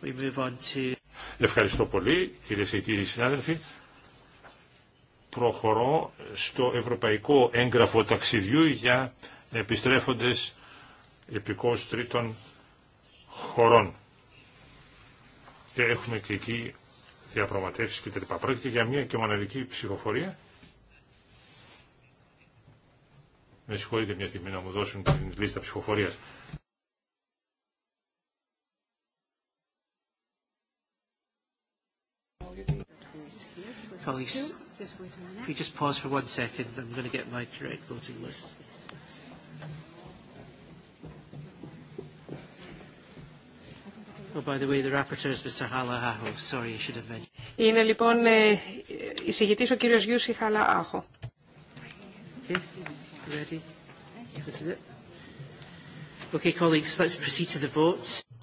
We move on to... Ευχαριστώ πολύ, κυρίε και κύριοι συνάδελφοι. Προχωρώ στο Ευρωπαϊκό Έγγραφο Ταξιδιού για επιστρέφοντες επικός τρίτων χωρών. Και έχουμε και εκεί διαπραγματεύσει κτλ. Πρόκειται για μια και μοναδική ψηφοφορία. Με συγχωρείτε μια στιγμή να μου δώσουν την λίστα ψηφοφορία. Colleagues, if you just pause for one second, I'm going to get my correct voting list. Είναι λοιπόν ε, εισηγητή ο κύριο Γιούση Χαλαάχο.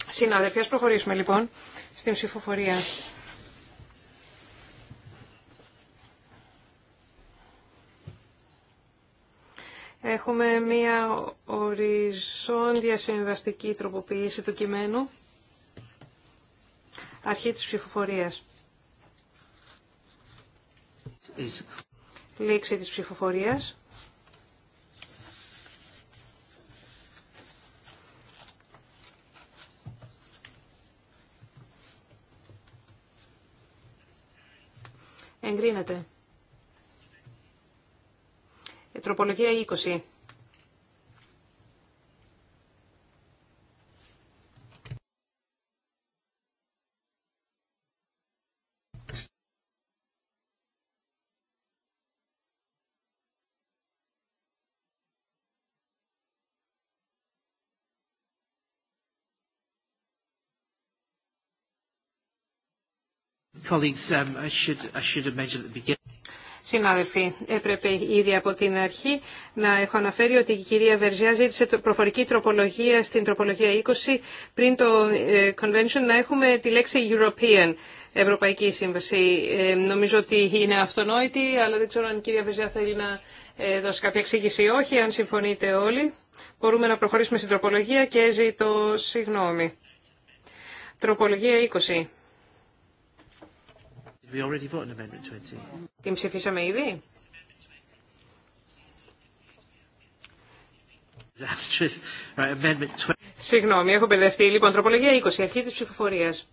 Συνάδελφοι, ας προχωρήσουμε λοιπόν στην ψηφοφορία. Έχουμε μία οριζόντια συμβαστική τροποποίηση του κειμένου. Αρχή της ψηφοφορίας. Λήξη της ψηφοφορίας. Εγκρίνεται. Ε, τροπολογία 20. Συνάδελφοι, έπρεπε ήδη από την αρχή να έχω αναφέρει ότι η κυρία Βερζιά ζήτησε προφορική τροπολογία στην τροπολογία 20 πριν το ε, convention να έχουμε τη λέξη European, Ευρωπαϊκή Σύμβαση. Ε, νομίζω ότι είναι αυτονόητη, αλλά δεν ξέρω αν η κυρία Βερζιά θέλει να ε, δώσει κάποια εξήγηση ή όχι. Αν συμφωνείτε όλοι, μπορούμε να προχωρήσουμε στην τροπολογία και ζητώ συγγνώμη. Τροπολογία 20. We already voted Amendment 20. Την ψηφίσαμε ήδη. Right, amendment 20. Συγγνώμη, έχω μπερδευτεί. Λοιπόν, τροπολογία 20, αρχή της ψηφοφορίας.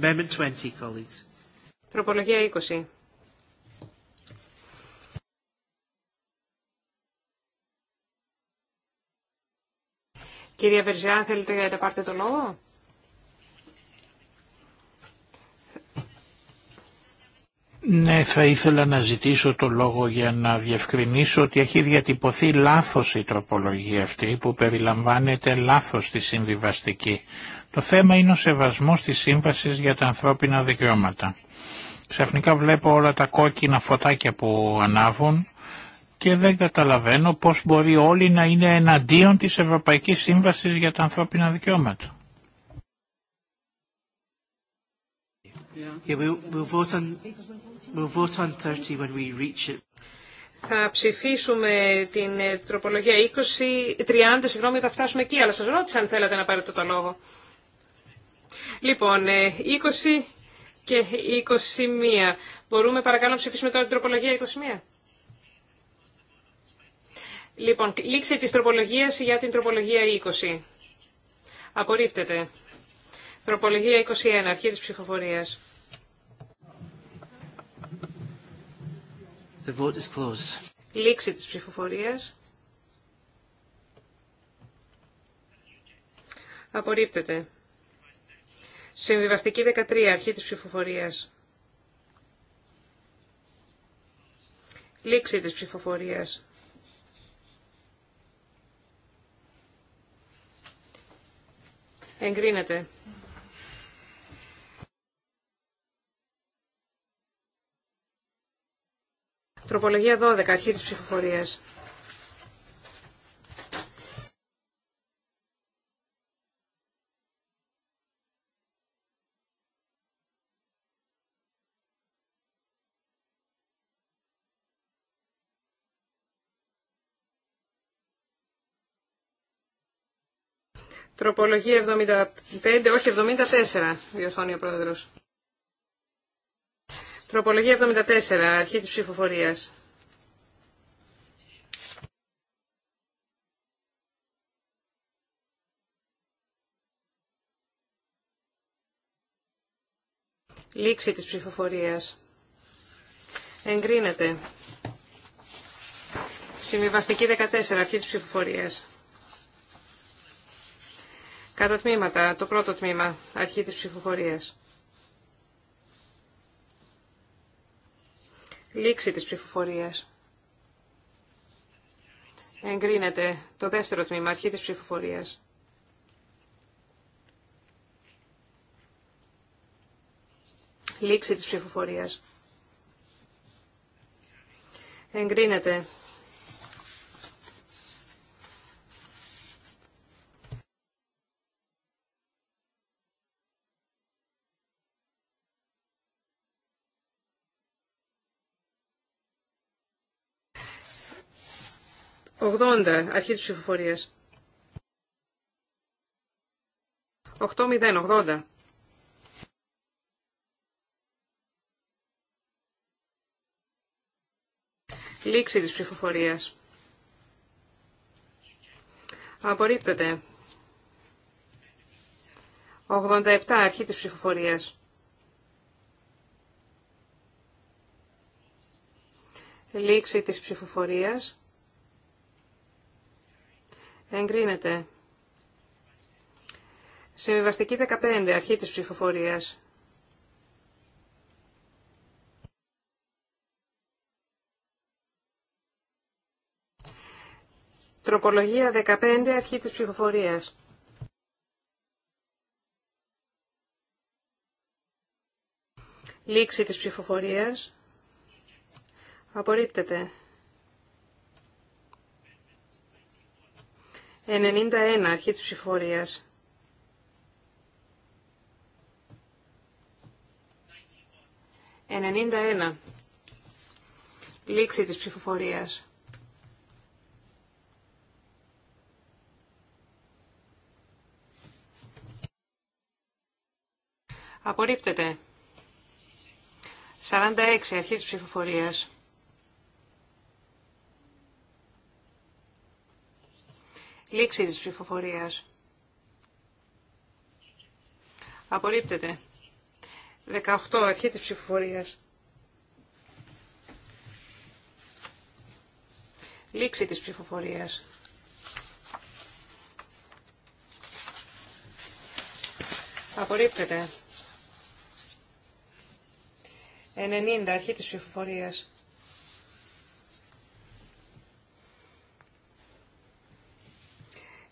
Amendment 20, colleagues. Τροπολογία 20. Κυρία Βερζιά, θέλετε να πάρετε το λόγο. Ναι, θα ήθελα να ζητήσω το λόγο για να διευκρινίσω ότι έχει διατυπωθεί λάθος η τροπολογία αυτή που περιλαμβάνεται λάθος στη συμβιβαστική. Το θέμα είναι ο σεβασμός της Σύμβασης για τα ανθρώπινα δικαιώματα. Ξαφνικά βλέπω όλα τα κόκκινα φωτάκια που ανάβουν και δεν καταλαβαίνω πώς μπορεί όλοι να είναι εναντίον της Ευρωπαϊκής Σύμβασης για τα ανθρώπινα δικαιώματα. Yeah, θα ψηφίσουμε την ε, τροπολογία 20, 30, συγγνώμη, θα φτάσουμε εκεί, αλλά σας ρώτησα αν θέλατε να πάρετε το λόγο. Λοιπόν, 20 ε, και 21. Μπορούμε παρακαλώ να ψηφίσουμε τώρα την τροπολογία 21. Λοιπόν, λήξη της τροπολογίας για την τροπολογία 20. Απορρίπτεται. Τροπολογία 21, αρχή της ψηφοφορίας. The vote is closed. Λήξη της ψηφοφορίας. Απορρίπτεται. Συμβιβαστική 13, αρχή της ψηφοφορίας. Λήξη της ψηφοφορίας. Εγκρίνεται. Τροπολογία 12, αρχή της ψηφοφορίας. Τροπολογία 75, όχι 74, διορθώνει ο πρόεδρος. Τροπολογία 74, αρχή της ψηφοφορίας. Λήξη της ψηφοφορίας. Εγκρίνεται. Συμβιβαστική 14, αρχή της ψηφοφορίας. Κατά τμήματα, το πρώτο τμήμα, αρχή της ψηφοφορίας. Λήξη της ψηφοφορίας. Εγκρίνεται το δεύτερο τμήμα, αρχή της ψηφοφορίας. Λήξη της ψηφοφορίας. Εγκρίνεται 80, αρχή της ψηφοφορίας. 8-0, 80. Λήξη της ψηφοφορίας. Απορρίπτεται. 87, αρχή της ψηφοφορίας. Λήξη της ψηφοφορίας. Εγκρίνεται. Συμβιβαστική 15, αρχή της ψηφοφορίας. Τροπολογία 15, αρχή της ψηφοφορίας. Λήξη της ψηφοφορίας. Απορρίπτεται. 91, αρχή της ψηφορίας. 91. Λήξη της ψηφοφορίας. Απορρίπτεται. 46. Αρχή της ψηφοφορίας. Λήξη της ψηφοφορίας. Απορρίπτεται. 18. Αρχή της ψηφοφορίας. Λήξη της ψηφοφορίας. Απορρίπτεται. 90. Αρχή της ψηφοφορίας.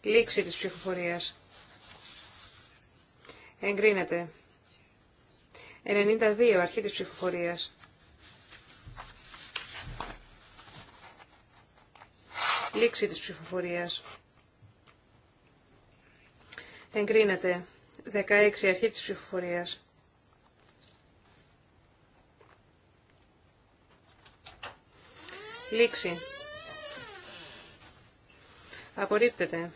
Λήξη της ψηφοφορίας. Εγκρίνεται. 92. Αρχή της ψηφοφορίας. Λήξη της ψηφοφορίας. Εγκρίνεται. 16. Αρχή της ψηφοφορίας. Λήξη. Απορρίπτεται.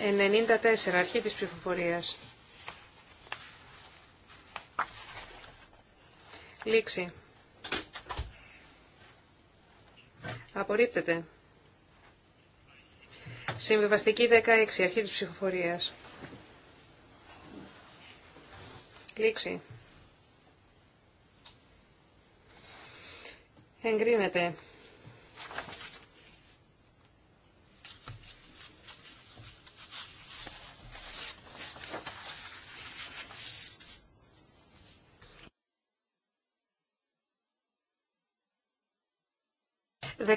94. Αρχή της ψηφοφορίας. Λήξη. Απορρίπτεται. Συμβιβαστική 16. Αρχή της ψηφοφορίας. Λήξη. Εγκρίνεται.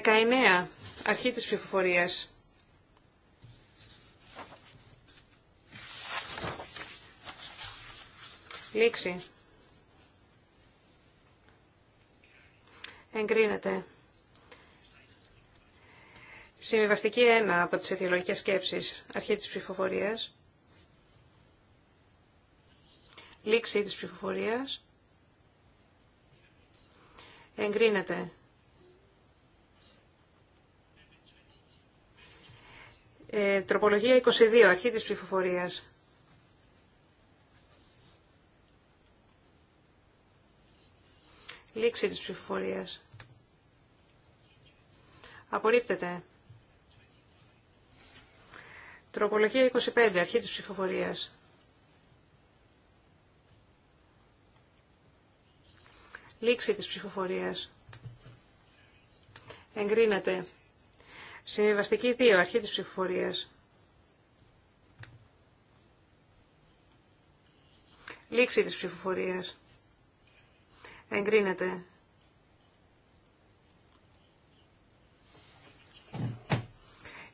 19. Αρχή της ψηφοφορίας. Λήξη. Εγκρίνεται. Συμβιβαστική 1 από τις αιτιολογικές σκέψεις. Αρχή της ψηφοφορίας. Λήξη της ψηφοφορίας. Εγκρίνεται. Ε, τροπολογία 22, αρχή της ψηφοφορίας. Λήξη της ψηφοφορίας. Απορρίπτεται. Τροπολογία 25, αρχή της ψηφοφορίας. Λήξη της ψηφοφορίας. Εγκρίνεται. Συμβιβαστική 2, αρχή της ψηφοφορίας. Λήξη της ψηφοφορίας. Εγκρίνεται.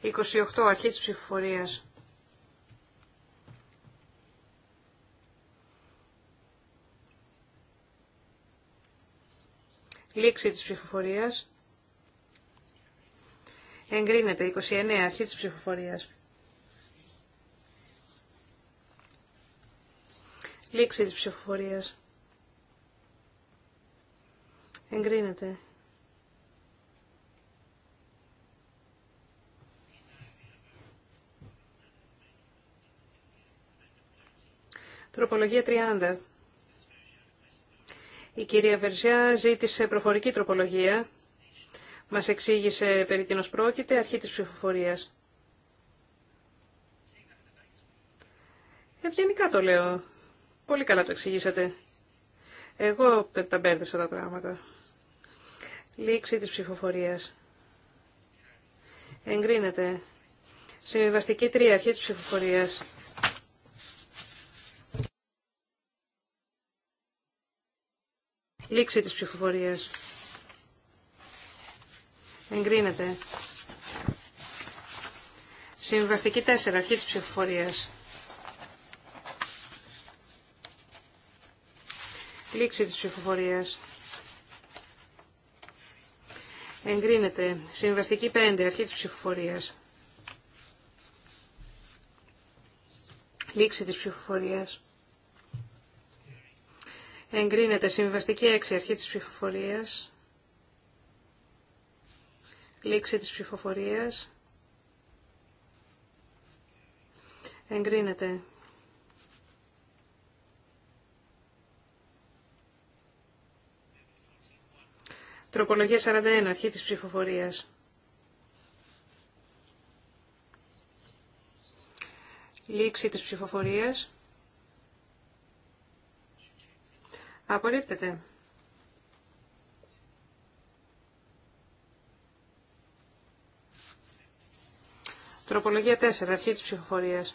28, αρχή της ψηφοφορίας. Λήξη της ψηφοφορίας. Εγκρίνεται. 29. Αρχή της ψηφοφορίας. Λήξη της ψηφοφορίας. Εγκρίνεται. Τροπολογία 30. Η κυρία Βερζιά ζήτησε προφορική τροπολογία μας εξήγησε περί τίνος πρόκειται, αρχή της ψηφοφορίας. Ε, ευγενικά το λέω. Πολύ καλά το εξηγήσατε. Εγώ τα μπέρδεψα τα πράγματα. Λήξη της ψηφοφορίας. Εγκρίνεται. Συμβιβαστική τρία αρχή της ψηφοφορίας. Λήξη της ψηφοφορίας. Εγκρίνεται. Συμβαστική 4, αρχή της ψηφοφορίας. Λήξη της ψηφοφορίας. Εγκρίνεται. Συμβαστική 5, αρχή της ψηφοφορίας. Λήξη της ψηφοφορίας. Εγκρίνεται. Συμβαστική 6, αρχή της ψηφοφορίας. Λήξη της ψηφοφορίας. Εγκρίνεται. Τροπολογία 41, αρχή της ψηφοφορίας. Λήξη της ψηφοφορίας. Απορρίπτεται. Τροπολογία 4, αρχή της ψηφοφορίας.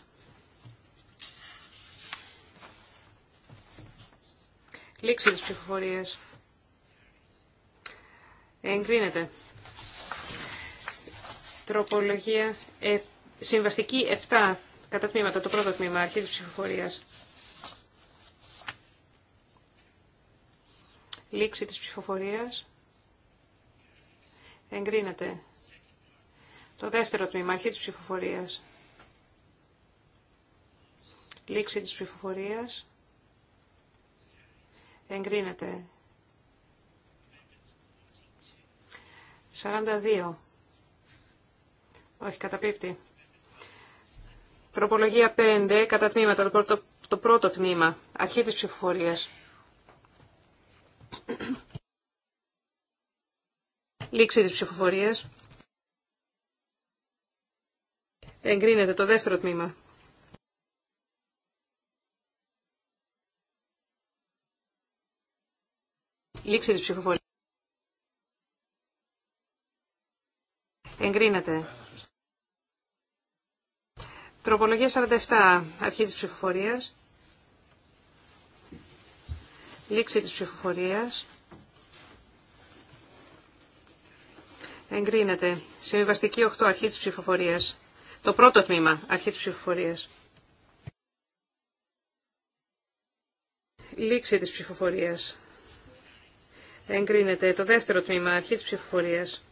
Λήξη της ψηφοφορίας. Εγκρίνεται. Τροπολογία ε, συμβαστική 7, κατά τμήματα, το πρώτο τμήμα, αρχή της ψηφοφορίας. Λήξη της ψηφοφορίας. Εγκρίνεται. Το δεύτερο τμήμα, αρχή της ψηφοφορίας. Λήξη της ψηφοφορίας. Εγκρίνεται. 42. Όχι, καταπίπτει. Τροπολογία 5, κατά τμήματα, το πρώτο, το πρώτο τμήμα, αρχή της ψηφοφορίας. Λήξη της ψηφοφορίας. Εγκρίνεται το δεύτερο τμήμα. Λήξη της ψηφοφορίας. Εγκρίνεται. Τροπολογία 47. Αρχή της ψηφοφορίας. Λήξη της ψηφοφορίας. Εγκρίνεται. Συμβιβαστική 8. Αρχή της ψηφοφορίας. Το πρώτο τμήμα, αρχή της ψηφοφορίας. Λήξη της ψηφοφορίας. Εγκρίνεται το δεύτερο τμήμα, αρχή της ψηφοφορίας.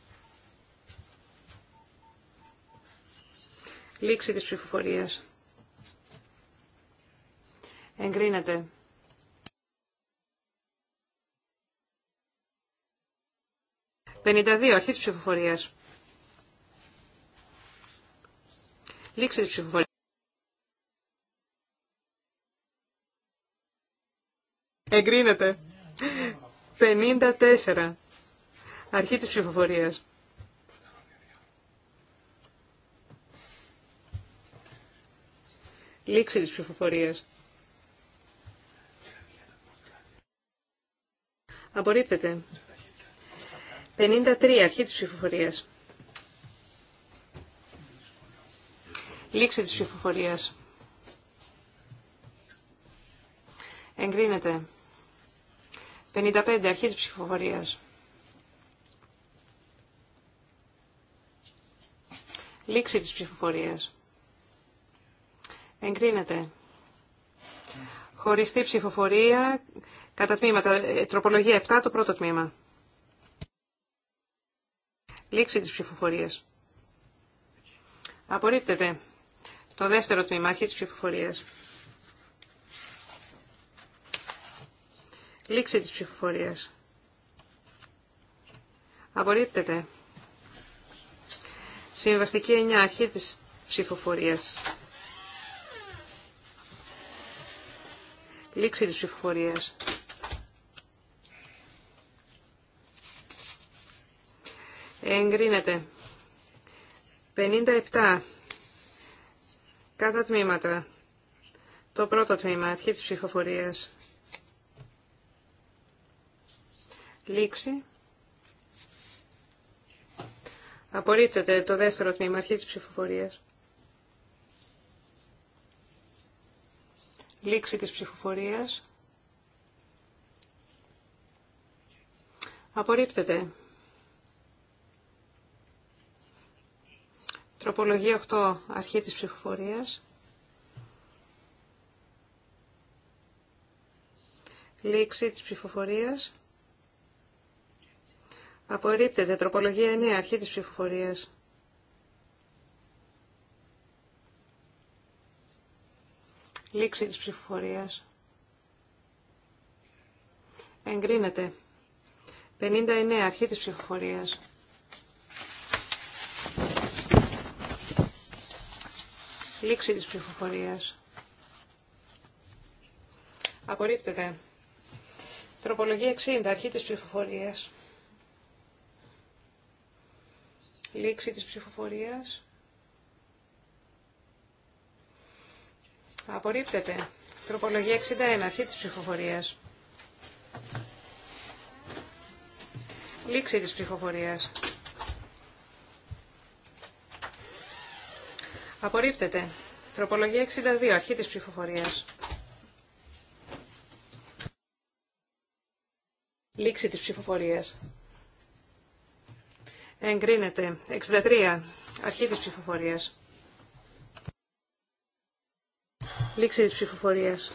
Λήξη της ψηφοφορίας. Εγκρίνεται. Πενήντα δύο, αρχή της ψηφοφορίας. Λήξη της ψηφοφορίας. Εγκρίνεται. 54. Αρχή της ψηφοφορίας. Λήξη της ψηφοφορίας. Απορρίπτεται. 53. Αρχή της ψηφοφορίας. Λήξη της ψηφοφορίας. Εγκρίνεται. 55. Αρχή της ψηφοφορίας. Λήξη της ψηφοφορίας. Εγκρίνεται. Χωριστή ψηφοφορία κατά τμήματα. Ε, τροπολογία 7, το πρώτο τμήμα. Λήξη της ψηφοφορίας. Απορρίπτεται. Το δεύτερο τμήμα, αρχή της ψηφοφορίας. Λήξη της ψηφοφορίας. Απορρίπτεται. Συμβαστική 9, αρχή της ψηφοφορίας. Λήξη της ψηφοφορίας. Εγκρίνεται. 57. Κατά τμήματα. Το πρώτο τμήμα, αρχή της ψηφοφορίας. Λήξη. Απορρίπτεται το δεύτερο τμήμα, αρχή της ψηφοφορίας. Λήξη της ψηφοφορίας. Απορρίπτεται. Τροπολογία 8. Αρχή της ψηφοφορίας. Λήξη της ψηφοφορίας. Απορρίπτεται. Τροπολογία 9. Αρχή της ψηφοφορίας. Λήξη της ψηφοφορίας. Εγκρίνεται. 59. Αρχή της ψηφοφορίας. Λήξη της ψηφοφορίας. Απορρίπτεται. Τροπολογία 60, αρχή της ψηφοφορίας. Λήξη της ψηφοφορίας. Απορρίπτεται. Τροπολογία 61, αρχή της ψηφοφορίας. Λήξη της ψηφοφορίας. Απορρίπτεται. Τροπολογία 62. Αρχή της ψηφοφορίας. Λήξη της ψηφοφορίας. Εγκρίνεται. 63. Αρχή της ψηφοφορίας. Λήξη της ψηφοφορίας.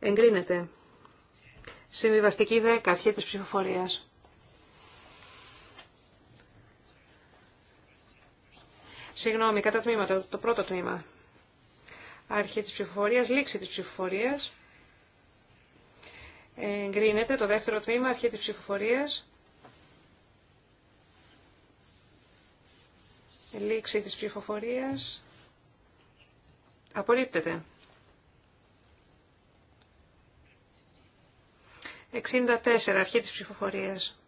Εγκρίνεται. Συμβιβαστική 10. Αρχή της ψηφοφορίας. Συγγνώμη, κατά τμήματα, το πρώτο τμήμα. Αρχή της ψηφοφορίας, λήξη της ψηφοφορίας. Εγκρίνεται το δεύτερο τμήμα, αρχή της ψηφοφορίας. Λήξη της ψηφοφορίας. Απορρίπτεται. 64, αρχή της ψηφοφορίας.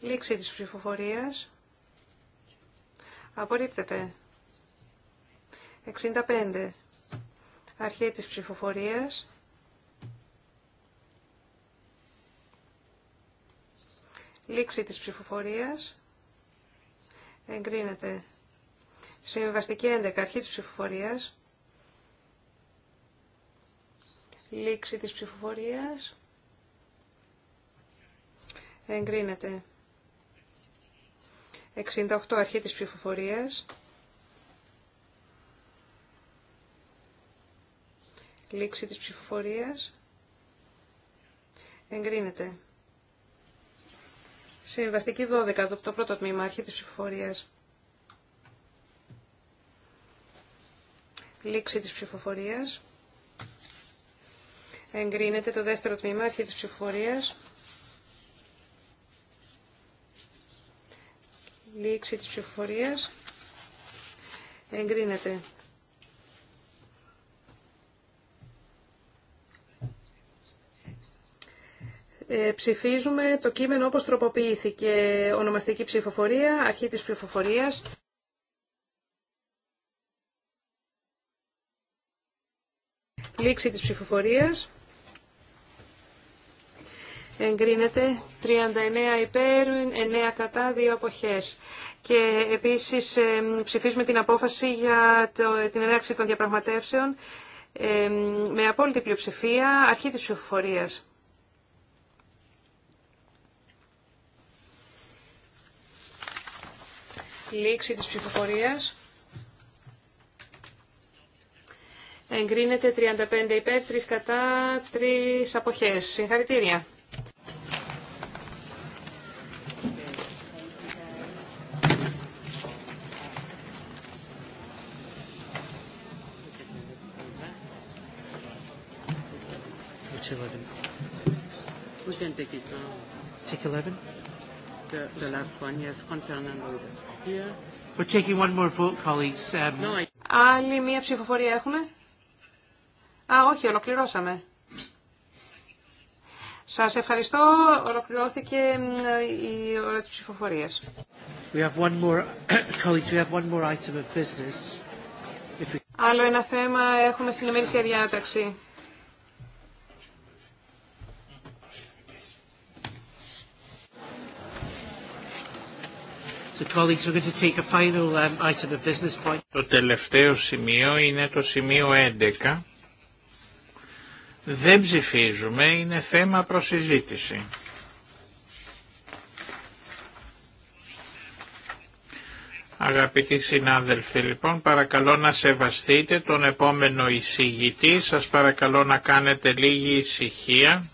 Λήξη της ψηφοφορίας. Απορρίπτεται. 65. Αρχή της ψηφοφορίας. Λήξη της ψηφοφορίας. Εγκρίνεται. Συμβαστική 11. Αρχή της ψηφοφορίας. Λήξη της ψηφοφορίας. Εγκρίνεται. 68 αρχή της ψηφοφορίας. Λήξη της ψηφοφορίας. Εγκρίνεται. Συμβαστική 12, το πρώτο τμήμα, αρχή της ψηφοφορίας. Λήξη της ψηφοφορίας. Εγκρίνεται το δεύτερο τμήμα, αρχή της ψηφοφορίας. Λήξη της ψηφοφορίας. Εγκρίνεται. Ε, ψηφίζουμε το κείμενο όπως τροποποιήθηκε. Ονομαστική ψηφοφορία, αρχή της ψηφοφορίας. Λήξη της ψηφοφορίας εγκρίνεται 39 υπέρ, 9 κατά, 2 αποχές. Και επίσης ε, ψηφίζουμε την απόφαση για την ενέργεια των διαπραγματεύσεων ε, με απόλυτη πλειοψηφία αρχή της ψηφοφορίας. Λήξη της ψηφοφορίας. Εγκρίνεται 35 υπέρ, 3 κατά, 3 αποχές. Συγχαρητήρια. Check 11? The, the last one, yes. Content and order. Yeah. We're taking one more vote, colleagues. Um... No, I... Άλλη μία ψηφοφορία έχουμε. Α, όχι, ολοκληρώσαμε. Σας ευχαριστώ. Ολοκληρώθηκε η ώρα της ψηφοφορίας. We have one more, colleagues, we have one more item of business. we... Άλλο ένα θέμα έχουμε στην ημερήσια διάταξη. Um, το τελευταίο σημείο είναι το σημείο 11. Δεν ψηφίζουμε, είναι θέμα προσυζήτηση. Αγαπητοί συνάδελφοι, λοιπόν, παρακαλώ να σεβαστείτε τον επόμενο εισηγητή. Σας παρακαλώ να κάνετε λίγη ησυχία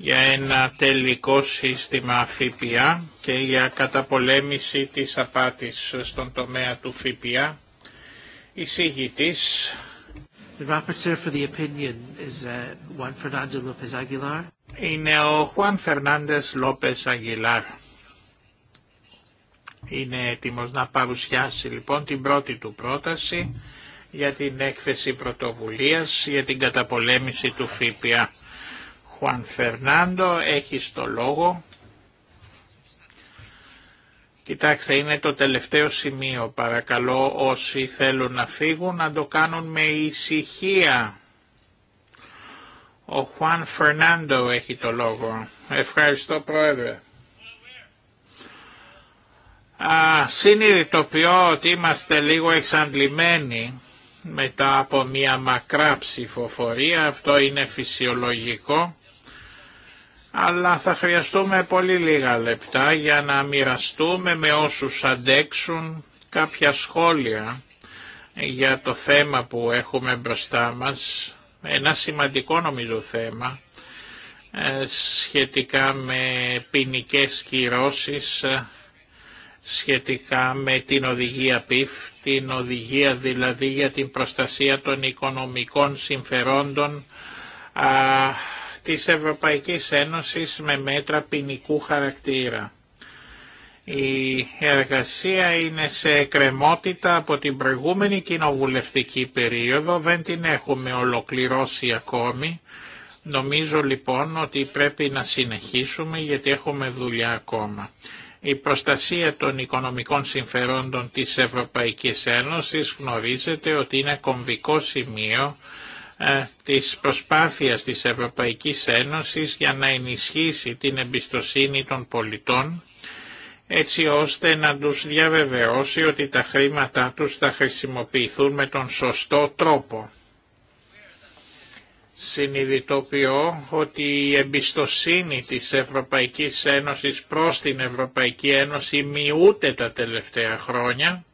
για ένα τελικό σύστημα ΦΠΑ και για καταπολέμηση της απάτης στον τομέα του ΦΠΑ. Η συγητής... Είναι ο Χουάν Φερνάντες Λόπες Αγγιλάρ. Είναι έτοιμος να παρουσιάσει λοιπόν την πρώτη του πρόταση για την έκθεση πρωτοβουλίας για την καταπολέμηση του ΦΠΑ. Χουάν Φερνάντο, έχει το λόγο. Κοιτάξτε, είναι το τελευταίο σημείο. Παρακαλώ όσοι θέλουν να φύγουν να το κάνουν με ησυχία. Ο Χουάν Φερνάντο έχει το λόγο. Ευχαριστώ Πρόεδρε. Α, συνειδητοποιώ ότι είμαστε λίγο εξαντλημένοι μετά από μια μακρά ψηφοφορία. Αυτό είναι φυσιολογικό αλλά θα χρειαστούμε πολύ λίγα λεπτά για να μοιραστούμε με όσους αντέξουν κάποια σχόλια για το θέμα που έχουμε μπροστά μας, ένα σημαντικό νομίζω θέμα, ε, σχετικά με ποινικέ κυρώσεις, ε, σχετικά με την οδηγία ΠΥΦ την οδηγία δηλαδή για την προστασία των οικονομικών συμφερόντων της Ευρωπαϊκής Ένωσης με μέτρα ποινικού χαρακτήρα. Η εργασία είναι σε εκκρεμότητα από την προηγούμενη κοινοβουλευτική περίοδο, δεν την έχουμε ολοκληρώσει ακόμη. Νομίζω λοιπόν ότι πρέπει να συνεχίσουμε γιατί έχουμε δουλειά ακόμα. Η προστασία των οικονομικών συμφερόντων της Ευρωπαϊκής Ένωσης γνωρίζετε ότι είναι κομβικό σημείο ε, της προσπάθειας της Ευρωπαϊκής Ένωσης για να ενισχύσει την εμπιστοσύνη των πολιτών έτσι ώστε να τους διαβεβαιώσει ότι τα χρήματά τους θα χρησιμοποιηθούν με τον σωστό τρόπο. Συνειδητοποιώ ότι η εμπιστοσύνη της Ευρωπαϊκής Ένωσης προς την Ευρωπαϊκή Ένωση μειούται τα τελευταία χρόνια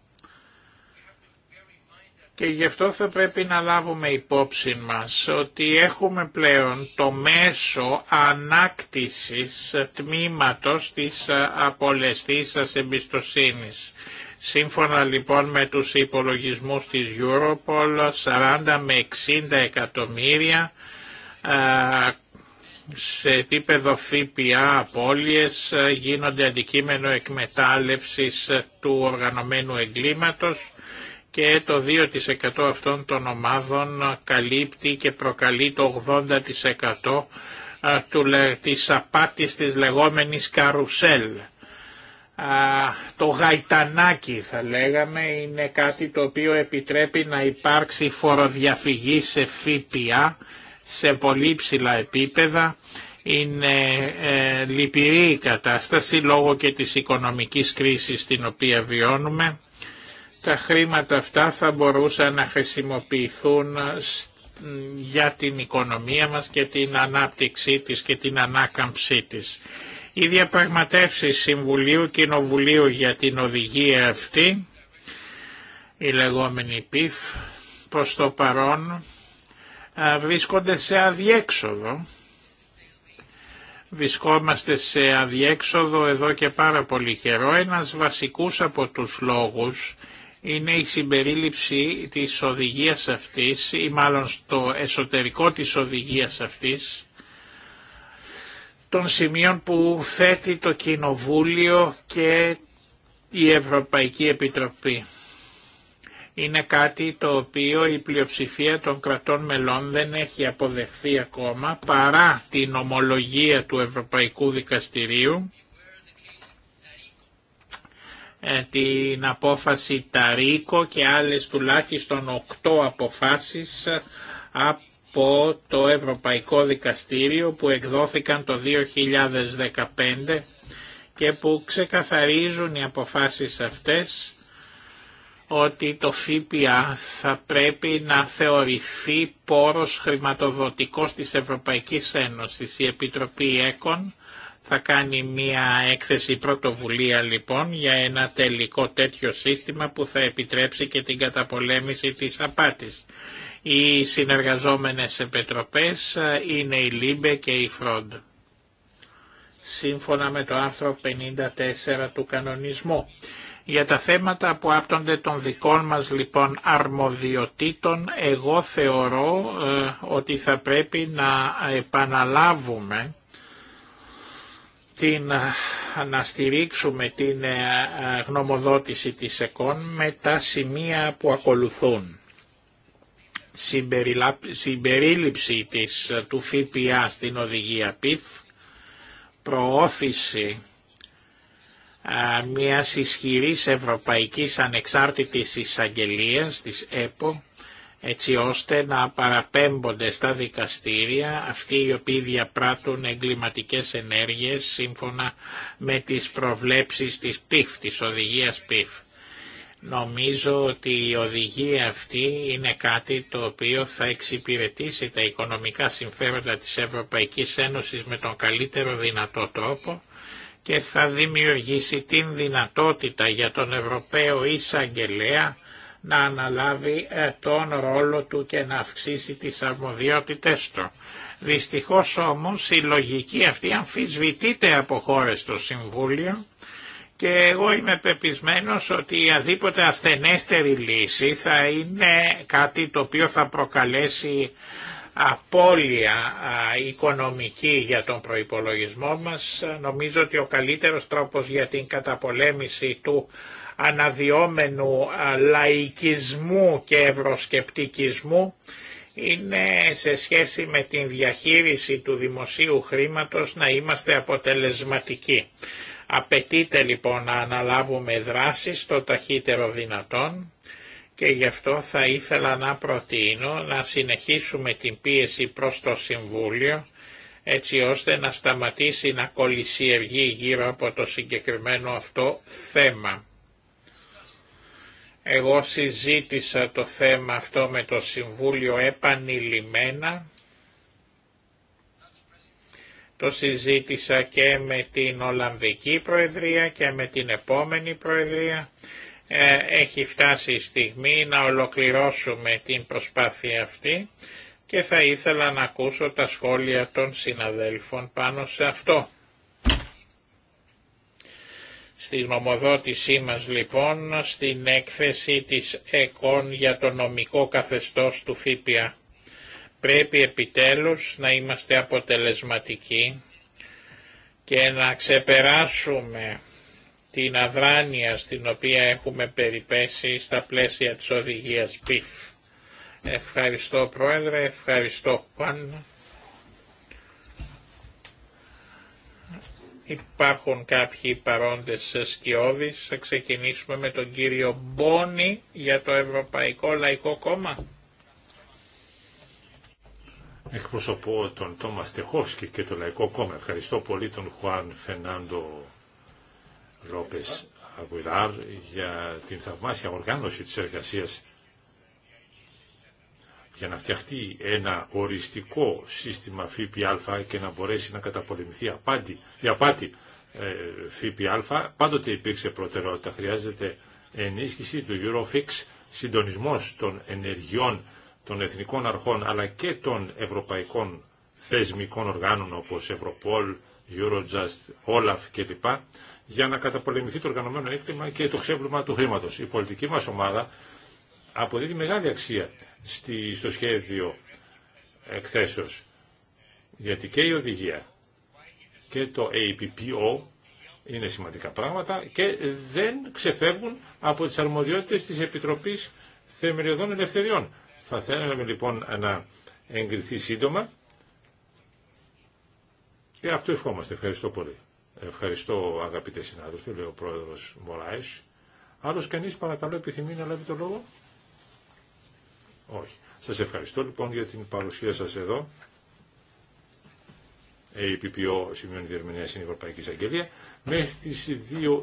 και γι' αυτό θα πρέπει να λάβουμε υπόψη μας ότι έχουμε πλέον το μέσο ανάκτησης τμήματος της απολεστής σας εμπιστοσύνης. Σύμφωνα λοιπόν με τους υπολογισμούς της Europol, 40 με 60 εκατομμύρια σε επίπεδο ΦΠΑ απώλειες γίνονται αντικείμενο εκμετάλλευσης του οργανωμένου εγκλήματος και το 2% αυτών των ομάδων καλύπτει και προκαλεί το 80% της απάτης της λεγόμενης καρουσέλ. Το γαϊτανάκι θα λέγαμε είναι κάτι το οποίο επιτρέπει να υπάρξει φοροδιαφυγή σε ΦΠΑ σε πολύ ψηλά επίπεδα. Είναι ε, λυπηρή η κατάσταση λόγω και της οικονομικής κρίσης την οποία βιώνουμε τα χρήματα αυτά θα μπορούσαν να χρησιμοποιηθούν για την οικονομία μας και την ανάπτυξή της και την ανάκαμψή της. Οι διαπραγματεύσει Συμβουλίου Κοινοβουλίου για την οδηγία αυτή, η λεγόμενη ΠΙΦ, προς το παρόν βρίσκονται σε αδιέξοδο. Βρισκόμαστε σε αδιέξοδο εδώ και πάρα πολύ καιρό. Ένας βασικούς από τους λόγους είναι η συμπερίληψη της οδηγίας αυτής ή μάλλον στο εσωτερικό της οδηγίας αυτής των σημείων που θέτει το Κοινοβούλιο και η Ευρωπαϊκή Επιτροπή. Είναι κάτι το οποίο η πλειοψηφία των κρατών μελών δεν έχει αποδεχθεί ακόμα παρά την ομολογία του Ευρωπαϊκού Δικαστηρίου ε, την απόφαση Ταρίκο και άλλες τουλάχιστον οκτώ αποφάσεις ε, από το Ευρωπαϊκό Δικαστήριο που εκδόθηκαν το 2015 και που ξεκαθαρίζουν οι αποφάσεις αυτές ότι το ΦΠΑ θα πρέπει να θεωρηθεί πόρος χρηματοδοτικός της Ευρωπαϊκής Ένωσης. Η Επιτροπή ΕΚΟΝ θα κάνει μία έκθεση πρωτοβουλία λοιπόν για ένα τελικό τέτοιο σύστημα που θα επιτρέψει και την καταπολέμηση της απάτης. Οι συνεργαζόμενες επιτροπές ε, είναι η ΛΥΜΠΕ και η ΦΡΟΝΤ. Σύμφωνα με το άρθρο 54 του κανονισμού. Για τα θέματα που άπτονται των δικών μας λοιπόν αρμοδιοτήτων, εγώ θεωρώ ε, ότι θα πρέπει να επαναλάβουμε την, να στηρίξουμε την ε, γνωμοδότηση της ΕΚΟΝ με τα σημεία που ακολουθούν. Συμπερίληψη της, ε, του ΦΠΑ στην οδηγία ΠΙΦ, προώθηση μιας ισχυρής ευρωπαϊκής ανεξάρτητης εισαγγελίας της ΕΠΟ, έτσι ώστε να παραπέμπονται στα δικαστήρια αυτοί οι οποίοι διαπράττουν εγκληματικές ενέργειες σύμφωνα με τις προβλέψεις της ΠΙΦ, της οδηγίας ΠΙΦ. Νομίζω ότι η οδηγία αυτή είναι κάτι το οποίο θα εξυπηρετήσει τα οικονομικά συμφέροντα της Ευρωπαϊκής Ένωσης με τον καλύτερο δυνατό τρόπο και θα δημιουργήσει την δυνατότητα για τον Ευρωπαίο εισαγγελέα να αναλάβει ε, τον ρόλο του και να αυξήσει τις αρμοδιότητες του. Δυστυχώς όμως η λογική αυτή αμφισβητείται από χώρες στο Συμβούλιο και εγώ είμαι πεπισμένος ότι η αδίποτε ασθενέστερη λύση θα είναι κάτι το οποίο θα προκαλέσει απώλεια οικονομική για τον προϋπολογισμό μας. Νομίζω ότι ο καλύτερος τρόπος για την καταπολέμηση του αναδιόμενου λαϊκισμού και ευρωσκεπτικισμού είναι σε σχέση με την διαχείριση του δημοσίου χρήματος να είμαστε αποτελεσματικοί. Απαιτείται λοιπόν να αναλάβουμε δράσεις το ταχύτερο δυνατόν και γι' αυτό θα ήθελα να προτείνω να συνεχίσουμε την πίεση προς το Συμβούλιο έτσι ώστε να σταματήσει να κολλησιεργεί γύρω από το συγκεκριμένο αυτό θέμα. Εγώ συζήτησα το θέμα αυτό με το Συμβούλιο επανειλημμένα. Το συζήτησα και με την Ολλανδική Προεδρία και με την επόμενη Προεδρία. Ε, έχει φτάσει η στιγμή να ολοκληρώσουμε την προσπάθεια αυτή και θα ήθελα να ακούσω τα σχόλια των συναδέλφων πάνω σε αυτό. Στη γνωμοδότησή μας λοιπόν στην έκθεση της ΕΚΟΝ για το νομικό καθεστώς του ΦΥΠΙΑ. Πρέπει επιτέλους να είμαστε αποτελεσματικοί και να ξεπεράσουμε την αδράνεια στην οποία έχουμε περιπέσει στα πλαίσια της οδηγίας Πυφ. Ευχαριστώ Πρόεδρε, ευχαριστώ πάνω. Υπάρχουν κάποιοι παρόντες σκιώδεις. Θα ξεκινήσουμε με τον κύριο Μπόνι για το Ευρωπαϊκό Λαϊκό Κόμμα. Εκπροσωπώ τον Τόμα Στεχόφσκι και το Λαϊκό Κόμμα. Ευχαριστώ πολύ τον Χουάν Φενάντο Λόπες Αγουιράρ για την θαυμάσια οργάνωση της εργασίας για να φτιαχτεί ένα οριστικό σύστημα ΦΠΑ και να μπορέσει να καταπολεμηθεί απάτη, η απάτη ε, ΦΠΑ, πάντοτε υπήρξε προτεραιότητα. Χρειάζεται ενίσχυση του Eurofix, συντονισμός των ενεργειών των εθνικών αρχών αλλά και των ευρωπαϊκών θεσμικών οργάνων όπως Ευρωπόλ, Eurojust, Olaf κλπ. για να καταπολεμηθεί το οργανωμένο έκτημα και το ξέπλυμα του χρήματος. Η πολιτική μας ομάδα αποδίδει μεγάλη αξία στη, στο σχέδιο εκθέσεως. Γιατί και η οδηγία και το APPO είναι σημαντικά πράγματα και δεν ξεφεύγουν από τις αρμοδιότητες της Επιτροπής Θεμελιωδών Ελευθεριών. Θα θέλαμε λοιπόν να εγκριθεί σύντομα και αυτό ευχόμαστε. Ευχαριστώ πολύ. Ευχαριστώ αγαπητέ συνάδελφοι, λέει ο πρόεδρος Μωράης. Άλλος κανείς παρακαλώ επιθυμεί να λάβει το λόγο. Όχι. Σας ευχαριστώ λοιπόν για την παρουσία σας εδώ. Ε, η ΠΠΟ σημειώνει διερμηνία στην Ευρωπαϊκή Αγγελία. Μέχρι τις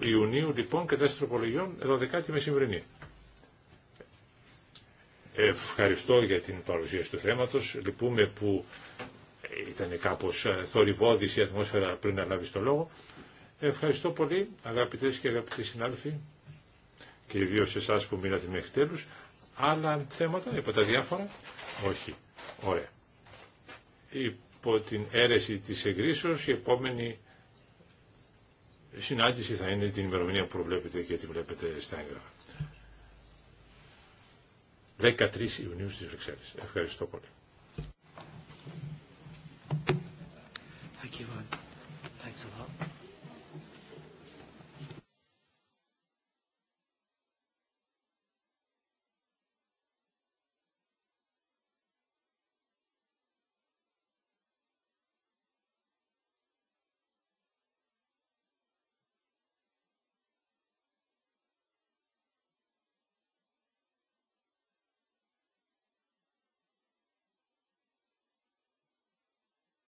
2 Ιουνίου λοιπόν κατάσταση τροπολογιών 12η μεσημβρινή. Ευχαριστώ για την παρουσία του θέματος. Λυπούμε που ήταν κάπως ε, θορυβόδης η ατμόσφαιρα πριν να λάβει το λόγο. Ευχαριστώ πολύ αγαπητές και αγαπητοί συνάδελφοι και ιδίως εσάς που μείνατε μέχρι τέλους άλλα θέματα, υπό τα διάφορα. Όχι. Ωραία. Υπό την αίρεση της εγκρίσεως η επόμενη συνάντηση θα είναι την ημερομηνία που προβλέπετε και τη βλέπετε στα έγγραφα. 13 Ιουνίου στις Βρυξέλλες. Ευχαριστώ πολύ.